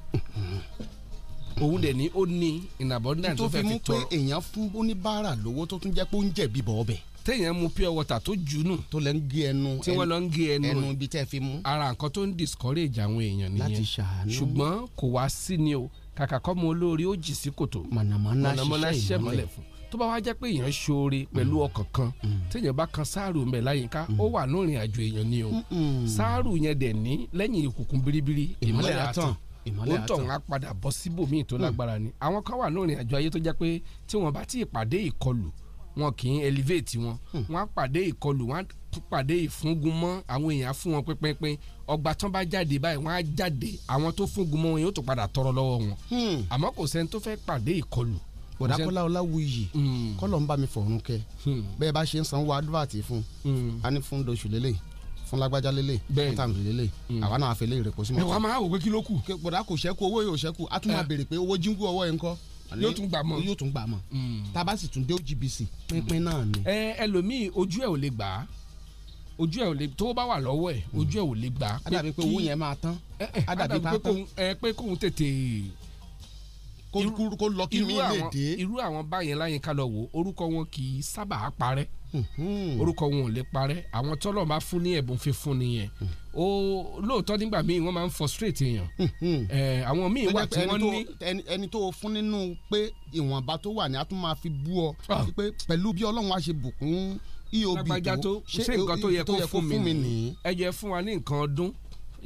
(laughs) òun dẹ̀ ni ó ní in abundance tó fẹ́ fi tọrọ. tó fi mú pé èèyàn fún oníbàárà lówó tó tún jẹ́ pé ó ń jẹ̀bi bọ̀ ọbẹ̀ téèyàn mu pure water tó junu. tó lẹ ń gé ẹnu tí wọn lọ ń gé ẹnu ẹnu bí tẹ fi mú. ara nǹkan tó ń discourage àwọn èèyàn nìyẹn láti ṣàánú ṣùgbọ́n kò wá sí ni o kàkà kọ́ mọ olórí ó jì sí kòtò mọ̀nàmọ́ná ṣiṣẹ́ ìmọ̀lẹ̀ fún tó bá wá jẹ́ pé èèyàn ṣoore pẹ̀lú mm. ọkàn kan mm. téèyàn bá kan sáàrù mẹ́ láyìíká mm. ó wà lórin àjò èèyàn ni o sáàrù yẹn dẹ̀ ní lẹ́yìn ìkùnkùn biribiri ìmọ́lẹ̀ àtàn ó tọ̀ ń padà bọ́ síbòmíì tó lágbára ni àwọn kan wà lórin àjò ayé tó jẹ́ pé tí wọ́n bá tí pàdé ìkọlù wọn kì í elevate wọn wọn pàdé ìkọlù wọn pàdé ìfúngun mọ́ àwọn èèyàn fún wọn pínpínpín ọgbà tán bá jáde báyìí wọn á jáde àwọn tó fúngun mọ́ wọn yóò tó padà tọrọ lọ́wọ́ wọn hmm. àmọ́ kò sẹ́ni tó fẹ́ pàdé ìkọlù bọ̀dá kọ́lá ọláwuyì hmm. kọ́lọ̀ ń bá mi fọ̀run kẹ hmm. bẹ́ẹ̀ bá ṣe ń sanwó adúbàtì fún hmm. a ní fún doṣù lélẹ̀ fún lágbájá lélẹ̀ fún tàǹtì lélẹ̀ àwa náà àfẹlẹ́ rẹ̀ pọ̀ sí mọ́. ẹ wàá máa wò pé kí ló kù. bọ̀dá ṣẹ́kù owó yóò ṣẹ́kù a tún máa ah. béèrè pé owó jíǹkù ọwọ́ yẹn ń kọ́ yóò tún gbà mọ yóò tún gbà mọ tá a bá sì tún dé OGBC pínpín náà ni. ẹ ẹlòmíì ojú ẹ ò lè gbà á ojú ẹ ò lè tó bá wà lọ́wọ́ ẹ ojú ẹ ò lè gbà á. á pé owó yẹn máa tán á pé kóhun tètè kó lọ kí mi lè dé. irú àwọn báyẹn láyẹn ká lọ wò orúkọ wọn kì í sábà parẹ́ mhm. orúkọ wọn ò lè parẹ́ àwọn tọ́lọ̀ máa fún ní ẹ̀bùn fífún nìyẹn ó mhm. lóòótọ́ nígbà míì wọ́n máa ń frustrate èèyàn mhm. àwọn míì wà tí wọ́n ní. ẹni tó fún nínú pé ìwọ̀nba tó wà ní a máa fi bú ọ ah. pé pẹ̀lú bí ọlọ́run á ṣe bùkún iye òbí tó ṣé nǹkan e tó yẹ kó fún mi nìyí. ẹ jẹ́ fún wa ní nǹkan ọdún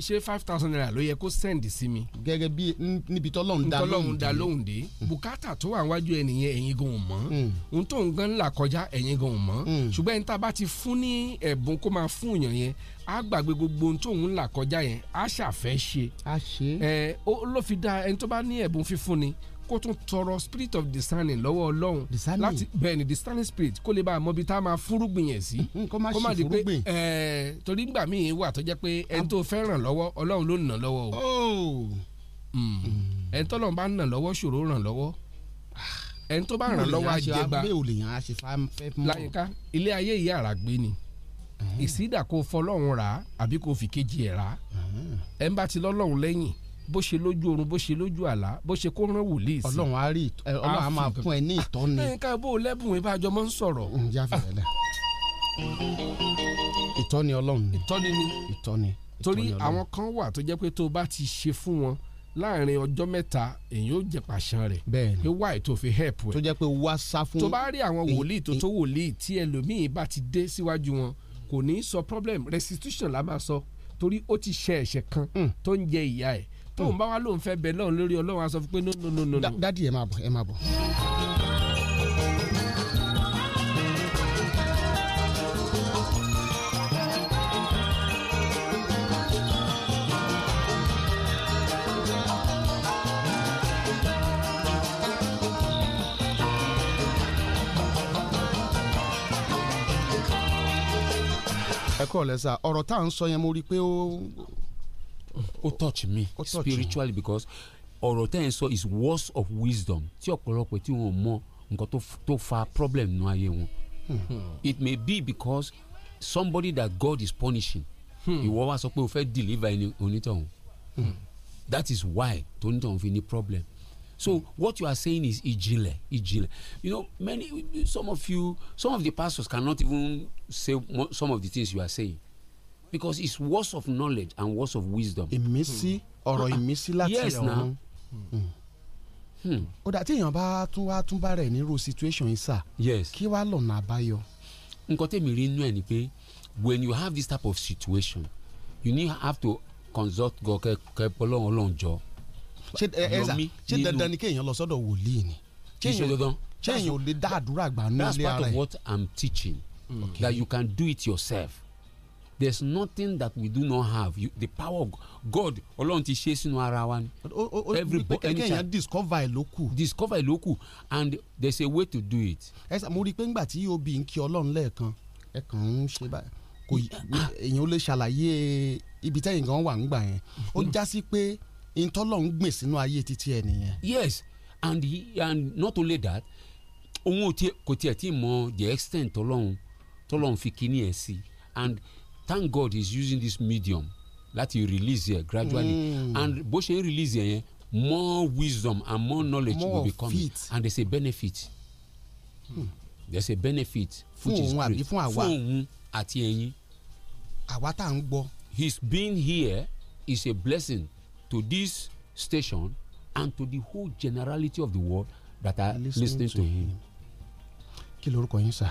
ṣé five thousand naira ló yẹ kó send sí mi. gẹ́gẹ́ bí níbi tọ́lọ́hún da lóhùn da lóhùn dé hmm. bùkátà tó wà níwájú ẹ nìyẹn ẹ̀yin gan ò mọ̀ hmm. ohun tó ń gan là kọjá ẹ̀yin gan ò mọ̀ hmm. ṣùgbọ́n ẹni tá a bá ti fún ní ẹ̀bùn kó máa fún èèyàn yẹn á gbàgbé gbogbo ohun tó ń là kọjá yẹn á ṣàfẹ́ ṣe. a ṣe. ẹ ó ló fi da ẹni tó bá ní ẹ̀bùn fífún ni kó tún tọrọ spirit of discerning lọ́wọ́ ọlọ́run láti bẹ́ẹ̀ni discerning spirit kó lè bá a mọ ibi tá a máa fúrúgbìn yẹn sí (laughs) kó má di pé ẹ̀ẹ́ torí ngbà míì wà tó jẹ́ pé ẹni tó fẹ́ ràn lọ́wọ́ ọlọ́run ló ń nà lọ́wọ́ o oh! hmm. ẹni tọ́lọ́run bá ń nà lọ́wọ́ ṣòro ràn lọ́wọ́ ẹni tó bá ràn lọ́wọ́ àjẹgbà láyìnká ilé ayé ìyá àrà gbé ni ìsídà kò fọlọ́run rà àbí kò fi kejì ẹ̀ rà ẹ̀ ń bá ti lọ́lọ́run lẹ́yìn bó ṣe lójú oorun bó ṣe lójú àlá bó ṣe kó rán wòlíì sí. ọlọ́run á rí ọlọ́run á máa fún ẹ ní ìtọ́ni. ẹ̀yin ká bó lẹ́bùn ìbájọ́ mọ́ ń sọ̀rọ̀. ǹjẹ́ àfẹ́rẹ́ dẹ̀. ìtọ́ni ọlọ́run ni. ìtọ́ni ni. ìtọ́ni. torí àwọn kan wà tó jẹ́ pé tó o bá ti ṣe fún wọn láàrin ọjọ́ mẹ́ta èyí ó jẹ pàṣán rẹ̀ bẹ́ẹ̀ni pé wáì tó fi help ẹ̀. tó jẹ́ pé wá sá fún. tó bá rí àwọn wòlíì tó tó wòlíì tí ẹlòmíì bá ti dé síwájú wọn kò ní í sọ problem restitution la máa sọ torí ó ti ṣe ẹ̀ṣẹ̀ kan hmm. tó ń jẹ ìyá ẹ̀ tóun hmm. bá wá lóun fẹ́ bẹ̀ lọ́run lórí ọlọ́run á fún pé no no no no. dádì ẹ máa bọ̀ ẹ máa bọ̀. ẹ̀kọ́ lẹ́sà ọ̀rọ̀ tá à ń sọ yẹn mo rí i pé ó ó touch me spiritually because ọ̀rọ̀ tẹ́ ẹ̀ sọ is words of wisdom tí ọ̀pọ̀lọpọ̀ tí wọ́n mọ nǹkan tó fa problem nínú ayé wọn hmm. it may be because somebody that God is punishing hmm. ìwọ wá sọ pé o fẹ́ deliver ẹni onítọ̀hún hmm. that is why tonítọ̀hún fi ní problem so mm. what you are saying is ìjìnlẹ̀ ìjìnlẹ̀ you know many some of you some of the pastors cannot even say some of the things you are saying because it's words of knowledge and words of wisdom. ìmísí ọ̀rọ̀ ìmísí láti ọ̀run hmm. hmm. ó dà tí èèyàn bá tún wá tún bá rẹ̀ nírú situation yìí sà yes kí wàá lọ́nà àbáyọ. nǹkan tèmi rí inú ẹ̀ ni pé when you have this type of situation you need have to consult God kẹ Ọlọ́run Ọlọ́run jọ. ṣé ẹ ẹ sà ṣé dandan ni kéèyàn lọ sọ́dọ̀ wòlíì ni. kì í ṣe dandan ṣé èèyàn ò lè dá àdúrà gbà ní ilé ara ẹ. that's part of what i'm teaching mm. okay. that you can do it yourself there's nothing that we do not have you, the power of God ọlọ́run ti ṣe sínú ara wa ni. o o pé kẹ́kẹ́ discover ìlókù. discover ìlókù and there's a way to do it. ẹ sà mo rí i pé ńgbà tí yóò bí n kí ọlọ́run lẹ́ẹ̀kan ẹ kàn ń ṣe báyìí kò èèyàn ó lè ṣàlàyé ibi tẹ́yìn gan wà ńgbà yẹn ó já sí pé ìtọ́lọ̀ gbìn sínú ayé títí ẹ nìyẹn. yes and he, and not only that òun kò tiẹ̀ tí ì mọ the extent tọ́lọ́run tọ́lọ́run fi kíní ẹ̀ sí and thank god he is using this medium láti release yẹ gradually mm. and bó ṣe ń release yẹn more wisdom and more knowledge more will be coming feet. and there is a benefit hmm. there is a benefit which is great fún òun àti ẹ̀yin. àwa tá à ń gbọ́. his being here is a blessing to this station and to the whole generality of the world that are listening, listening to, to him. kí lorúkọ yín sá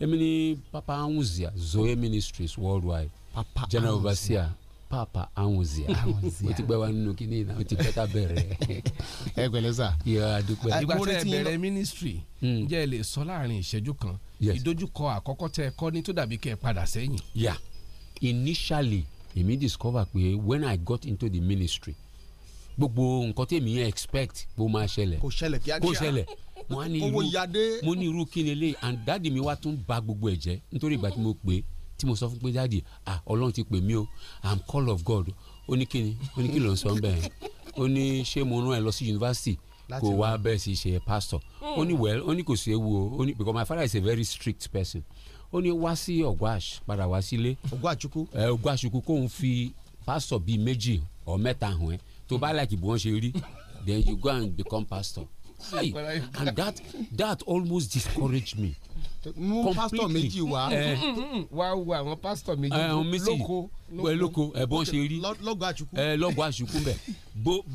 emini papa anwuzia zoe ministries worldwide papa general overseer papa anwuzia mo ti gbẹ wa nínú kíní náà mo ti pẹ́ ká bẹ̀rẹ̀. ẹ pẹ̀lẹ́ sà. yọ adúpẹ́. àdìgbò rẹ bẹ̀rẹ̀ ministry hmm. ǹjẹ́ ẹ lè sọ láàrin ìṣẹ́jú kan ìdojúkọ àkọ́kọ́ tẹ ẹ kọ́ ní tó dàbí kẹ́ ẹ padà sẹ́yìn. yeah initially èmi discover pé when i got into the ministry gbogbo nǹkan tèmi expect bó máa ṣẹlẹ̀ kò ṣẹlẹ̀ kíákíá kò ṣẹlẹ̀ mo ní irú mo ní irú kí lélẹ̀ and dáàdì mi wá tún ba gbogbo ẹ̀ jẹ́ nítorí ìgbà tí mo pè é tí mo sọ fún pé dáàdì ah ọlọ́run ti pè mí o i'm call of god ó ní ló ń sọ bẹ́ẹ̀ ó ní ṣé mo rán ẹ lọ sí yunifásitì kò wá bẹ́ẹ̀ sì ṣe pastor ó ní well ó ní kò sí ewu o ó ní because my father is a very strict person ó ní wá sí ọ̀gbáàṣ padà wá sílé ọ̀gbáàṣukú ẹ ọ̀gbáàṣukú kóun fi pastor bíi méjì ọ̀ mẹ́ta hàn ẹ́ tó bá láìkì bí wọ́n ṣe rí then you go and become pastor Aye. and that that almost discouraged me. mú pásítọ̀ méjì wá eh. wá wo àwọn pásítọ̀ méjì eh, lóko lóko ẹ eh, bọ́n ṣe rí lọ́gọ̀ àṣùkú ẹ lọ́gọ̀ àṣùkú bẹ̀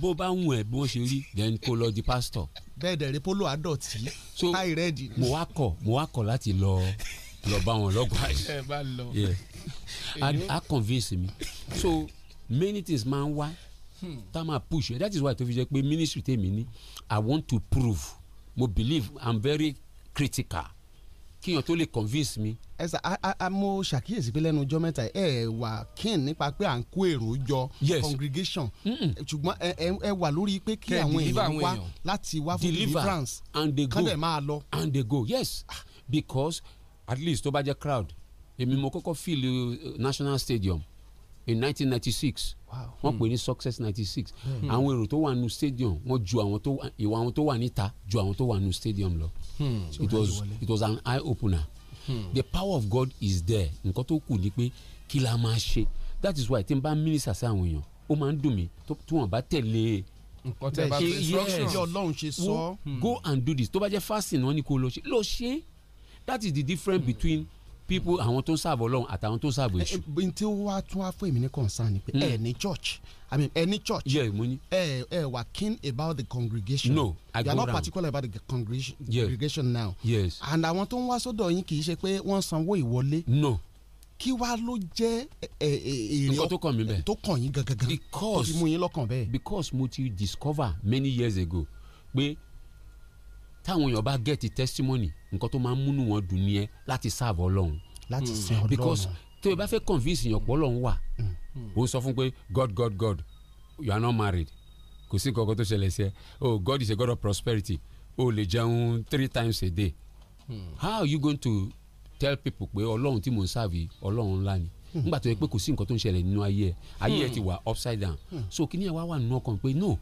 bó bá ń wọ̀n ẹ bọ́n ṣe rí then kó lọ di pastor. bẹ́ẹ̀ dẹ̀ rí polo àdọ̀tí So rẹ́ẹ̀dì. mo wá kọ̀ mo wá kọ̀ láti lọ lọ bá wọn lọ́gọ̀ àṣù. ẹ bá convince mi so many things máa ń wá Hmm. tá a máa push that is why tó fi jẹ́ pé ministry tèmi ní i want to prove mo believe i'm very critical kíyàn tó lè convince mi. ẹ sà á mo ṣàkíyèsí pé lẹ́nu ọjọ́ mẹ́ta ẹ wà kín nípa pé à ń kó èrò jọ congregation ṣùgbọ́n ẹ wà lórí pé kí àwọn èèyàn wá láti wá fún deliverance and they go máa lọ. and they go yes ah. because at least tó bá jẹ́ crowd èmi mo kọ́kọ́ feel eh, national stadium in 1996, wow! six wọ́n hmm. pè ní success 96, six hmm. àwọn èrò tó wà nínú stadium wọ́n ju àwọn tó ìwà àwọn tó wà níta ju àwọn tó wà nínú stadium lọ hmm. it was it was an eye opener hmm. the power of God is there nǹkan tó kù ni pé kí la máa ṣe that is why tí n bá mínísà sí àwọn èèyàn ó máa ń dùn mí tí wọ́n bá tẹ̀lé e. nǹkan tẹ́ bá instruction ṣe Ọlọ́run ṣe sọ go and do this tó bá jẹ́ fasting wọ́n ní kó lọ ṣe lọ ṣe that is the difference hmm. between people àwọn tó ń sàbò ọlọ́run àtàwọn tó ń sàbò èṣù. n tí wàá tún wá fún èmi ní concern ni pé hmm. ẹ ní church i mean ẹ ní church. yẹ mo ní. ẹ ẹ wà keen about the congregation. no i go round you are not particular about the congregation, now. yes and àwọn tó ń wá sọ́dọ̀ yín kì í ṣe pé wọ́n sanwó ìwọlé. no kí wàá ló jẹ́ èrè ọkọ tó kàn mí bẹ́ẹ̀ tó kàn yín gangan because tó fi mú yín lọ́kàn bẹ́ẹ̀. because mo ti discover many years ago pé táwọn èèyàn bá get testimony nǹkan tó máa ń múnú wọn dùn nìyẹn láti serve ọlọ́run láti hmm. sin ọlọ́run because tó o bá fẹ́ convince èèyàn pọ̀ ọlọ́run wà ó hmm. ń sọ fún pé god god god you are not married kò sí kankan tó ṣẹlẹ̀ sí ẹ oh god is a god of prosperity o oh, lè jẹun three times a day hmm. how are you going to tell people pé ọlọ́run tí mò ń serve ọlọ́run ńlá ni nígbà tó yẹ pé kò sí nǹkan tó ń ṣẹlẹ̀ nínú ayé ẹ ayé ẹ ti wà upside down so kí ni ẹ wá wà nínú ọkàn pé no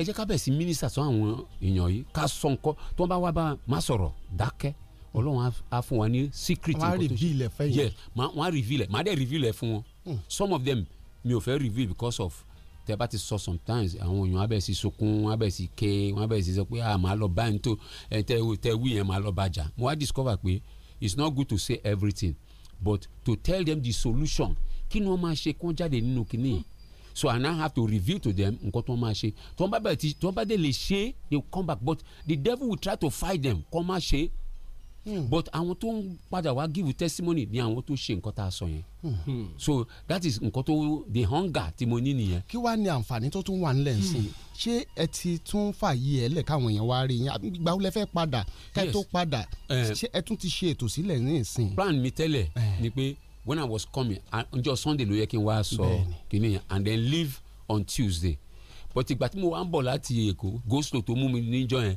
ẹ jẹ́ ká bẹ̀ sí mínísítà sọ àwọn èèyàn yìí ká sọ nǹkan tó ń bá wá bá má sọ̀rọ̀ dákẹ́ ọlọ́run á fún wa ní secret nǹkan tó ṣe wọ́n á reveal fẹ́ yẹn wọ́n á reveal má dẹ̀ reveal fún wọn hmm. some of them mi ò fẹ́ reveal because of tẹ bá ti sọ sometimes àwọn èèyàn abẹ́ sí sunkún wọn abẹ́ sí ké wọn abẹ́ sí sọ pé ah lọ bá ń tó tẹ tẹ wí yẹn màá lọ bá jà mo wá discover pé it's not good to say everything but to tell them the solution kí ni wọ́n máa ṣe kí wọ́n jáde nínú kinní yìí so i now have to reveal to them nǹkan tó ń máa ṣe tó ń bá bẹ̀rẹ̀ tí tó ń bá dé lè ṣe they will come back but the devil will try to fight them kọ́ máa ṣe hmm. but àwọn tó ń padà wá give you testimony ni àwọn tó ṣe nǹkan tá a sọ yẹn hmm. Hmm. so that is nǹkan tó the hunger tí mo ní nìyẹn. kí wàá ní àǹfààní tó tún wà nílẹ̀ nsìn ṣé ẹ ti tún fààyè ẹ lẹ̀ káwọn èèyàn wá rí yín ìgbà wo lẹ fẹ́ padà ká ẹ tó padà eh. ẹ tún ti ṣe ètò sílẹ̀ ní ìsìn. plan mi tẹ́lẹ̀ eh. ni pé when i was coming just sunday ló yẹ kí n wá sọ kìíní and then leave on tuesday but ìgbà tí mo wá ń bọ̀ láti èkó go slow tó mú mi níjọ́ yẹn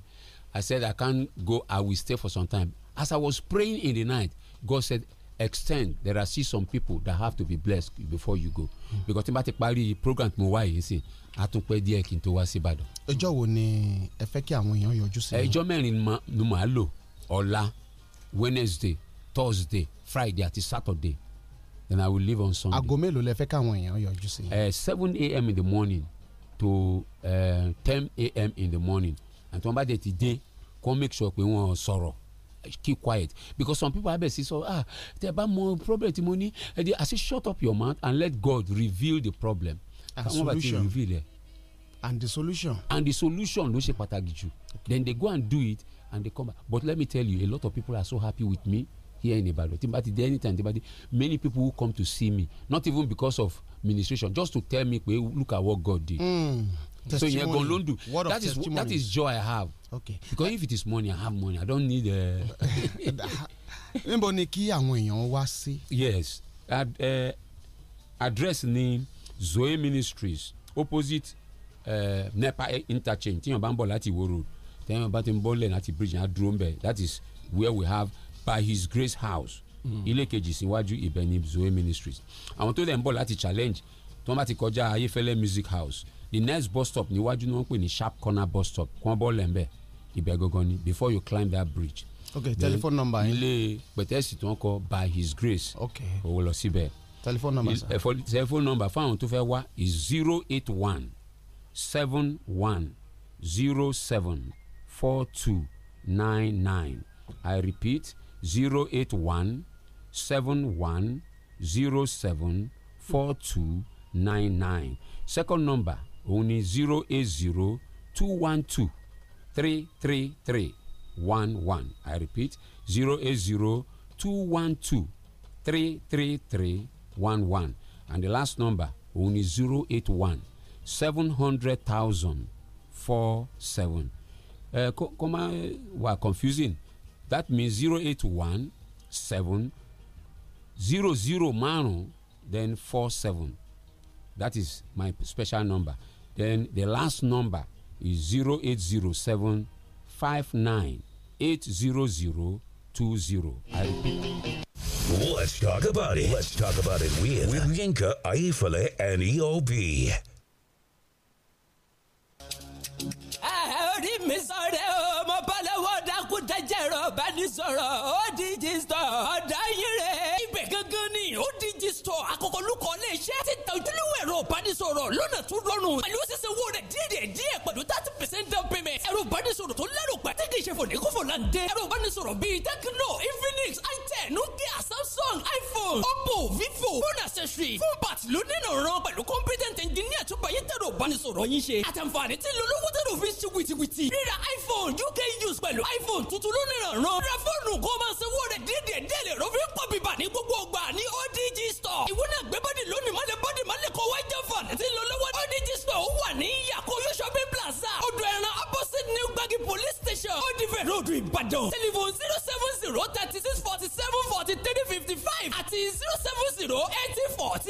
i said i can't go i will stay for some time as i was praying in the night god said extend there are still some people that have to be blessed before you go mm. because tí n bá ti parí program tí mo wá yìí sí a tún pẹ́ díẹ̀ kí n tó wá sí ìbàdàn. ọjọ́ wo ni ẹ fẹ́ kí àwọn èèyàn yọjú sí i. ẹjọ́ mẹ́rin ni màá lò ọ̀la wednesday thursday friday àti saturday then I will leave on Sunday. aago mélòó lẹ fẹ́ káwọn èèyàn yọjú sí. Eh, seven a.m. in the morning to eh, ten uh, a.m. in the morning and tí wọ́n bá dẹ̀ ti dé kó make sure pé wọ́n sọ̀rọ̀ keep quiet because some people abẹ si so. ah tẹ bá mọ problem tí mo ní ẹ di asi shut up your mouth and let God reveal the problem. and solution and the solution. and the solution ló ṣe pàtàkì jù then they go and do it and they come back but let me tell you a lot of people are so happy with me here in Ibadan. Timbati there anytime, Timbati. Many people who come to see me, not even because of ministration, just to tell me, look at what God did. Mm. So you're going to do. That is that is joy I have. Okay. Because I, if it is money, I have money. I don't need. Uh, (laughs) Níbo ni kí àwọn èèyàn wá sí. Yes, Ad, uh, address ni Zoe Ministries opposite uh, NEPA interchange tíyan bá ń bọ̀ láti Ìwó road tíyan bá ti ń bọ̀ lẹ̀ láti bridge yẹn á dúró ń bẹ̀ that is where we have by his grace house hmm. ilé kejì síwájú ibẹ̀ ni zoe ministries àwọn tó lè ń bọ̀ láti challenge tí wọ́n bá ti kọjá ayéfẹ́lẹ́ music house the next bus stop níwájú ni wọ́n pè ní sharp corner bus stop kí wọ́n bọ́ lẹ́ńbẹ̀ ibẹ̀ gangan ni before you climb that bridge. ok telephone number yẹn. ilé pẹ̀tẹ́sì tí wọ́n kọ by his grace. ok owó lọ síbẹ̀. telephone number sa. telephone number fáwọn tó fẹ́ wá is zero eight one seven one zero seven four two nine nine i repeat zero eight one seven one zero seven four two nine nine second number òun ni zero eight zero two one two three three three one one i repeat zero eight zero two one two three three three one one and the last number òun ni zero eight one seven hundred thousand four seven eh, kó má wà confusing That means zero eight one seven zero zero 7 then then seven. That is my special number. Then the last number is 0807 I repeat. Let's talk about it. Let's talk about it with, with Yinka, Aifale, and EOB. jẹ́jẹ́ rọ̀ bá ní sọ̀rọ̀ ó díjì sọ̀ olùkọ́ ilé iṣẹ́ ti ta ojúlówó ẹ̀rọ ìbánisọ̀rọ̀ lọ́nà tó rọrùn pẹ̀lú sísè owó rẹ̀ díẹ̀ díẹ̀ pẹ̀lú thirty percent down payment ẹ̀rọ ìbánisọ̀rọ̀ tó lẹ́rù pẹ́ tí kì í ṣe fòní kó fòlá ń dé ẹ̀rọ ìbánisọ̀rọ̀ bíi Tecno Infinix itel Nokia Samsung iPhone Oppo Vivo phone accessory phone ló nínú ran pẹ̀lú competent engineer tó báyé tẹ̀rọ ìbánisọ̀rọ̀ yín ṣe àtàǹfààní gbé bọ́dì lónìí má lè bọ́dì má lè kó wá jẹ́ fan ti lọ lọ́wọ́ ní odg store ó wà ní yakoyo shopping plaza odò ẹran opposite new gbagi police station odivẹ road Ìbàdàn telephone zero seven zero thirty six forty seven forty three fifty five àti zero seven zero eighty forty.